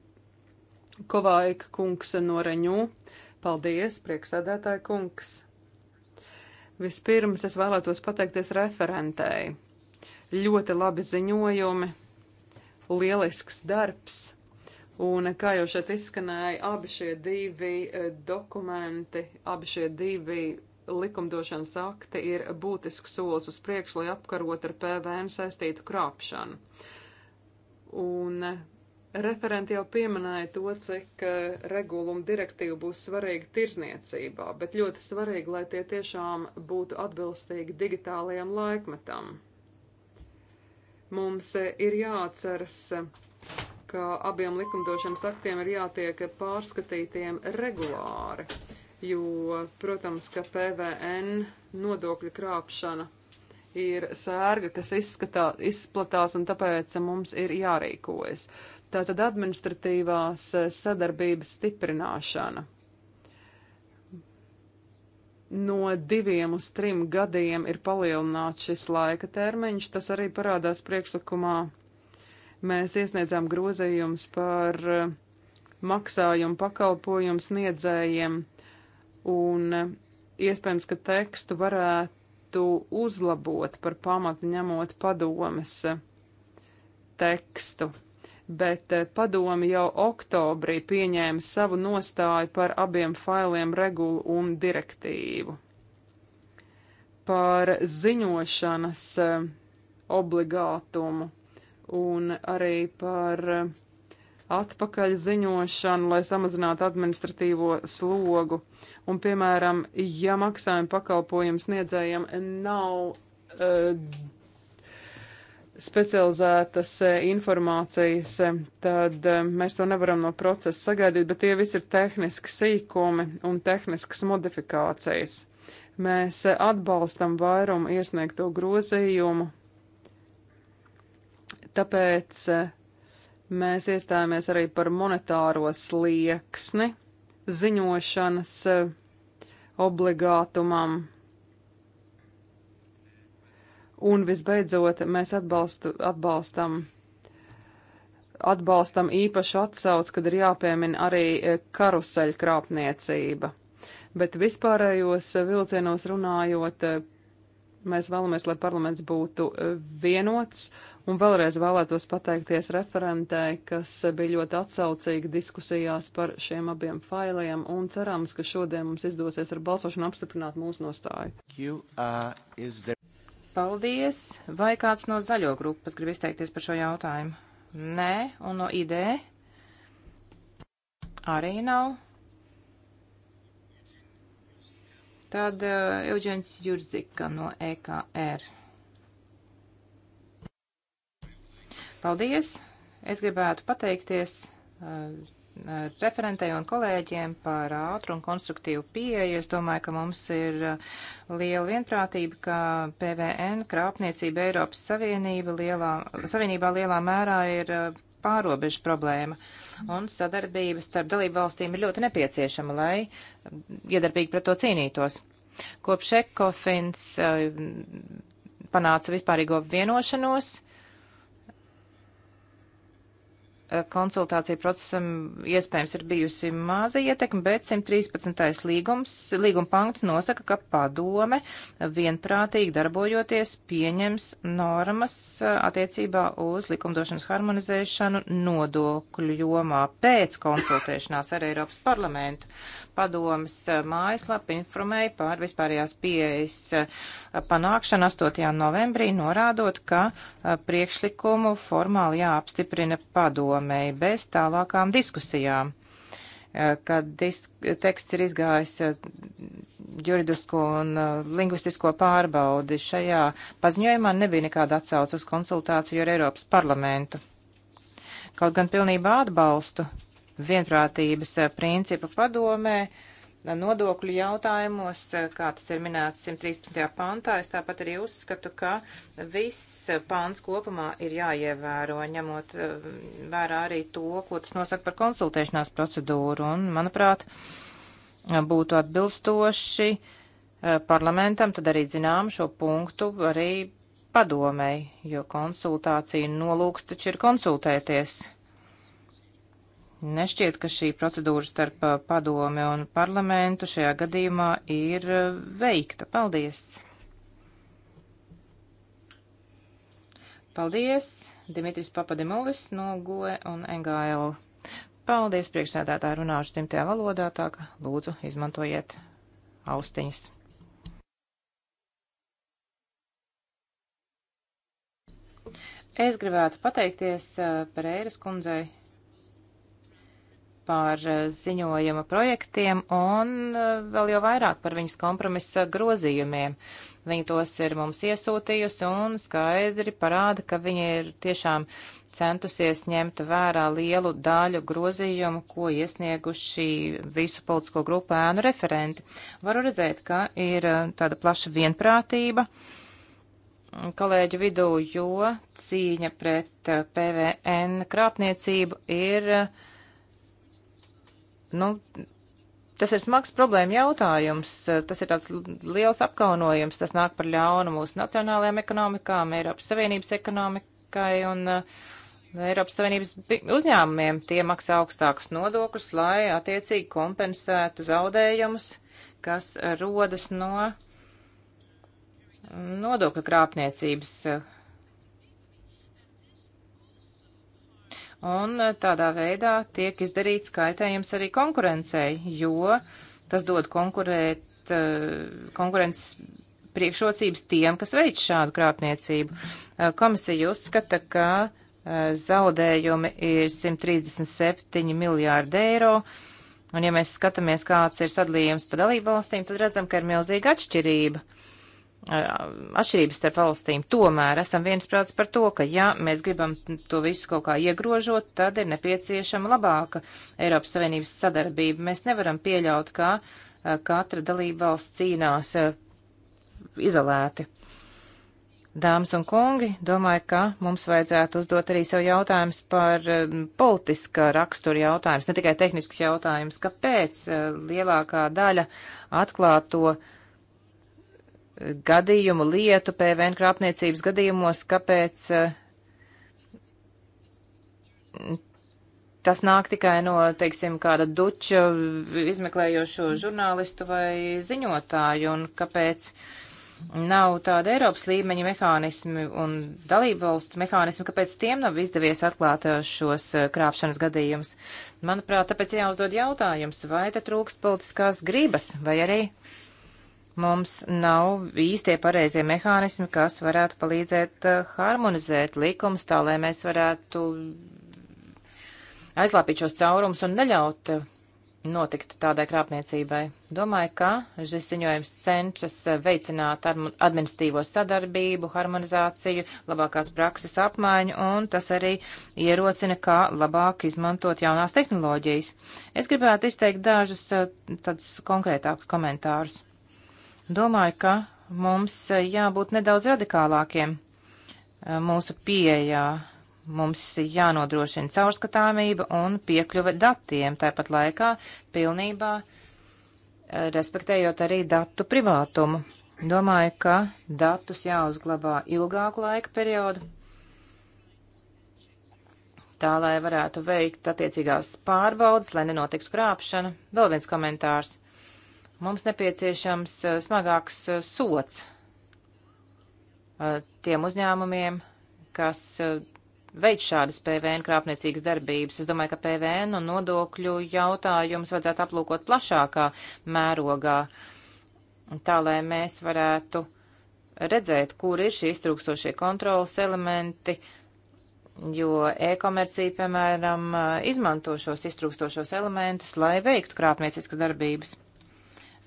Kovaika kungs no Reņū. Paldies, prieksēdētāja kungs! Vispirms es vēlētos pateikties referentēji. Ļoti labi ziņojumi, lielisks darbs. Un kā jau šeit izskanēja, abi šie divi eh, dokumenti, abi šie divi likumdošanas akti ir būtisks solis uz priekšu, lai apkarot ar PVN saistītu krāpšanu. Un Referenti jau pieminēja to, cik eh, reguluma direktīva būs svarīga tirzniecībā, bet ļoti svarīgi, lai tie tiešām būtu atbilstīgi digitālajam laikmetam. Mums eh, ir jāatceras, ka abiem likumdošanas aktiem ir jātiek pārskatītiem regulāri, jo, protams, ka PVN nodokļu krāpšana ir sērga, kas izskatā, izplatās, un tāpēc mums ir jārīkojas. Uh, Tātad administratīvās eh, sadarbības stiprināšana. No diviem uz trim gadiem ir palielināts šis laika termiņš. Tas arī parādās priekšlikumā. Mēs iesniedzām grozījums par eh, maksājumu pakalpojumu sniedzējiem un eh, iespējams, ka tekstu varētu uzlabot par pamatu ņemot padomes tekstu bet eh, padomi jau oktobrī pieņēma savu nostāju par abiem failiem regulu un direktīvu. Par ziņošanas eh, obligātumu un arī par eh, atpakaļ ziņošanu, lai samazinātu administratīvo slogu. Un, piemēram, ja maksājuma pakalpojums niedzējiem nav uh, specializētas e, informācijas, e, tad e, mēs to nevaram no procesa sagaidīt, bet tie visi ir tehniski sīkumi un tehniskas modifikācijas. Mēs atbalstam vairumu iesniegto grozījumu, tāpēc mēs iestājāmies arī par monetāro slieksni ziņošanas obligātumam Un visbeidzot, mēs atbalstu, atbalstam atbalstam īpašu atsauc, kad ir jāpiemina arī e, karuseļkrāpniecība. Bet vispārējos e, vilcienos runājot, e, mēs vēlamies, lai parlaments būtu vienots, un vēlreiz vēlētos pateikties referentei, kas bija ļoti atsaucīga diskusijās par šiem abiem failiem, un cerams, ka šodien mums izdosies ar balsošanu apstiprināt mūsu nostāju. You, uh, there... Paldies! Vai kāds no zaļo grupas grib izteikties par šo jautājumu? Nē, un no ID arī nav. Tad uh, eh, Euģents Jurzika no EKR. Paldies! Es gribētu pateikties uh, referentei un kolēģiem par ātru un konstruktīvu pieeju. Es domāju, ka mums ir uh, liela vienprātība, ka PVN krāpniecība Eiropas Savienība lielā, Savienībā lielā mērā ir uh, pārobežu problēma. Un sadarbība starp dalību valstīm ir ļoti nepieciešama, lai um, iedarbīgi pret to cīnītos. Kopš Ekofins uh, panāca vispārīgo vienošanos, uh, konsultāciju procesam iespējams ir bijusi maza ietekme, bet 113. līgums, līguma punkts nosaka, ka padome vienprātīgi darbojoties pieņems normas attiecībā uz likumdošanas harmonizēšanu nodokļu jomā pēc konsultēšanās ar Eiropas parlamentu. Padomas mājaslapa informēja par vispārējās pieejas panākšanu 8. novembrī, norādot, ka priekšlikumu formāli jāapstiprina padome padomēji bez tālākām diskusijām. Eh, kad disk, teksts ir izgājis eh, juridisko un eh, lingvistisko pārbaudi, šajā paziņojumā nebija nekāda atsauca uz konsultāciju ar Eiropas parlamentu. Kaut gan pilnībā atbalstu vienprātības principu padomē, uh, nodokļu jautājumos, kā tas ir minēts 113. pantā. Es tāpat arī uzskatu, ka viss pants kopumā ir jāievēro, ņemot eh, vērā arī to, ko tas nosaka par konsultēšanās procedūru. Un, manuprāt, būtu atbilstoši eh, parlamentam tad arī zinām šo punktu arī padomēji, jo konsultācija nolūks taču ir konsultēties. Nešķiet, ka šī procedūra starp uh, padomi un parlamentu šajā gadījumā ir uh, veikta. Paldies! Paldies, Dimitris Papadimulis no GOE un NGL. Paldies, priekšsēdētāji, runāšu simtajā valodā, tā ka lūdzu izmantojiet austiņas. Es gribētu pateikties uh, Pereiras kundzei par eh, ziņojuma projektiem un eh, vēl jau vairāk par viņas kompromisa grozījumiem. Viņa tos ir mums iesūtījusi un skaidri parāda, ka viņa ir tiešām centusies ņemt vērā lielu daļu grozījumu, ko iesnieguši visu politisko grupu ēnu referenti. Varu redzēt, ka ir eh, tāda plaša vienprātība kolēģu vidū, jo cīņa pret PVN krāpniecību ir uh, Nu, tas ir smags problēma jautājums. Tas ir tāds liels apkaunojums. Tas nāk par ļaunu mūsu nacionālajām ekonomikām, Eiropas Savienības ekonomikai un uh, Eiropas Savienības uzņēmumiem. Tie maksā augstākus nodokļus, lai attiecīgi kompensētu zaudējumus, kas rodas no nodokļu krāpniecības uh, un eh, tādā veidā tiek izdarīts kaitējums arī konkurencei, jo tas dod konkurēt, eh, konkurences priekšrocības tiem, kas veic šādu krāpniecību. Eh, komisija uzskata, ka zaudējumi ir 137 miljārdi eiro. Un ja mēs skatāmies, kāds ir sadalījums pa dalību valstīm, tad redzam, ka ir milzīga atšķirība. Uh, atšķirības starp valstīm. Tomēr esam viensprāts par to, ka ja mēs gribam to visu kaut kā iegrožot, tad ir nepieciešama labāka Eiropas Savienības sadarbība. Mēs nevaram pieļaut, ka katra dalība valsts cīnās izolēti. Dāmas un kungi, domāju, ka mums vajadzētu uzdot arī sev jautājums par politiskā rakstura jautājums, ne tikai tehnisks jautājums, kāpēc lielākā daļa atklāto uh, gadījumu lietu PVN krāpniecības gadījumos, kāpēc eh, tas nāk tikai no, teiksim, kāda duča izmeklējošo žurnālistu vai ziņotāju, un kāpēc nav tāda Eiropas līmeņa mehānismi un dalību valstu mehānismi, kāpēc tiem nav izdevies atklāt eh, šos eh, krāpšanas gadījumus. Manuprāt, tāpēc jāuzdod jautājums, vai te trūkst politiskās gribas, vai arī mums nav īstie pareizie mehānismi, kas varētu palīdzēt eh, harmonizēt likumus tā, lai mēs varētu aizlāpīt šos caurumus un neļaut eh, notikt tādai krāpniecībai. Domāju, ka šis ziņojums cenšas eh, veicināt administratīvo sadarbību, harmonizāciju, labākās prakses apmaiņu, un tas arī ierosina, kā labāk izmantot jaunās tehnoloģijas. Es gribētu izteikt dažus tādus konkrētākus komentārus. Domāju, ka mums eh, jābūt nedaudz radikālākiem eh, mūsu pieejā. Mums jānodrošina caurskatāmība un piekļuve datiem, tāpat laikā pilnībā eh, respektējot arī datu privātumu. Domāju, ka datus jāuzglabā ilgāku laika periodu, tā lai varētu veikt attiecīgās pārbaudas, lai nenotiktu krāpšana. Vēl viens komentārs. Mums nepieciešams eh, smagāks eh, sots eh, tiem uzņēmumiem, kas veids šādas PVN krāpniecīgas darbības. Es domāju, ka PVN un nodokļu jautājums vajadzētu aplūkot plašākā mērogā, tā lai mēs varētu redzēt, kur ir šīs trūkstošie kontrolas elementi, jo e-komercija, piemēram, izmanto šos iztrūkstošos elementus, lai veiktu krāpnieciskas darbības.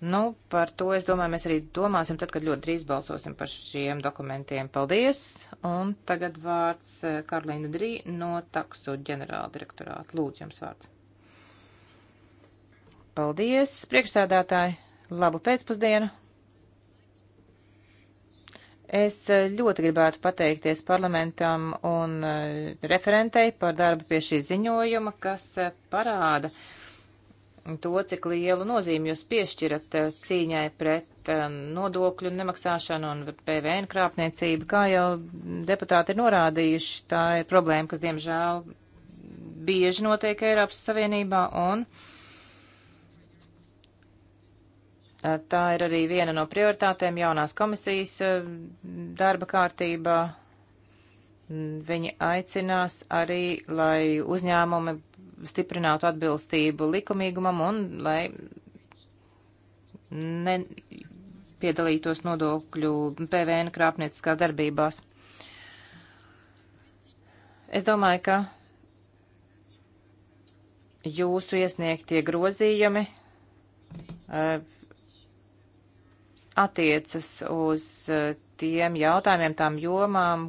Nu, par to, es domāju, mēs arī domāsim tad, kad ļoti drīz balsosim par šiem dokumentiem. Paldies! Un tagad vārds eh, Karlīna Drī no taksu ģenerāla direktorāta. Lūdzu, jums vārds. Paldies, priekšsēdētāji! Labu pēcpusdienu! Es eh, ļoti gribētu pateikties parlamentam un eh, referentei par darbu pie šī ziņojuma, kas parāda, uh, to, cik lielu nozīmi jūs piešķirat eh, cīņai pret eh, nodokļu nemaksāšanu un PVN krāpniecību. Kā jau deputāti ir norādījuši, tā ir problēma, kas diemžēl bieži notiek Eiropas Savienībā un eh, tā ir arī viena no prioritātēm jaunās komisijas darba kārtībā Viņi aicinās arī, lai uzņēmumi stiprinātu atbilstību likumīgumam un lai nepiedalītos nodokļu PVN krāpnieciskās darbībās. Es domāju, ka jūsu iesniegtie grozījumi eh, attiecas uz eh, tiem jautājumiem, tām jomām,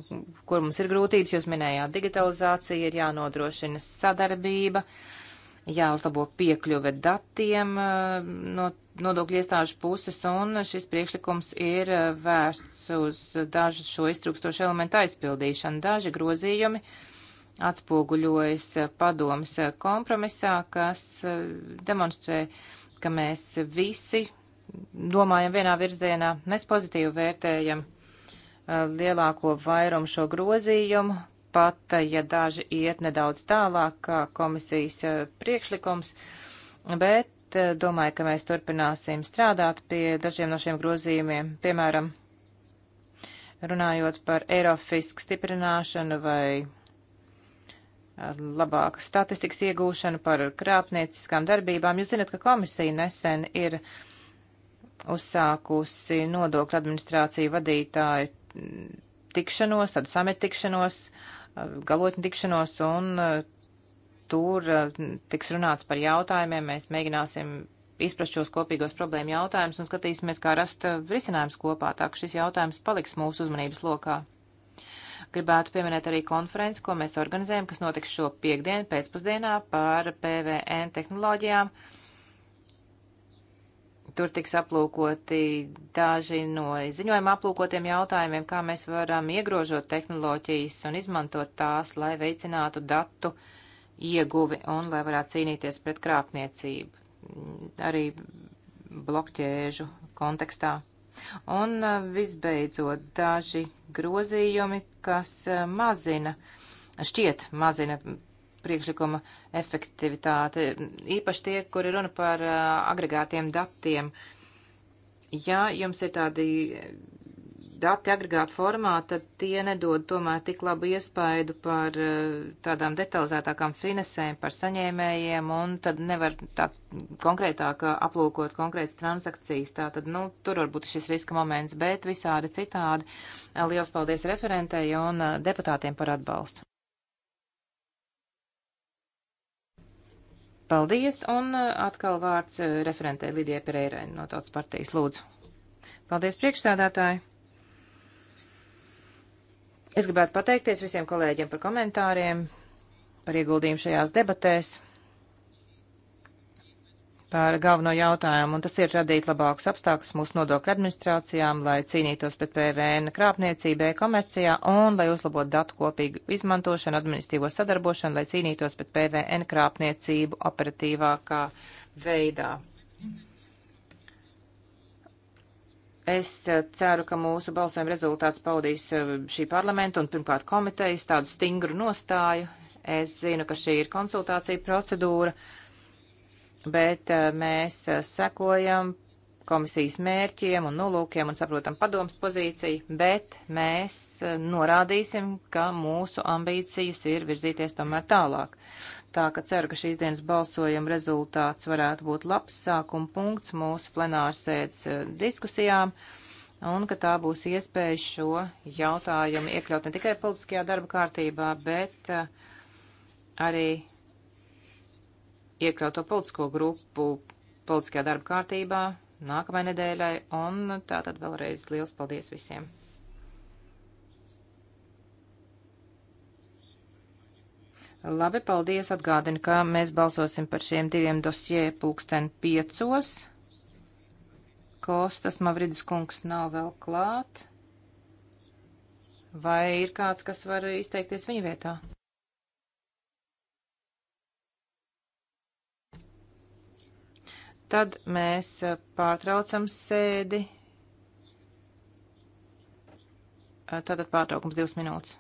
kur mums ir grūtības. Jūs minējāt, digitalizācija ir jānodrošina sadarbība, jāuzlabo piekļuve datiem eh, no nodokļu iestāžu puses, un šis priekšlikums ir eh, vērsts uz dažu šo iztrukstošu elementu aizpildīšanu. Daži grozījumi atspoguļojas padomas kompromisā, kas eh, demonstrē, ka mēs visi domājam vienā virzienā, mēs pozitīvi vērtējam Eh, lielāko vairumu šo grozījumu, pat eh, ja daži iet nedaudz tālāk kā komisijas eh, priekšlikums, bet domāju, ka mēs turpināsim strādāt pie dažiem no šiem grozījumiem. Piemēram, runājot par Eirofisku stiprināšanu vai labāku statistikas iegūšanu par krāpnieciskām darbībām. Jūs zinat, ka komisija nesen ir uzsākusi nodokļu administrāciju vadītāju tikšanos, tādu sametikšanos, galotņu tikšanos, un eh, tur eh, tiks runāts par jautājumiem. Mēs mēģināsim izprast šos kopīgos problēmu jautājumus un skatīsimies, kā rast eh, risinājums kopā, tā ka šis jautājums paliks mūsu uzmanības lokā. Gribētu pieminēt arī konferenci, ko mēs organizējam, kas notiks šo piekdienu pēcpusdienā par PVN tehnoloģijām. Uh, Tur tiks aplūkoti daži no ziņojuma aplūkotiem jautājumiem, kā mēs varam iegrožot tehnoloģijas un izmantot tās, lai veicinātu datu ieguvi un lai varētu cīnīties pret krāpniecību. Arī blokķēžu kontekstā. Un visbeidzot, daži grozījumi, kas mazina, šķiet mazina priekšlikuma efektivitāte, īpaši tie, kuri runa par uh, agregātiem datiem. Ja jums ir tādi dati agregāta formā, tad tie nedod tomēr tik labu iespaidu par tādām detalizētākām finansēm, par saņēmējiem, un tad nevar tā konkrētāk aplūkot konkrētas transakcijas. Tātad, nu, tur varbūt šis riska moments, bet visādi citādi. Liels paldies referentei un deputātiem par atbalstu. Paldies, un uh, atkal vārds uh, referentē Lidija Pereirai no Tautas partijas. Lūdzu. Paldies, priekšsādātāji. Es gribētu pateikties visiem kolēģiem par komentāriem, par ieguldījumu šajās debatēs par galveno jautājumu, un tas ir radīt labākus apstākļus mūsu nodokļu administrācijām, lai cīnītos pret PVN krāpniecību e-komercijā un lai uzlabotu datu kopīgu izmantošanu, administīvo sadarbošanu, lai cīnītos pret PVN krāpniecību operatīvākā veidā. Es eh, ceru, ka mūsu balsojuma rezultāts paudīs eh, šī parlamenta un pirmkārt komitejas tādu stingru nostāju. Es zinu, ka šī ir konsultācija procedūra. Uh, bet eh, mēs eh, sekojam komisijas mērķiem un nolūkiem un saprotam padomas pozīciju, bet mēs eh, norādīsim, ka mūsu ambīcijas ir virzīties tomēr tālāk. Tā ka ceru, ka šīs dienas balsojuma rezultāts varētu būt labs sākuma punkts mūsu plenārsēdes diskusijām un ka tā būs iespēja šo jautājumu iekļaut ne tikai politiskajā darba kārtībā, bet arī iekļauto politisko grupu politiskajā darba kārtībā nākamai nedēļai, un tātad vēlreiz liels paldies visiem! Labi, paldies. Atgādinu, ka mēs balsosim par šiem diviem dosjē pulksten piecos. Kostas Mavridis kungs nav vēl klāt. Vai ir kāds, kas var izteikties viņa vietā? Tad mēs eh, pārtraucam sēdi. Eh, Tātad pārtraukums divas minūtes.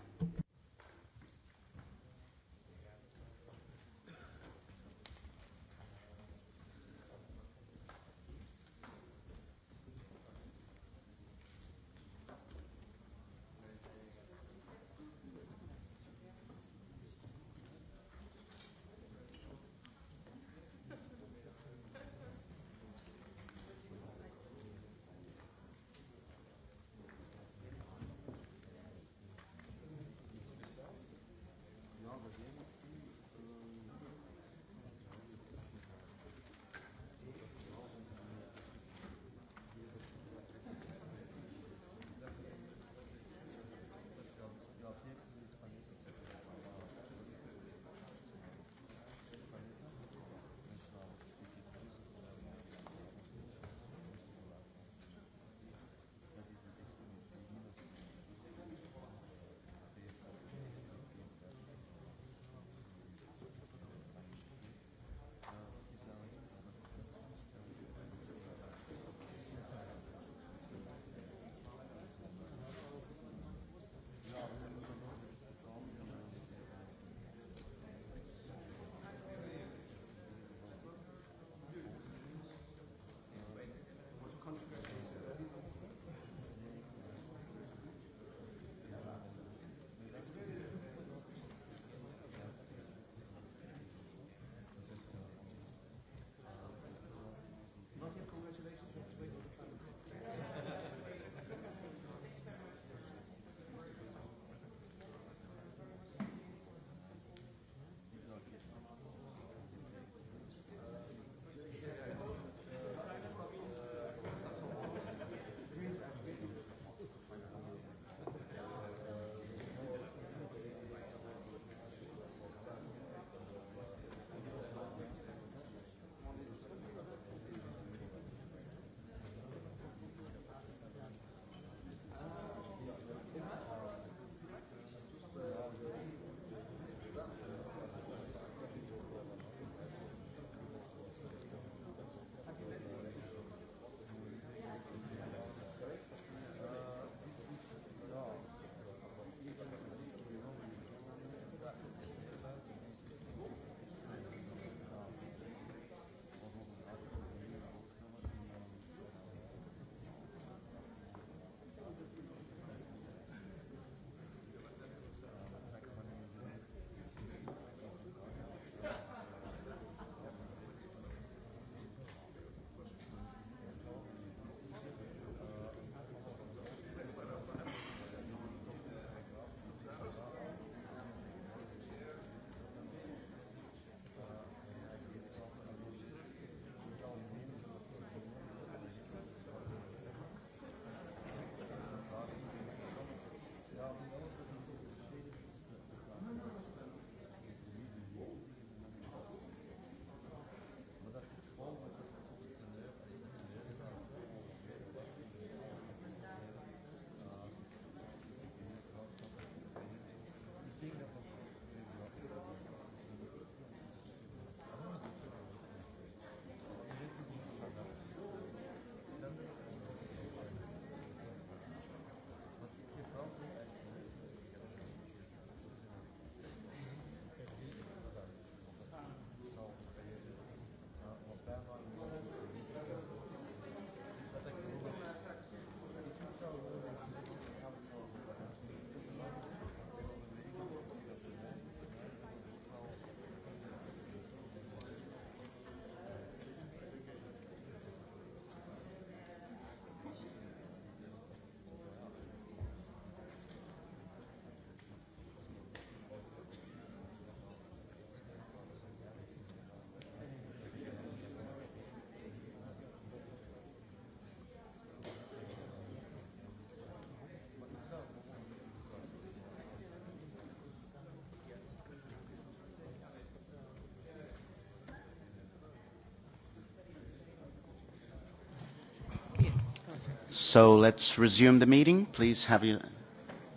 So let's resume the meeting. Please have you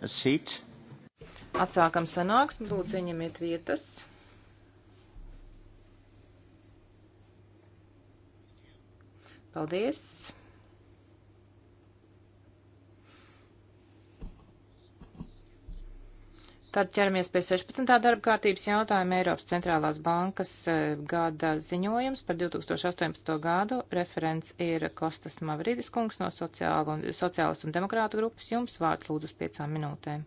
a seat. Atsākam sanāksmi, lūdzu ieņemiet vietas. Paldies! Tad ķeramies pie 16. darba kārtības jautājuma Eiropas centrālās bankas e, gada ziņojums par 2018. gadu. Referents ir Kostas Mavridis kungs no un, Sociālas un demokrātu grupas. Jums vārds lūdzu uz piecām minūtēm.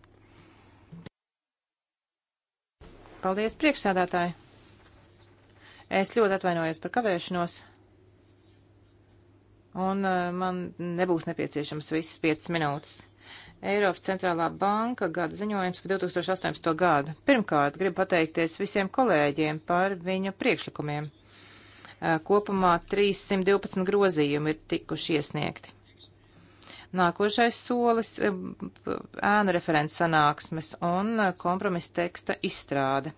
Paldies, priekšsēdētāji! Es ļoti atvainojos par kavēšanos. Un e, man nebūs nepieciešams visas piecas minūtes. Eiropas centrālā banka gada ziņojums par 2018. gadu. Pirmkārt, gribu pateikties visiem kolēģiem par viņu priekšlikumiem. Kopumā 312 grozījumi ir tikuši iesniegti. Nākošais solis - ēnu referents sanāksmes un kompromisa teksta izstrāde.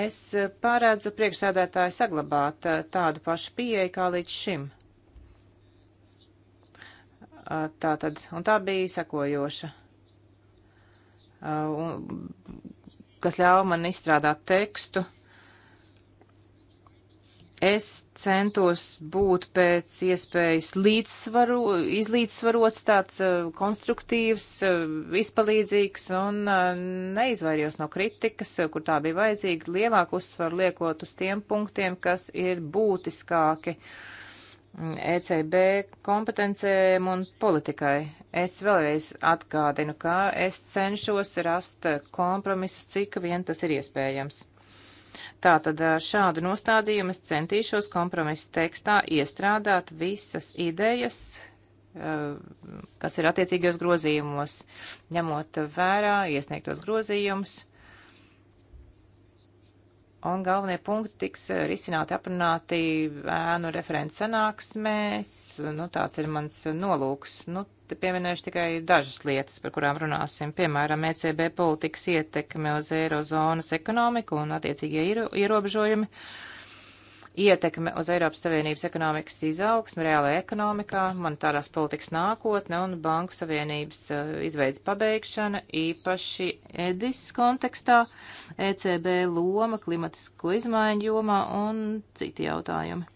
Es pārēdzu priekšsēdētāju saglabāt tādu pašu pieeju kā līdz šim Tā tad, un tā bija sekojoša, kas ļāva man izstrādāt tekstu. Es centos būt pēc iespējas līdzsvaru, izlīdzsvarots, tāds uh, konstruktīvs, uh, izpalīdzīgs un uh, neizvairījos no kritikas, kur tā bija vajadzīga, lielāku uzsvaru liekot uz tiem punktiem, kas ir būtiskāki. Uh, ECB kompetencēm un politikai. Es vēlreiz atgādinu, ka es cenšos rast kompromisus, cik vien tas ir iespējams. Tātad ar šādu nostādījumu es centīšos kompromisu tekstā iestrādāt visas idejas, eh, kas ir attiecīgos grozījumos, ņemot vērā iesniegtos grozījumus Un galvenie punkti tiks eh, risināti, aprunāti ēnu referents sanāksmēs. Nu, tāds ir mans nolūks. Nu, te pieminēšu tikai dažas lietas, par kurām runāsim. Piemēram, ECB politikas ietekme uz eirozonas ekonomiku un attiecīgie iero, ierobežojumi. Uh, ietekme uz Eiropas Savienības ekonomikas izaugsmu, reālajā ekonomikā, monetārās politikas nākotne un Banku Savienības eh, izveids pabeigšana, īpaši EDIS kontekstā, ECB loma, klimatisko izmaiņu jomā un citi jautājumi.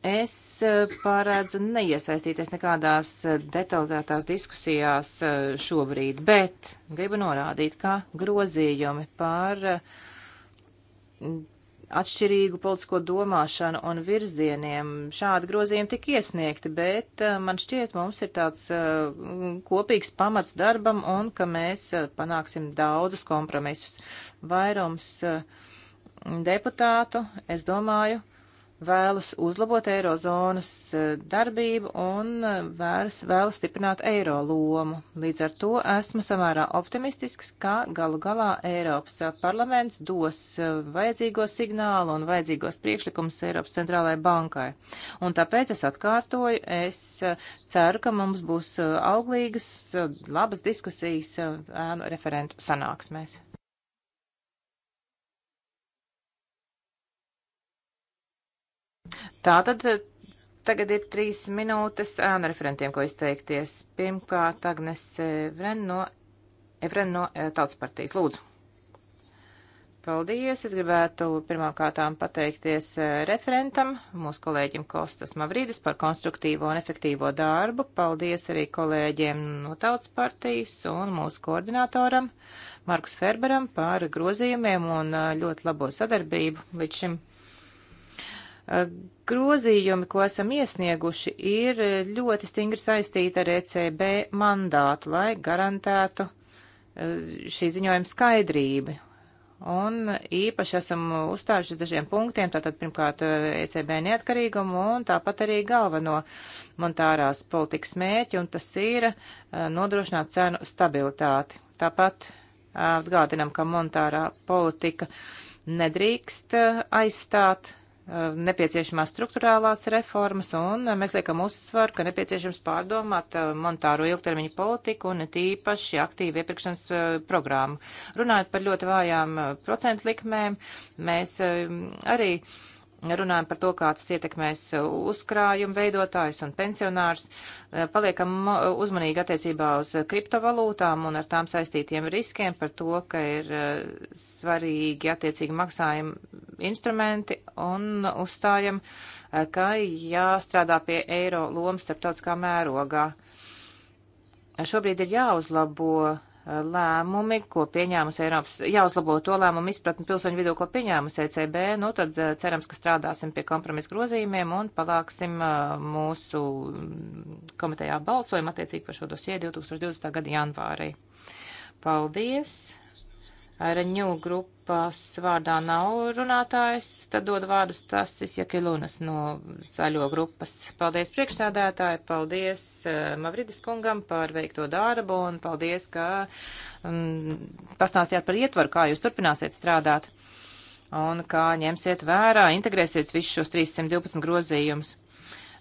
Es eh, pārēdzu neiesaistīties nekādās eh, detalizētās diskusijās šobrīd, bet gribu norādīt, ka grozījumi par atšķirīgu politisko domāšanu un virzieniem. Šādi grozījumi tika iesniegti, bet eh, man šķiet, mums ir tāds eh, kopīgs pamats darbam un ka mēs eh, panāksim daudzus kompromisus. Vairums deputātu, es domāju, vēlas uzlabot eirozonas eh, darbību un eh, vēlas, vēlas stiprināt eiro lomu. Līdz ar to esmu samērā optimistisks, ka galu galā Eiropas eh, parlaments dos vajadzīgo signālu un vajadzīgos priekšlikumus Eiropas centrālajai bankai. Un tāpēc es atkārtoju, es ceru, ka mums būs auglīgas, labas diskusijas ēnu referentu sanāksmēs. Tātad eh, tagad ir trīs minūtes ēnu referentiem, ko izteikties. Pirmkārt, Agnes Evren no, Evren no eh, Tautas partijas. Lūdzu. Paldies! Es gribētu pirmkārtām pateikties eh, referentam, mūsu kolēģim Kostas Mavrīdis par konstruktīvo un efektīvo darbu. Paldies arī kolēģiem no Tautas partijas un mūsu koordinatoram Markus Ferberam par grozījumiem un ļoti labo sadarbību līdz šim. Grozījumi, ko esam iesnieguši, ir ļoti stingri saistīti ar ECB mandātu, lai garantētu e, šī ziņojuma skaidrību Un īpaši esam uzstājuši dažiem punktiem, tātad pirmkārt ECB e neatkarīgumu un tāpat arī galveno monetārās politikas mērķi, un tas ir e, nodrošināt cenu stabilitāti. Tāpat atgādinam, ka monetārā politika nedrīkst aizstāt Uh, nepieciešamās struktūrālās reformas, un uh, mēs liekam uzsvaru, ka nepieciešams pārdomāt uh, monetāro ilgtermiņu politiku un tīpaši aktīvu iepirkšanas programmu. Runājot par ļoti vājām procentu likmēm, mēs um, arī runājam par to, kā tas ietekmēs uh, uzkrājumu veidotājus un pensionārs. Uh, paliekam uh, uzmanīgi attiecībā uz kriptovalūtām un ar tām saistītiem riskiem par to, ka ir svarīgi attiecīgi maksājumi instrumenti un uzstājam, ka jāstrādā pie eiro lomas starptautiskā mērogā. Šobrīd ir jāuzlabo lēmumi, ko pieņēmusi Eiropas, jāuzlabo to lēmumu izpratni pilsoņu vidū, ko pieņēmusi ECB, nu tad eh, cerams, ka strādāsim pie kompromisa grozījumiem un palāksim eh, mūsu komitejā balsojumu attiecīgi par šo dosie 2020. gada janvārī. Paldies! Reņū grupas vārdā nav runātājs, tad dod vārdu Stasis Jakilunas no zaļo grupas. Paldies priekšsēdētāji, paldies uh, Mavridis kungam par veikto darbu un paldies, ka um, pastāstījāt par ietvaru, kā jūs turpināsiet strādāt un kā ņemsiet vērā, integrēsiet visus šos 312 grozījumus.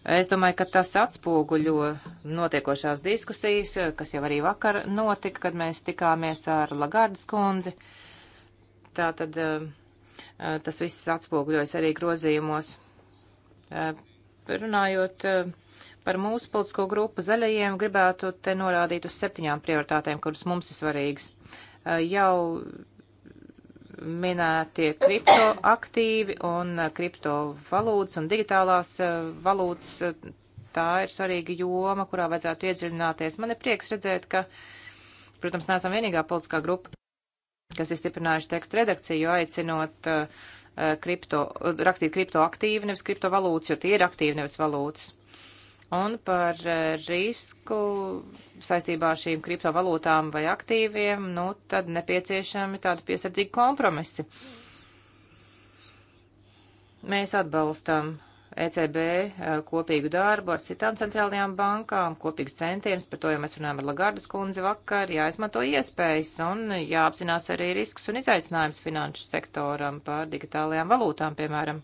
Es domāju, ka tas atspoguļo notiekošās diskusijas, kas jau arī vakar notika, kad mēs tikāmies ar Lagardas kundzi. Tātad eh, tas viss atspoguļojas arī grozījumos. Eh, runājot eh, par mūsu politisko grupu zaļajiem, gribētu te norādīt uz septiņām prioritātēm, kuras mums ir svarīgas. Jau minētie kriptoaktīvi un eh, kriptovalūtas un digitālās eh, valūtas. Eh, tā ir svarīga joma, kurā vajadzētu iedziļināties. Man ir prieks redzēt, ka, protams, neesam vienīgā politiskā grupa, kas ir stiprinājuši tekstu redakciju, aicinot uh, kripto, rakstīt kriptoaktīvi, nevis kriptovalūtas, jo tie ir aktīvi, nevis valūtas un par eh, risku saistībā ar šīm kriptovalūtām vai aktīviem, nu, tad nepieciešami tādi piesardzīgi kompromisi. Mēs atbalstam ECB eh, kopīgu darbu ar citām centrālajām bankām, kopīgs centiens, par to jau mēs runājam ar Lagardas kundzi vakar, jāizmanto iespējas un jāapzinās arī risks un izaicinājums finanšu sektoram par digitālajām valūtām, piemēram.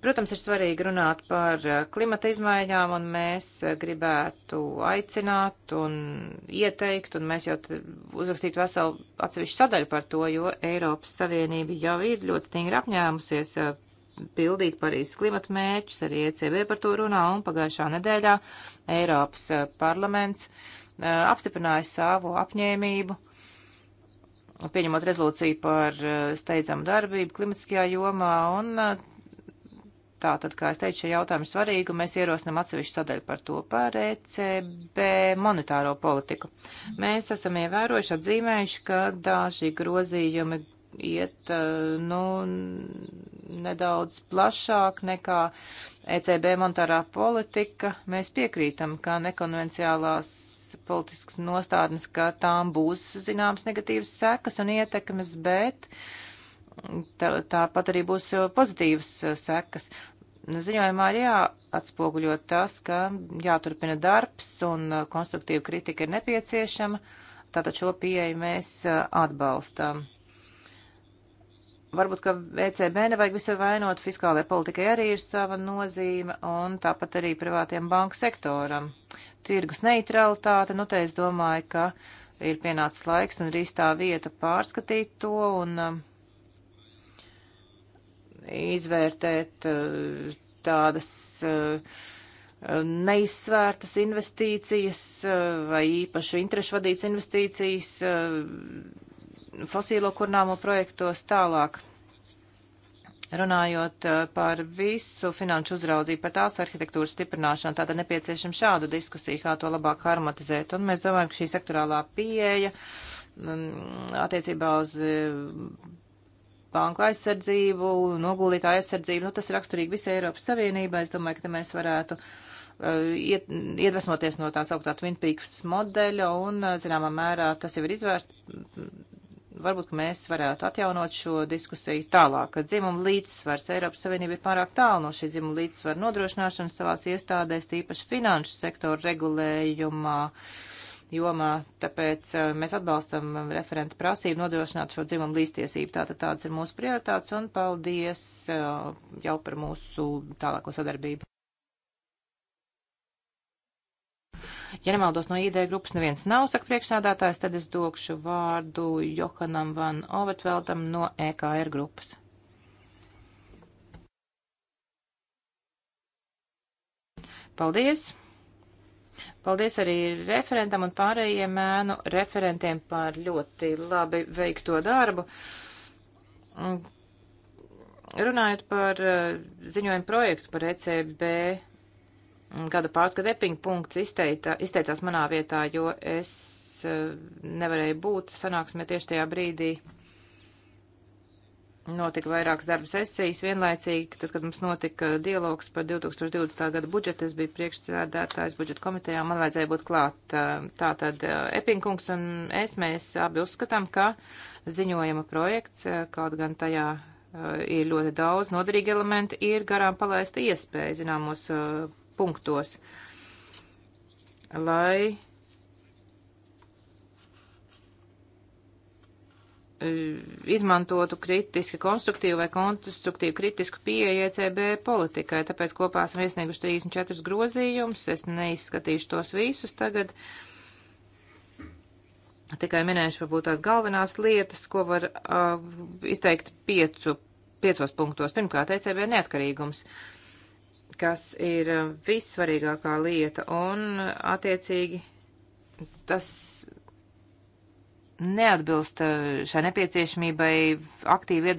Protams, ir svarīgi runāt par eh, klimata izmaiņām, un mēs eh, gribētu aicināt un ieteikt, un mēs jau uzrakstītu veselu atsevišķu sadaļu par to, jo Eiropas Savienība jau ir ļoti stingri apņēmusies eh, pildīt Parīzes klimata mērķus, arī ECB par to runā, un pagājušā nedēļā Eiropas parlaments apstiprināja savu apņēmību, pieņemot rezolūciju par steidzamu darbību klimatiskajā jomā, un Tā tad, kā es teicu, šie jautājumi svarīgi, un mēs ierosinam atsevišķu sadaļu par to, par ECB monetāro politiku. Mēs esam ievērojuši, atzīmējuši, ka daži grozījumi iet e, nu, nedaudz plašāk nekā ECB monetārā politika. Mēs piekrītam, ka nekonvenciālās politiskas nostādnes, ka tām būs zināmas negatīvas sekas un ietekmes, bet tā, tāpat arī būs e, pozitīvas e, sekas. Nu, ziņojumā ir jāatspoguļo tas, ka jāturpina darbs un uh, konstruktīva kritika ir nepieciešama, tātad šo pieeju mēs uh, atbalstām. Varbūt, ka ECB nevajag visur vainot, fiskālajai politikai arī ir sava nozīme, un tāpat arī privātiem banku sektoram. Tirgus neutralitāte, nu te es domāju, ka ir pienācis laiks un ir īstā vieta pārskatīt to, un uh, izvērtēt eh, tādas eh, neizsvērtas investīcijas eh, vai īpašu interešu vadītas investīcijas fosīlo kurnāmo projektos tālāk. Runājot par visu finanšu uzraudzību, par tās arhitektūras stiprināšanu, tātad nepieciešama šāda diskusija, kā to labāk harmonizēt. Un mēs domājam, ka šī sektorālā pieeja mm, attiecībā uz banku aizsardzību, noguldītāju aizsardzību. Nu, tas ir raksturīgi visai Eiropas Savienībai. Es domāju, ka te mēs varētu eh, iet, iedvesmoties no tā sauktā Twin Peaks modeļa un, eh, zināmā mērā, tas jau ir izvērsts. Varbūt, ka mēs varētu atjaunot šo diskusiju tālāk, ka dzimuma līdzsvars Eiropas Savienība ir pārāk tālu no šī dzimuma līdzsvara nodrošināšanas savās iestādēs, tīpaši finanšu sektoru regulējumā. Uh, jomā, tāpēc eh, mēs atbalstam eh, referenta prasību nodrošināt šo dzimumu līdztiesību. Tātad tāds ir mūsu prioritāts un paldies eh, jau par mūsu tālāko sadarbību. Ja nemaldos no ID grupas neviens nav, saka priekšsādātājs, tad es dokšu vārdu Johanam Van Overtveldam no EKR grupas. Paldies! Paldies arī referentam un pārējiem mēnu referentiem par ļoti labi veikto darbu. Runājot par eh, ziņojumu projektu par ECB mm, gada pārskatu epiņu punkts izteita, izteicās manā vietā, jo es eh, nevarēju būt sanāksmē tieši tajā brīdī, Notika vairākas darba sesijas vienlaicīgi, tad, kad mums notika dialogs par 2020. gada budžetu, es biju priekšsēdētājs budžeta komitejā, man vajadzēja būt klāt. Tātad Epinkungs un es, mēs abi uzskatām, ka ziņojuma projekts, kaut gan tajā ir ļoti daudz noderīgi elementi, ir garām palaista iespēja zināmos punktos, lai Eh, izmantotu kritiski konstruktīvu vai konstruktīvu kritisku pieeju ECB politikai. Tāpēc kopā esam iesnieguši 34 grozījumus. Es neizskatīšu tos visus tagad. Tikai minēšu varbūt tās galvenās lietas, ko var uh, izteikt piecu, piecos punktos. Pirmkārt, ECB neatkarīgums. Uh, kas ir eh, vissvarīgākā lieta, un attiecīgi tas neatbilst eh, šai nepieciešamībai aktīvi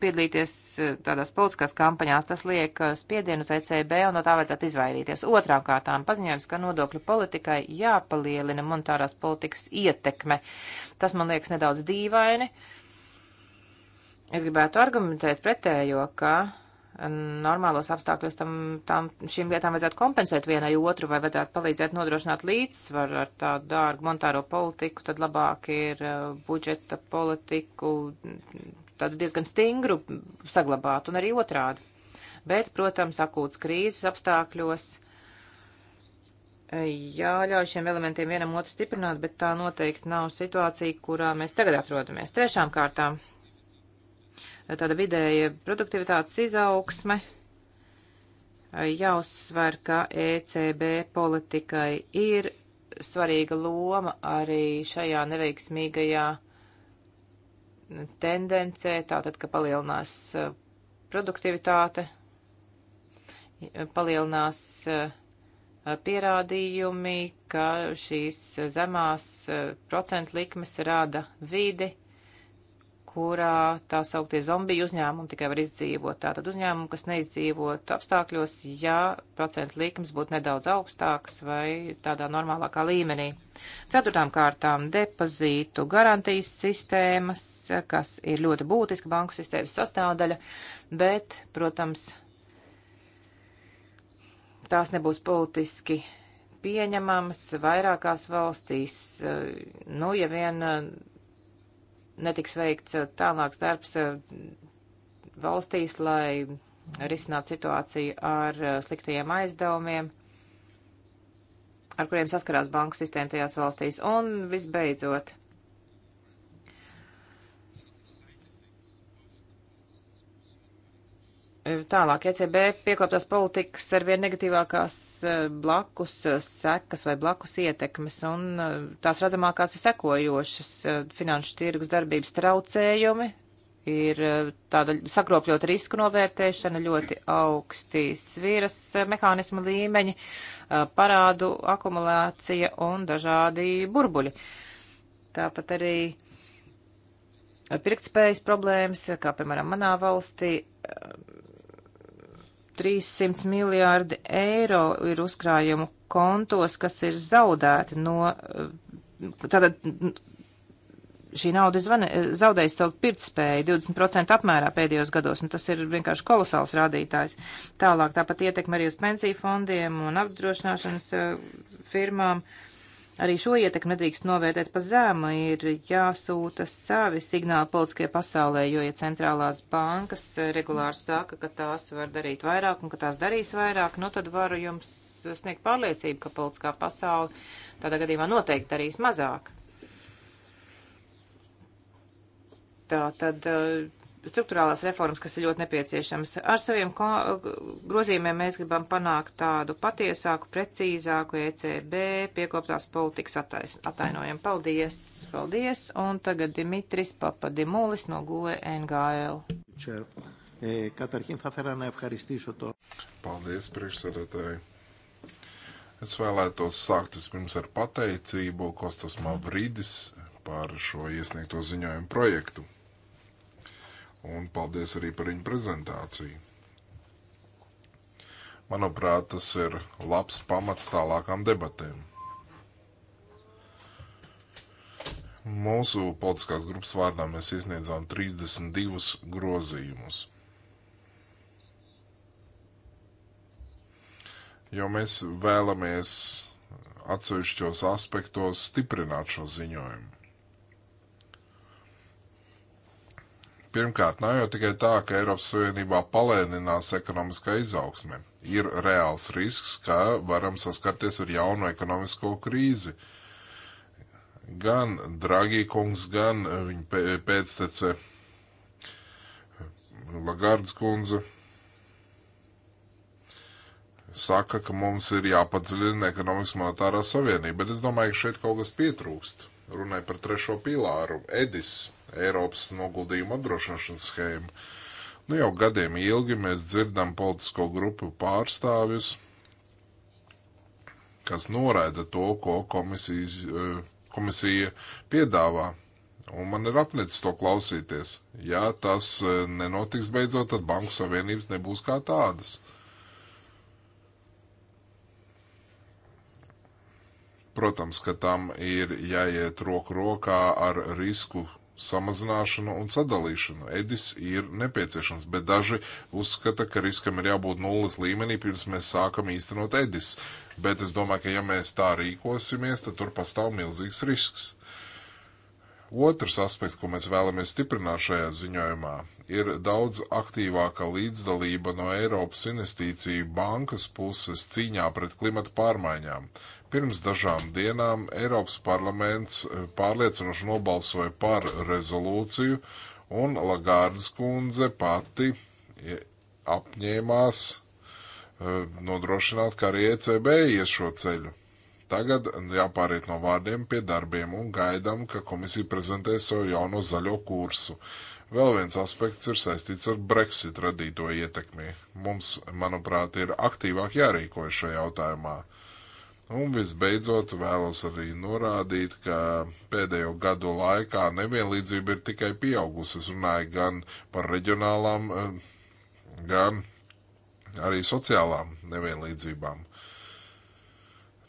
piedalīties eh, tādās politiskās kampaņās. Tas liek eh, spiedienu uz ECB un no tā vajadzētu izvairīties. Otrām kārtām paziņojums, ka nodokļu politikai jāpalielina monetārās politikas ietekme. Tas man liekas nedaudz dīvaini. Es gribētu argumentēt pretējo, ka normālos apstākļos tam, tam, šīm lietām vajadzētu kompensēt vienai otru vai vajadzētu palīdzēt nodrošināt līdzsvaru ar tādu dārgu monetāro politiku, tad labāk ir uh, budžeta politiku tādu diezgan stingru saglabāt un arī otrādi. Bet, protams, akūts krīzes apstākļos eh, jāļauj šiem elementiem vienam otru stiprināt, bet tā noteikti nav situācija, kurā mēs tagad atrodamies. Trešām kārtām tāda vidēja produktivitātes izaugsme. Jāuzsver, ka ECB politikai ir svarīga loma arī šajā neveiksmīgajā tendencē, tātad, ka palielinās uh, produktivitāte, palielinās uh, pierādījumi, ka šīs uh, zemās procentu likmes rada vidi kurā tā sauktie zombiju uzņēmumi tikai var izdzīvot. Tātad uzņēmumi, kas neizdzīvot apstākļos, ja procentu likums būtu nedaudz augstāks vai tādā normālākā līmenī. Ceturtām kārtām depozītu garantijas sistēmas, kas ir ļoti būtiska banku sistēmas sastāvdaļa, bet, protams, tās nebūs politiski pieņemamas vairākās valstīs, nu, ja vien netiks veikts uh, tālāks darbs uh, valstīs, lai risinātu situāciju ar uh, sliktajiem aizdevumiem, ar kuriem saskarās banku sistēma tajās valstīs. Un visbeidzot, Tālāk ECB piekoptās politikas ar vien negatīvākās e, blakus e, sekas vai blakus ietekmes, un e, tās redzamākās ir sekojošas finanšu tirgus darbības traucējumi, ir tāda sakropļota risku novērtēšana, ļoti augsti svīras mehānismu līmeņi, parādu akumulācija un dažādi burbuļi. Tāpat arī pirktspējas problēmas, kā piemēram manā valstī, 300 miljārdi eiro ir uzkrājumu kontos, kas ir zaudēti no. Eh, tātad šī nauda eh, zaudējusi savu pirtspēju 20% apmērā pēdējos gados, un tas ir vienkārši kolosāls rādītājs. Tālāk tāpat ietekme arī uz pensiju fondiem un apdrošināšanas eh, firmām. Uh, Arī šo ietekmi nedrīkst novērtēt pa zemu, ir jāsūta savi signāli politiskajai pasaulē, jo, ja centrālās bankas regulāri saka, ka tās var darīt vairāk un ka tās darīs vairāk, nu tad varu jums sniegt pārliecību, ka politiskā pasaule tādā gadījumā noteikti darīs mazāk. Tā tad eh, struktūrālās reformas, kas ir ļoti nepieciešamas. Ar saviem grozījumiem mēs gribam panākt tādu patiesāku, precīzāku ECB piekoptās politikas attais, attainojumu. Paldies, paldies, un tagad Dimitris Papadimulis no GOE NGL. Eh, paldies, priekšsēdētāji. Es vēlētos sākt vispirms ar pateicību Kostas Mavridis par šo iesniegto ziņojumu projektu un paldies arī par viņu prezentāciju. Manuprāt, tas ir labs pamats tālākām debatēm. Mūsu politiskās grupas vārdā mēs iesniedzām 32 grozījumus. Jo mēs vēlamies atsevišķos aspektos stiprināt šo ziņojumu. Pirmkārt, nav jau tikai tā, ka Eiropas Savienībā palēninās ekonomiskā izaugsme. Ir reāls risks, ka varam saskarties ar jaunu ekonomisko krīzi. Gan Dragī kungs, gan viņa pēctece Lagardas kundze saka, ka mums ir jāpadziļina ekonomikas monetārā savienība, bet es domāju, ka šeit kaut kas pietrūkst. Runāja par trešo pīlāru, Edis. Eiropas noguldījuma apdrošināšanas schēmu. Nu, jau gadiem ilgi mēs dzirdam politisko grupu pārstāvjus, kas noraida to, ko komisijas, eh, komisija piedāvā. Un man ir apnicis to klausīties. Ja tas eh, nenotiks beidzot, tad Banku Savienības nebūs kā tādas. Protams, ka tam ir jāiet roku rokā ar risku samazināšanu un sadalīšanu. Edis ir nepieciešams, bet daži uzskata, ka riskam ir jābūt nulles līmenī, pirms mēs sākam īstenot Edis. Bet es domāju, ka ja mēs tā rīkosimies, tad tur pastāv milzīgs risks. Otrs aspekts, ko mēs vēlamies stiprināt šajā ziņojumā, ir daudz aktīvāka līdzdalība no Eiropas investīciju bankas puses cīņā pret klimatu pārmaiņām. Pirms dažām dienām Eiropas parlaments e, pārliecinoši nobalsoja par rezolūciju, un Lagardas kundze pati e, apņēmās e, nodrošināt, ka arī ECB ies šo ceļu. Tagad jāpāriet no vārdiem pie darbiem un gaidām, ka komisija prezentēs savu jauno zaļo kursu. Vēl viens aspekts ir saistīts ar Brexit radīto ietekmi. Mums, manuprāt, ir aktīvāk jārīkojas šajā jautājumā. Un visbeidzot vēlos arī norādīt, ka pēdējo gadu laikā nevienlīdzība ir tikai pieaugusi. Es runāju gan par reģionālām, eh, gan arī sociālām nevienlīdzībām.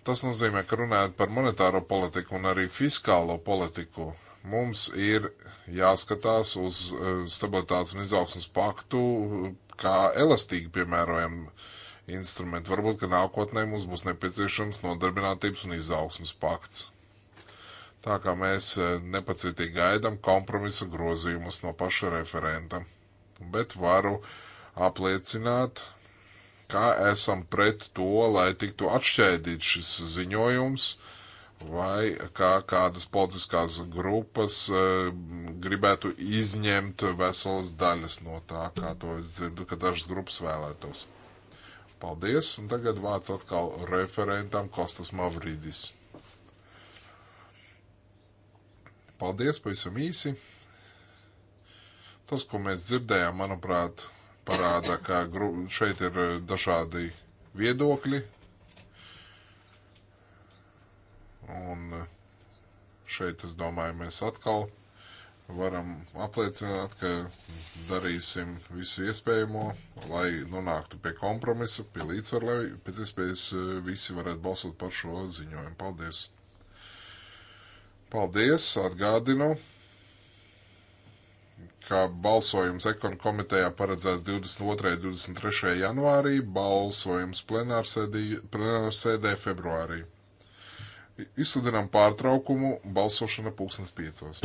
Tas nozīmē, ka runājot par monetāro politiku un arī fiskālo politiku, mums ir jāskatās uz eh, stabilitātes un izaugsmas paktu eh, kā elastīgi piemērojamu instrumenti. Varbūt, ka nākotnē mums būs nepieciešams nodarbinātības un izaugsmas pakts. Tā kā mēs e, nepacietīgi gaidām kompromisa grozījumus no paša referenta. Bet varu apliecināt, ka esam pret to, lai tiktu atšķēdīts šis ziņojums, vai kā kādas politiskās grupas e, gribētu izņemt veselas daļas no tā, kā to es dzirdu, ka dažas grupas vēlētos. Paldies, un tagad vārds atkal referentam Kostas Mavridis. Paldies, pavisam īsi. Tas, ko mēs dzirdējām, manuprāt, parāda, ka šeit ir eh, dažādi viedokļi. Un eh, šeit, es domāju, mēs atkal varam apliecināt, ka darīsim visu iespējamo, lai nonāktu pie kompromisa, pie līdzsvaru, lai pēc iespējas eh, visi varētu balsot par šo ziņojumu. Paldies! Paldies! Atgādinu, ka balsojums ekonu komitejā paredzēts 22. un 23. janvārī, balsojums plenārsēdē februārī. Izsludinām pārtraukumu, balsošana pulkstens piecos.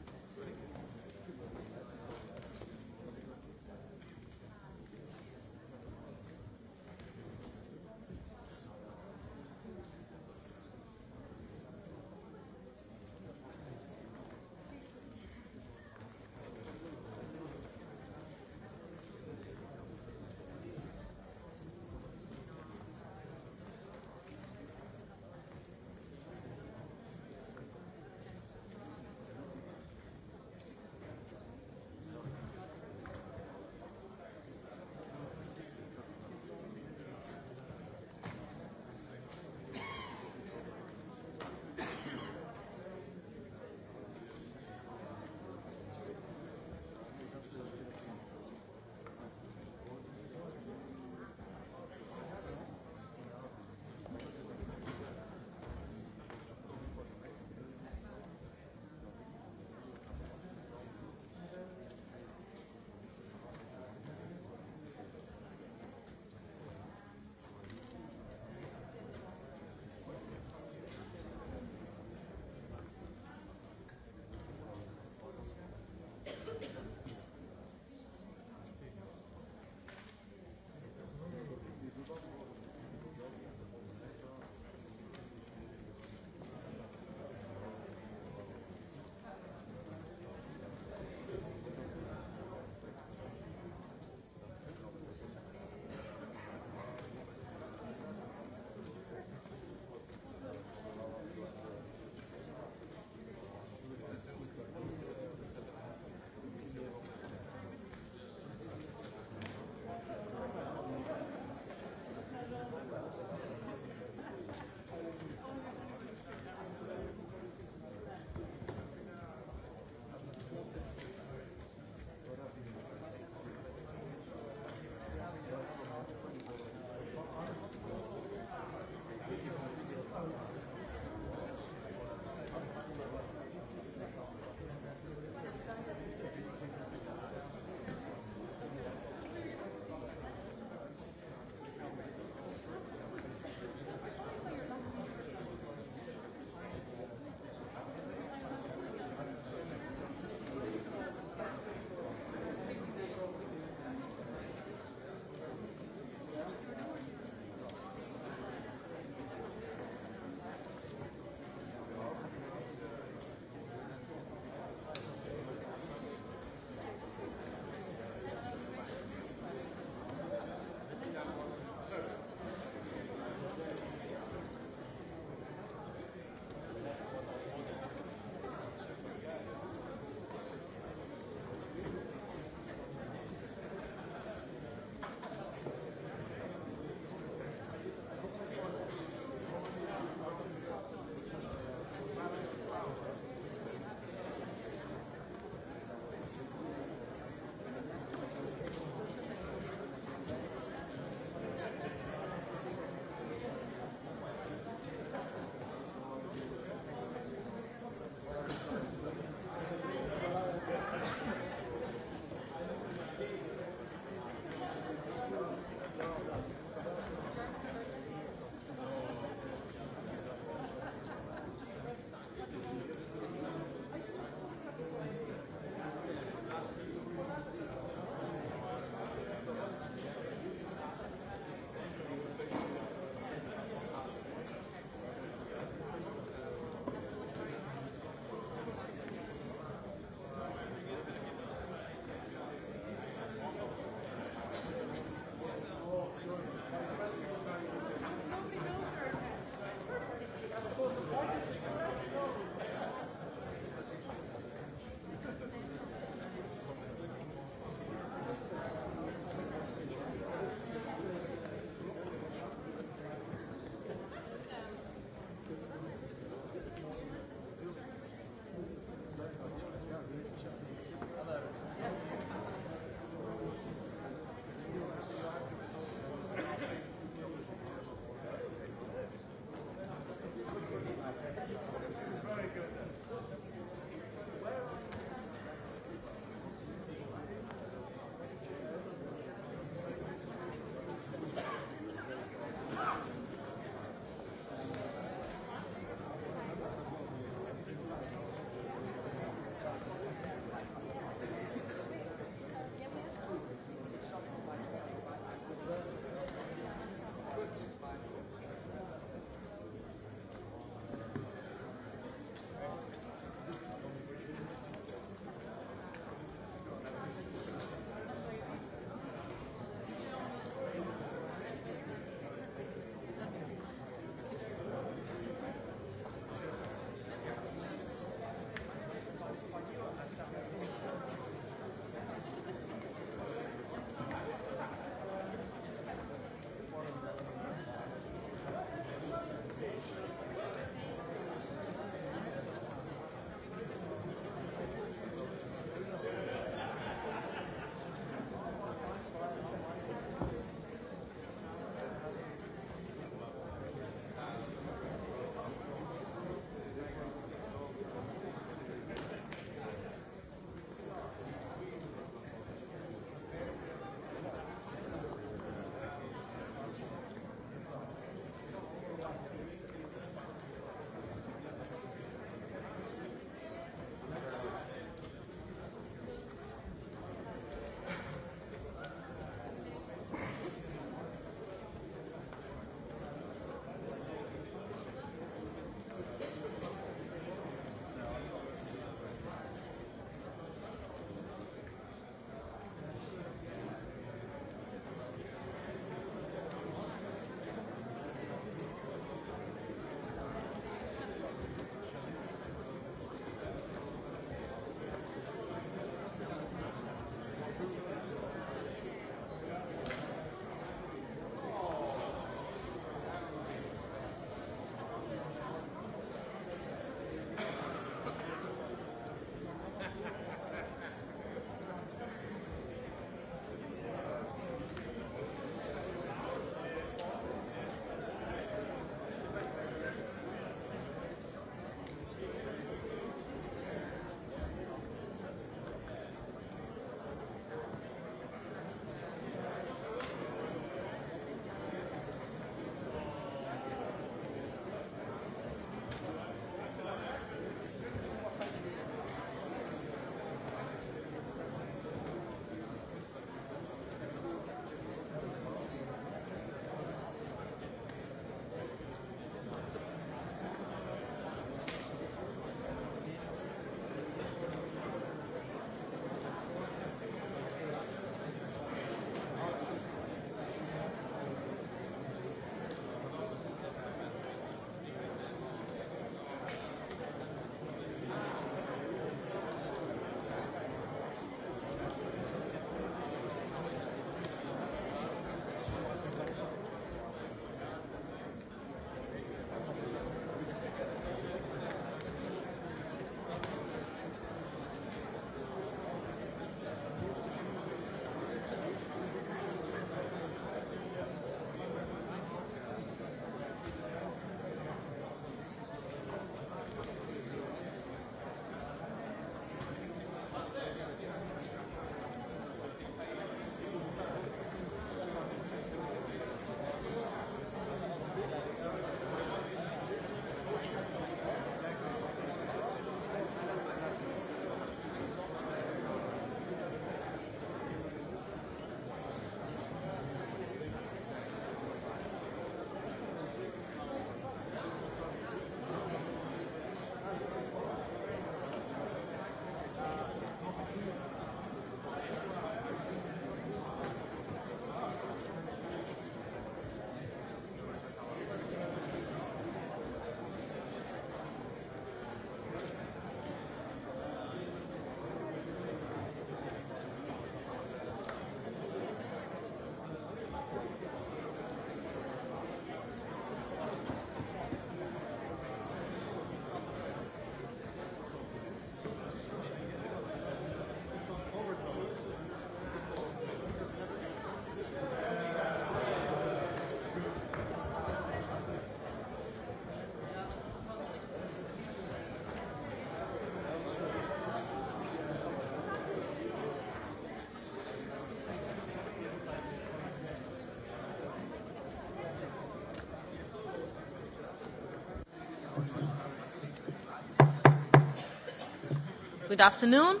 Good afternoon.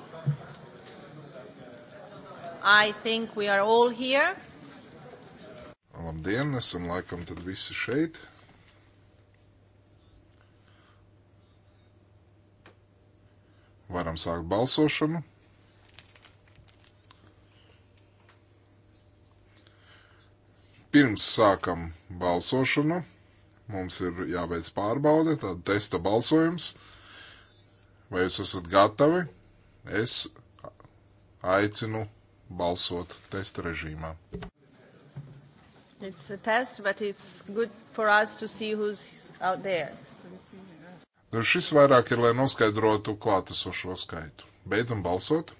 I think we are all here. Labdien, esam laikam tad visi šeit. Varam sākt balsošanu. Pirms sākam balsošanu. Mums ir jāveic pārbaude, tad testa balsojums. Vai jūs esat gatavi? Es aicinu balsot testa režīmā. It's a test, but it's good for us to see who's out there. Nu, šis vairāk ir, lai noskaidrotu klātesošo skaitu. Beidzam balsot.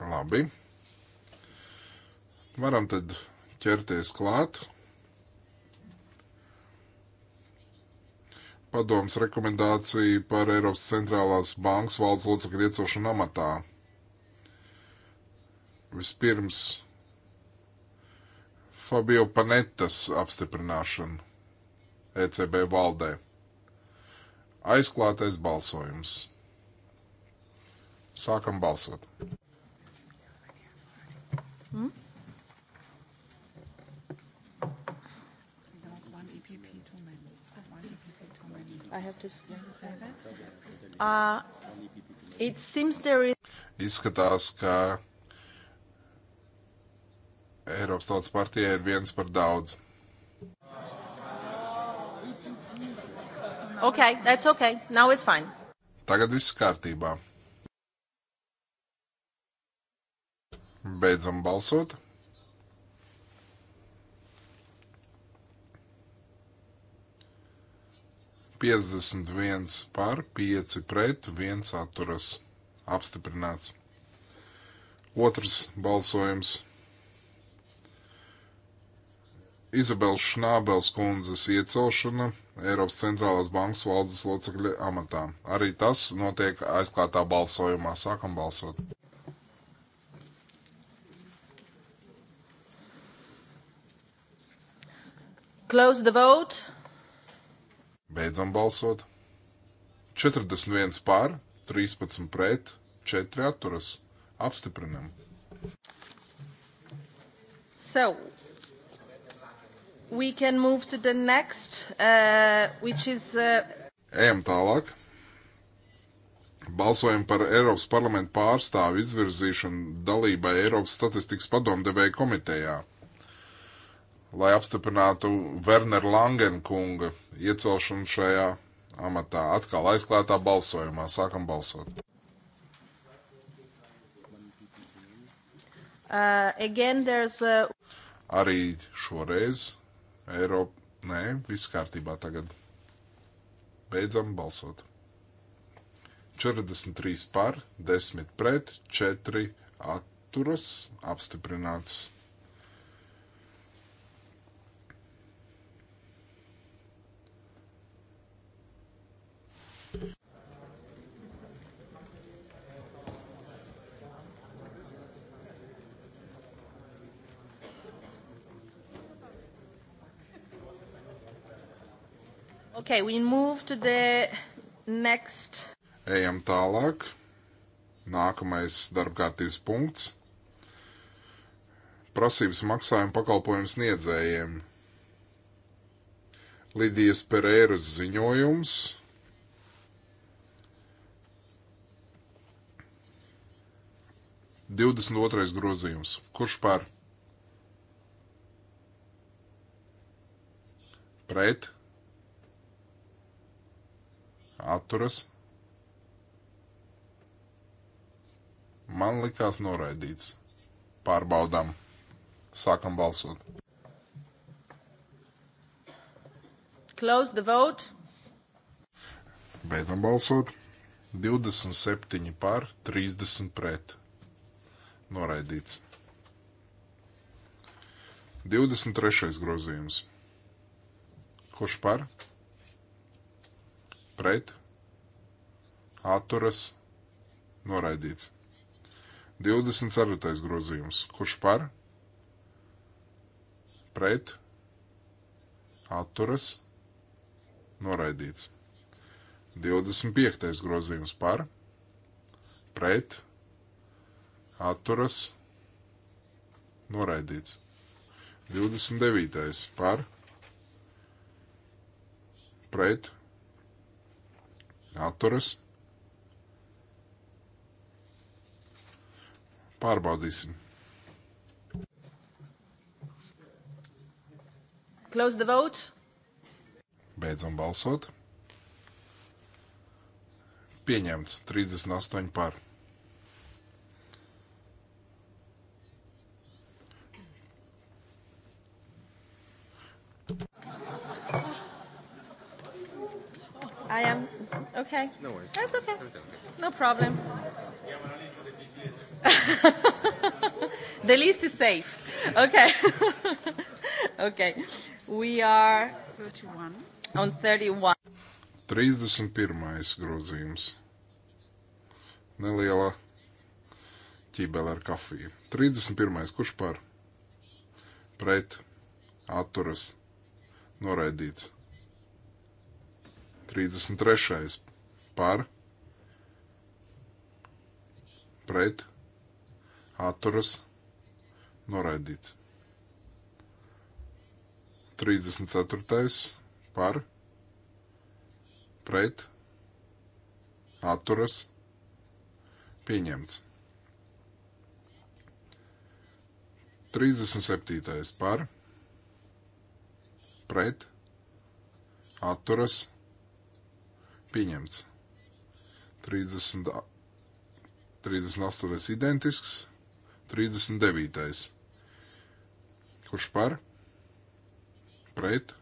Labi. Varam tad ķerties klāt. padomas rekomendāciju par Eiropas centrālās bankas valdes locekļu iecelšanu amatā. Vispirms Fabio Panetas apstiprināšanu ECB valdē. Aizklātais balsojums. Sākam balsot. Mm? I have to uh, it seems there is... Izskatās, ka Eiropas Tautas partijai ir viens par daudz. Okay, that's okay. Now it's fine. Tagad viss kārtībā. Beidzam balsot. 51 par, 5 pret, 1 atturas. Apstiprināts. Otrs balsojums. Izabels Šnābels kundzes iecelšana Eiropas centrālās bankas valdes locekļa amatā. Arī tas notiek aizklātā balsojumā. Sākam balsot. Close the vote. Beidzam balsot. 41 pār, 13 pret, 4 atturas. Apstiprinam. So, we can move to the next, uh, which is... Uh... Ejam tālāk. Balsojam par Eiropas parlamentu pārstāvu izvirzīšanu dalībai Eiropas statistikas padomdevēja komitejā lai apstiprinātu Werneru Langenkunga iecelšanu šajā amatā. Atkal aizklātā balsojumā sākam balsot. Uh, again, there's a... Arī šoreiz Eiropa. Nē, viss kārtībā tagad. Beidzam balsot. 43 par, 10 pret, 4 atturas, apstiprināts. Okay, we move to the next. Ejam tālāk. Nākamais darbkārtības punkts. Prasības maksājuma pakalpojumu sniedzējiem. Lidijas Pereiras ziņojums. Divdesmit otrais grozījums. Kurš par? Pret? atturas. Man likās noraidīts. Pārbaudām. Sākam balsot. Close the vote. Beidzam balsot. 27 par, 30 pret. Noraidīts. 23. grozījums. Kurš par? pret, atturas, noraidīts. 24. grozījums, kurš par, pret, atturas, noraidīts. 25. grozījums par, pret, atturas, noraidīts. 29. par, pret, Atturas. Pārbaudīsim. Close the vote. Beidzam balsot. Pieņemts 38 par. I am Okay. No worries. That's okay. Everything okay. No problem. the list is safe. Okay. okay. We are 31. on 31. 31. grozījums. Neliela ķībele ar kafiju. 31. kurš par? Pret. Atturas. Noraidīts. 33. par pret atturas noraidīts. 34. par pret atturas pieņemts. 37. par pret atturas pieņemts Pieņemts. 30, 38. identisks. 39. Kurš par? Pret.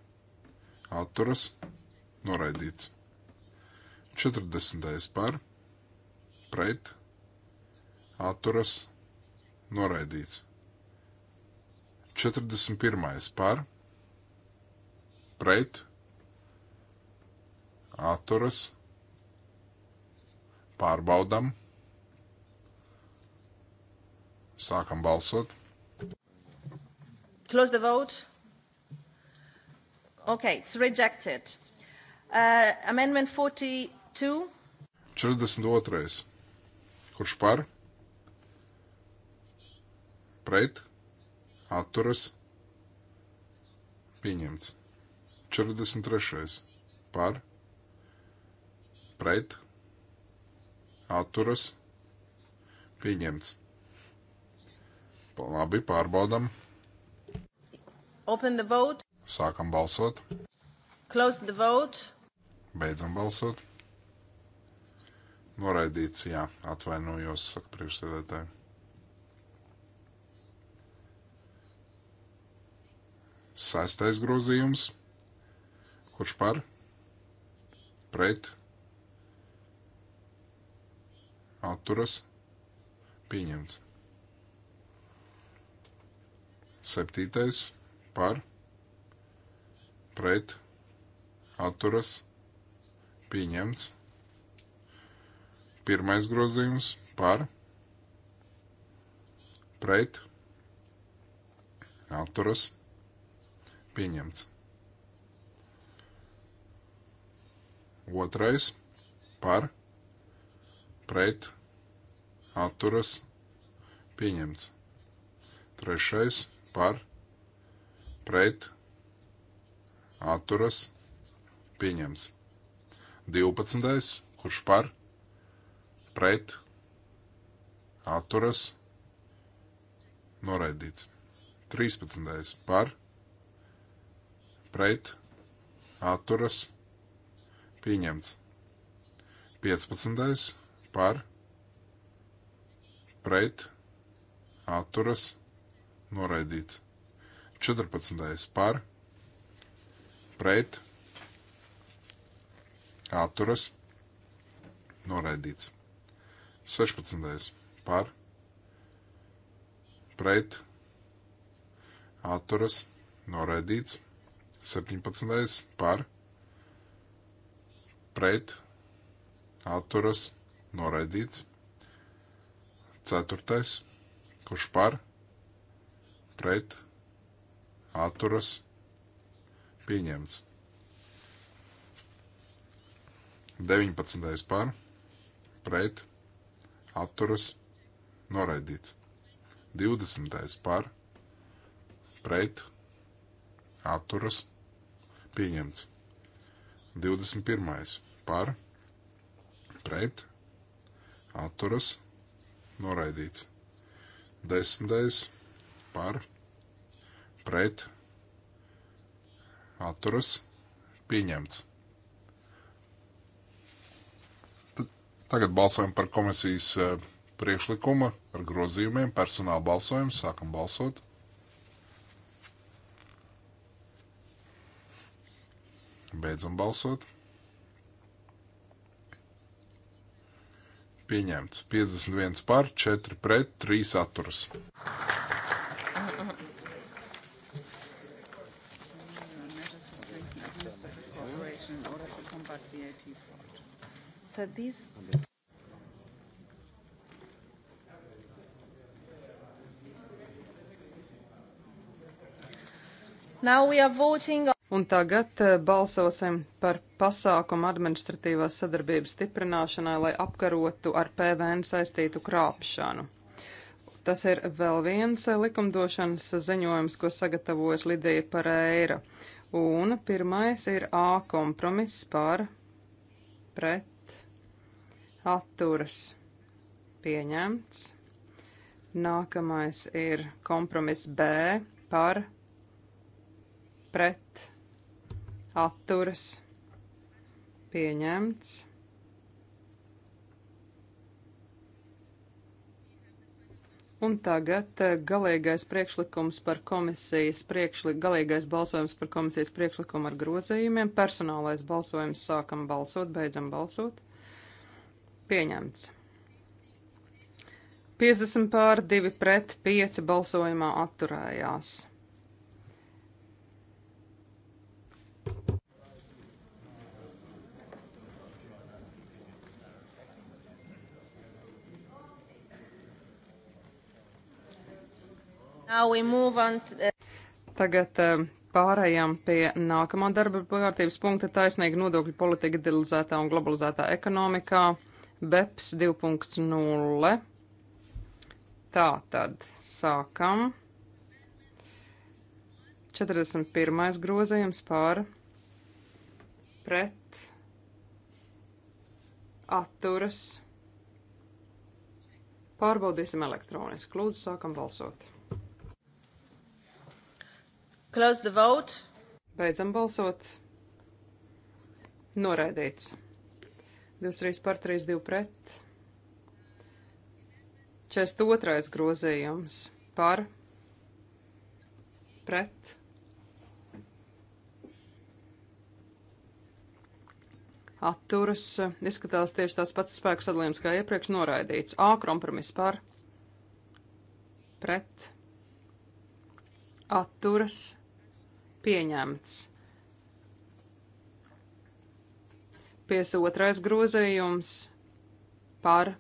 Atturas. Noraidīts. 40. par. Pret. Atturas. Noraidīts. 41. par. Pret atturas, pārbaudam, sākam balsot. Close the vote. Okay, it's rejected. Uh, amendment 42. 42. Kurš par? Pret? Atturas? Pieņemts. 43. Par? pret, atturas, pieņemts. Labi, pārbaudam. Open the vote. Sākam balsot. Close the vote. Beidzam balsot. Noraidīts, jā, atvainojos, saka priekšsēdētāji. Sestais grozījums. Kurš par? Pret atturas pieņemts. Septītais par pret atturas pieņemts. Pirmais grozījums par pret atturas pieņemts. Otrais par pret, atturas, pieņemts. Trešais par, pret, atturas, pieņemts. Divpadsmitais, kurš par, pret, atturas, noraidīts. Trīspadsmitais par, pret, atturas, pieņemts. Piecpadsmitais par, pret, atturas, noraidīts. 14. par, pret, atturas, noraidīts. 16. par, pret, atturas, noraidīts. 17. par, pret, atturas, noraidīts noraidīts. Ceturtais, kurš par, pret, atturas, pieņemts. 19. par, pret, atturas, noraidīts. 20. par, pret, atturas, pieņemts. 21. par, pret, atturas, noraidīts. Desmitais par, pret, atturas, pieņemts. Tagad balsojam par komisijas e, priekšlikuma ar grozījumiem, personāla balsojumu, sākam balsot. Beidzam balsot. Pieņemts. 51 par, 4 pret, 3 atturas. So these Now we are voting Un tagad eh, balsosim par pasākumu administratīvās sadarbības stiprināšanai, lai apkarotu ar PVN saistītu krāpšanu. Tas ir vēl viens eh, likumdošanas ziņojums, ko sagatavojas Lidija Pareira. Un pirmais ir A kompromiss par pret atturas pieņemts. Nākamais ir kompromiss B par pret atturas atturas pieņemts. Un tagad eh, galīgais priekšlikums par komisijas priekšlikumu, galīgais balsojums par komisijas priekšlikumu ar grozījumiem, personālais balsojums, sākam balsot, beidzam balsot. Pieņemts. 50 pār 2 pret 5 balsojumā atturējās. To... Tagad eh, pārējām pie nākamā darba kārtības punkta - taisnīga nodokļu politika digitalizētā un globalizētā ekonomikā - BEPS 2.0. Tā tad sākam. 41. grozījums pār pret atturas. Pārbaudīsim elektroniski. Lūdzu, sākam balsot. Close the vote. Beidzam balsot. Noraidīts. 23 par 3, 2 pret. 42. grozījums par pret. Atturas izskatās tieši tās pats spēku sadalījums kā iepriekš noraidīts. A kompromis par pret. Atturas pieņemts. Pies otrais grozījums par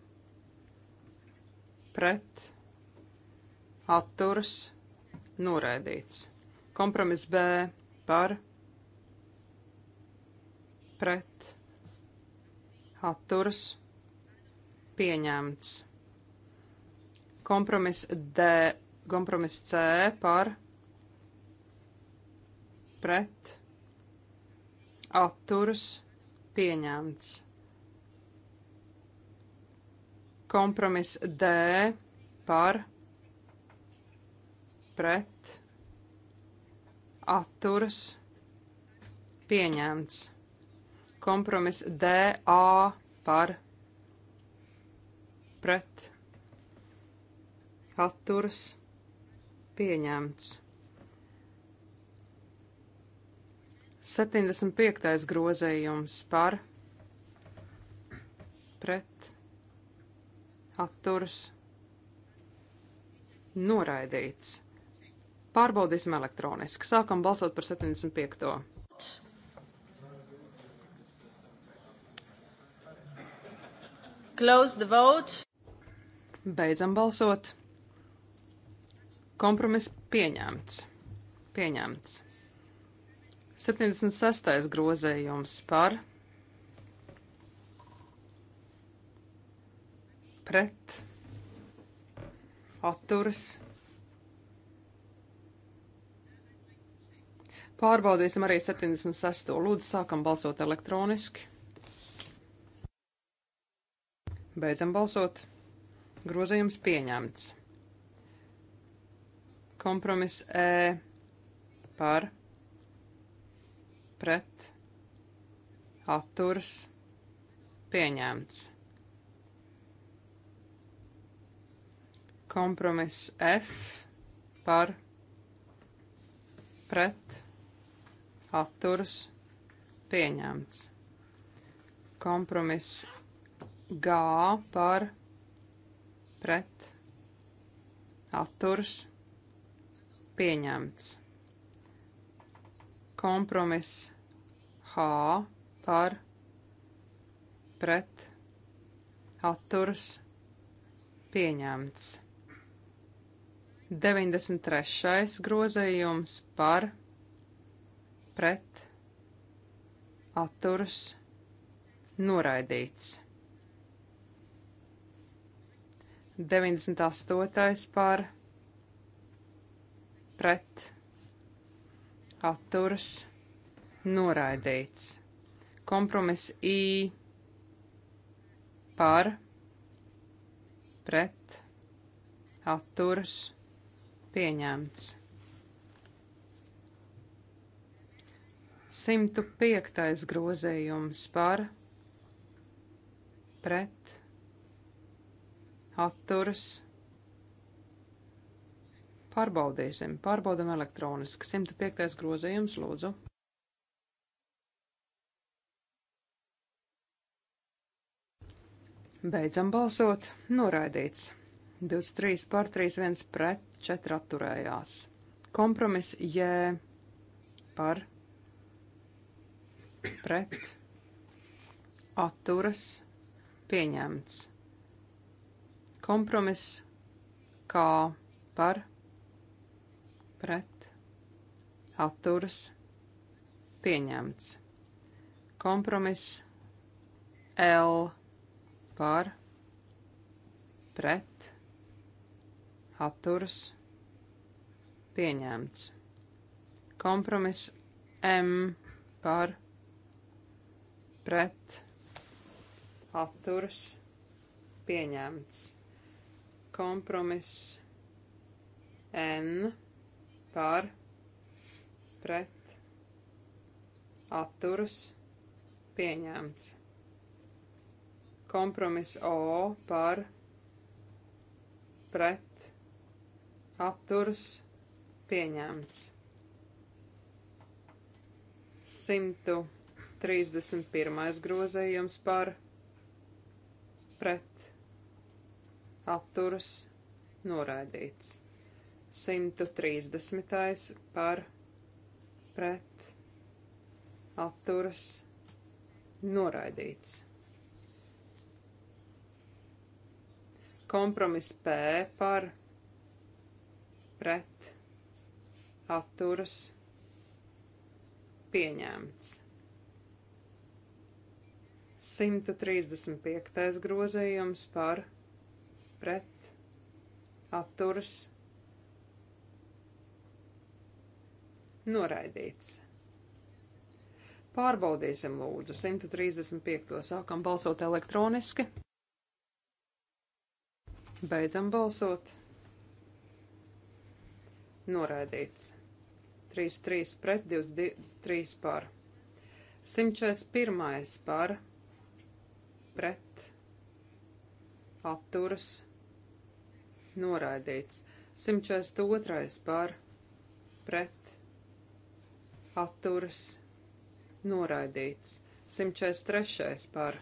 pret atturs noraidīts. Kompromiss B par pret atturs pieņemts. Kompromiss D, kompromiss C par pret pret, atturas, pieņemts. Kompromiss D par, pret, atturas, pieņemts. Kompromiss DA par, pret, atturas, pieņemts. 75. grozējums par pret atturas noraidīts. Pārbaudīsim elektroniski. Sākam balsot par 75. Close the vote. Beidzam balsot. Kompromiss pieņemts. Pieņemts. 76. grozējums par pret atturas. Pārbaudīsim arī 76. Lūdzu, sākam balsot elektroniski. Beidzam balsot. Grozījums pieņemts. Kompromiss E par pret pret atturs pieņemts. Kompromiss F par pret atturs pieņemts. Kompromiss G par pret atturs pieņemts kompromiss H par pret atturs pieņemts. 93. grozējums par pret atturs noraidīts. 98. par pret atturs noraidīts noraidīts. Kompromiss I par, pret, atturas, pieņemts. 105. grozējums par, pret, atturas, pārbaudīsim, pārbaudam elektroniski. 105. grozējums, lūdzu. Beidzam balsot. Noraidīts. 23 pār 3, 1 pret, 4 atturējās. Kompromis jē par pret atturas pieņemts. Kompromis kā par pret atturas pieņemts. Kompromis L pār, pret, atturas, pieņemts. Kompromiss M par, pret, atturas, pieņemts. Kompromiss N par, pret, atturas, pieņemts Kompromis O par pret atturs pieņemts. 131. grozējums par pret atturs noraidīts. 130. par pret atturas noraidīts. Kompromis P par pret atturas pieņemts. 135. grozījums par pret atturas noraidīts. Pārbaudīsim lūdzu 135. sākam balsot elektroniski. Beidzam balsot. Noraidīts. 3, 3 pret, 2, 2 3 par. 141 par. Pret. Atturas. Noraidīts. 142 par. Pret. Atturas. Noraidīts. 143 par.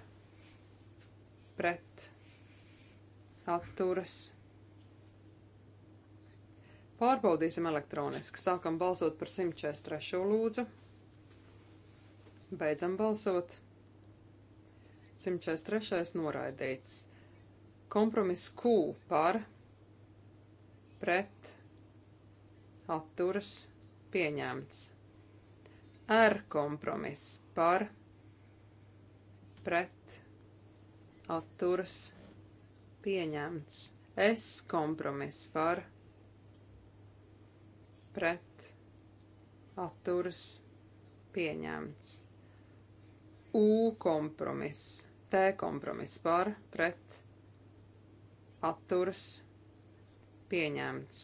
Pret atturas. Pārbaudīsim elektroniski. Sākam balsot par 143. lūdzu. Beidzam balsot. 143. noraidīts. Kompromiss Q par, pret, atturas, pieņemts. R kompromiss par, pret, atturas, pieņemts pieņemts. Es kompromiss par pret atturas pieņemts. U kompromiss, T kompromiss par pret atturas pieņemts.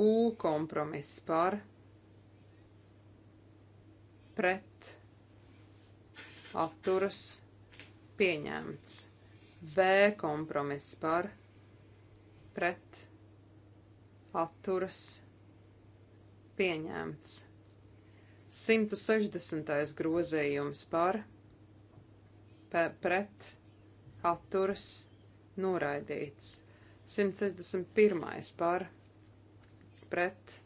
U kompromiss par pret atturas pieņemts. B kompromiss par pret atturas pieņemts. 160. grozījums par pret atturas noraidīts. 161. par pret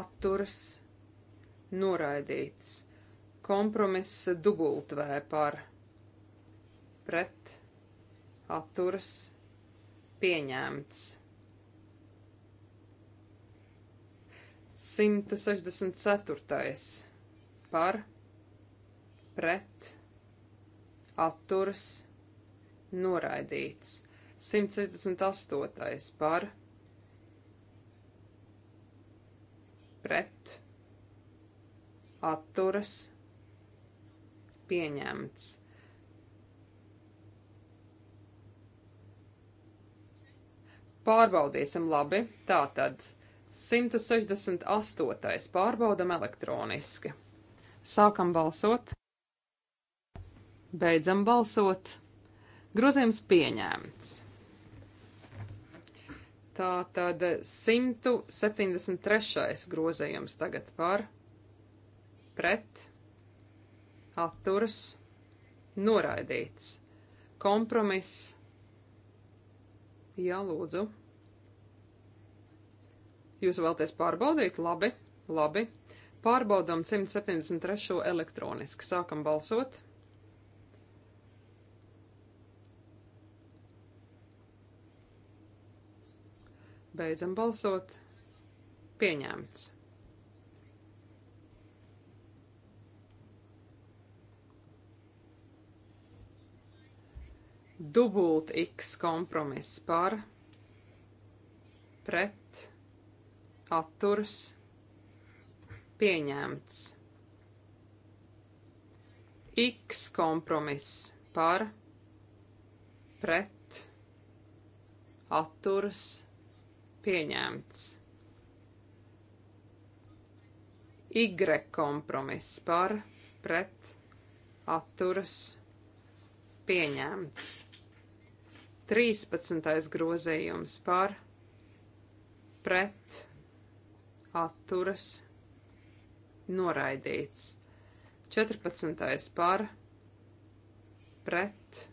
atturas noraidīts. Kompromiss dubultvē par pret pret atturas pieņemts. 164. par pret atturas noraidīts. 168. par pret atturas pieņemts. Pārbaudīsim labi. Tātad 168. pārbaudam elektroniski. Sākam balsot. Beidzam balsot. Grozījums pieņēmts. Tātad 173. grozījums tagad par pret atturas noraidīts. Kompromiss. Jā, lūdzu. Jūs vēlaties pārbaudīt? Labi, labi. Pārbaudām 173. elektroniski. Sākam balsot. Beidzam balsot. Pieņemts. Dubult X kompromiss par pret atturas pieņemts. X kompromiss par pret atturas pieņemts. Y kompromiss par pret atturas pieņemts. 13. grozījums par pret atturas pieņemts atturas, noraidīts. 14. par, pret,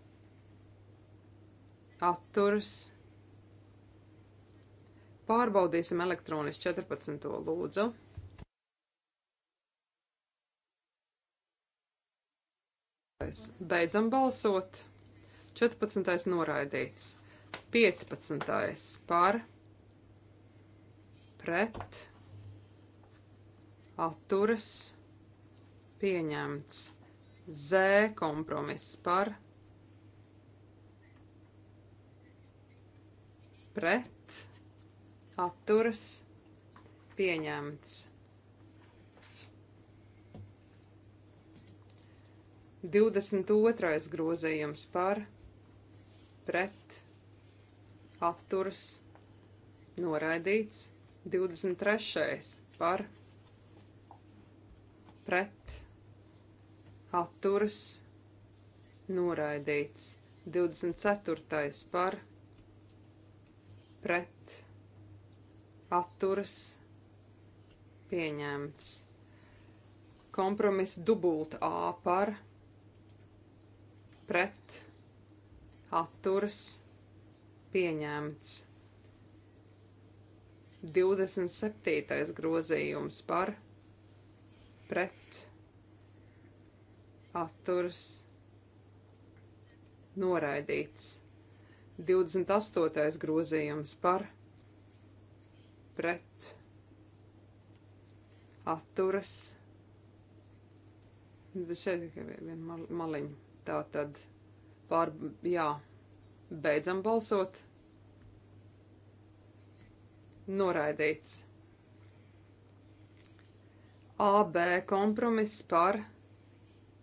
atturas. Pārbaudīsim elektroniski 14. lūdzu. Beidzam balsot. 14. noraidīts. 15. par, pret, atturas atturas pieņemts. Z kompromiss par pret atturas pieņemts. 22. grozījums par pret atturas noraidīts. 23. par pret pret, atturas, noraidīts. 24. par, pret, atturas, pieņemts. Kompromiss dubult A par, pret, atturas, pieņemts. 27. grozījums par, pret, pret atturs noraidīts. 28. grozījums par pret atturas. Nu, šeit tikai viena mal, maliņa. Tā tad pār, jā, beidzam balsot. Noraidīts. AB kompromiss par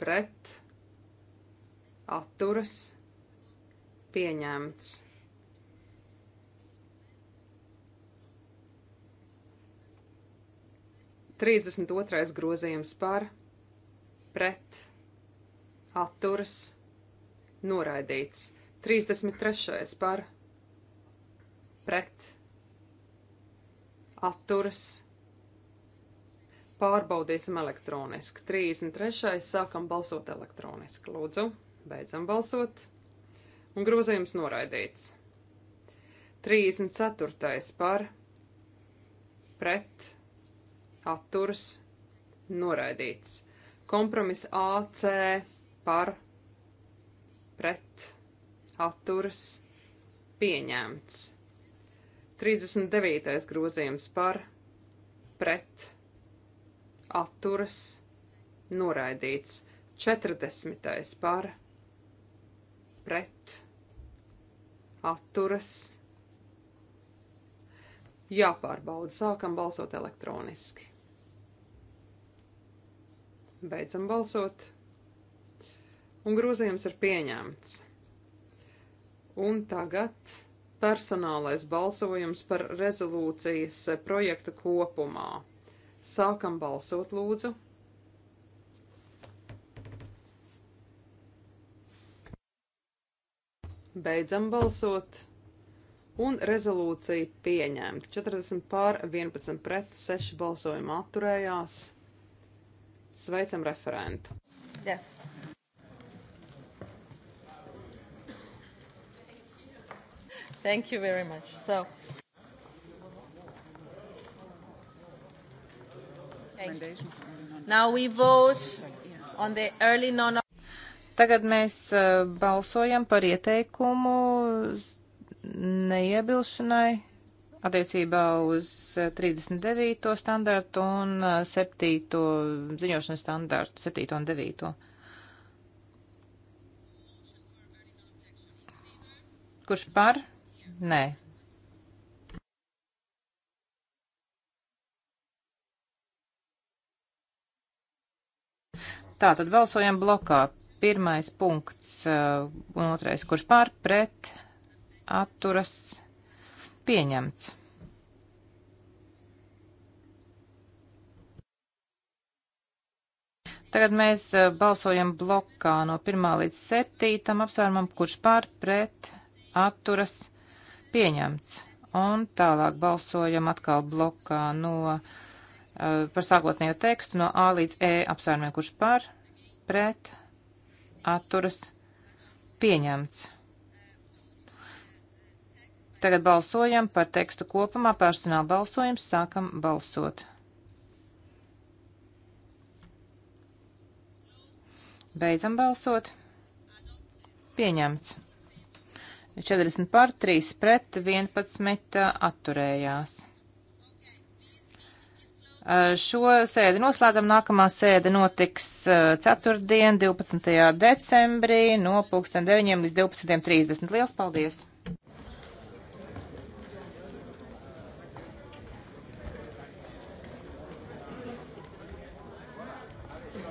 pret atturas pieņemts. Trīsdesmit otrais grozījums par pret atturas noraidīts. 33. par pret atturas noraidīts pārbaudīsim elektroniski. 33. sākam balsot elektroniski. Lūdzu, beidzam balsot. Un grozījums noraidīts. 34. par pret atturs noraidīts. Kompromiss AC par pret atturs pieņemts. 39. grozījums par pret atturs atturas noraidīts. 40. par pret atturas jāpārbauda. Sākam balsot elektroniski. Beidzam balsot. Un grozījums ir pieņemts. Un tagad personālais balsojums par rezolūcijas projektu kopumā. Sākam balsot, lūdzu. Beidzam balsot. Un rezolūcija pieņemta. 40 pār 11 pret 6 balsojuma atturējās. Sveicam referentu. Yes. Thank you very much. So, Non... Tagad mēs uh, balsojam par ieteikumu neiebilšanai attiecībā uz 39. Uh, standartu un 7. Uh, ziņošanas standartu, 7. un 9. Kurš par? Nē, Tā tad balsojam blokā. Pirmais punkts uh, un otrais, kurš pār pret atturas pieņemts. Tagad mēs uh, balsojam blokā no 1 līdz 7 apsvērumam, kurš pār pret atturas pieņemts. Un tālāk balsojam atkal blokā no 1 Eh, par sākotnējo tekstu no A līdz E apsvērumiem, kurš par, pret, atturas, pieņemts. Tagad balsojam par tekstu kopumā, personāla balsojums, sākam balsot. Beidzam balsot. Pieņemts. 40 par, 3 pret, 11 eh, atturējās. Eh, šo sēdi noslēdzam. Nākamā sēde notiks eh, ceturtdien, 12. decembrī, no 9. līdz 12.30. Lielas paldies!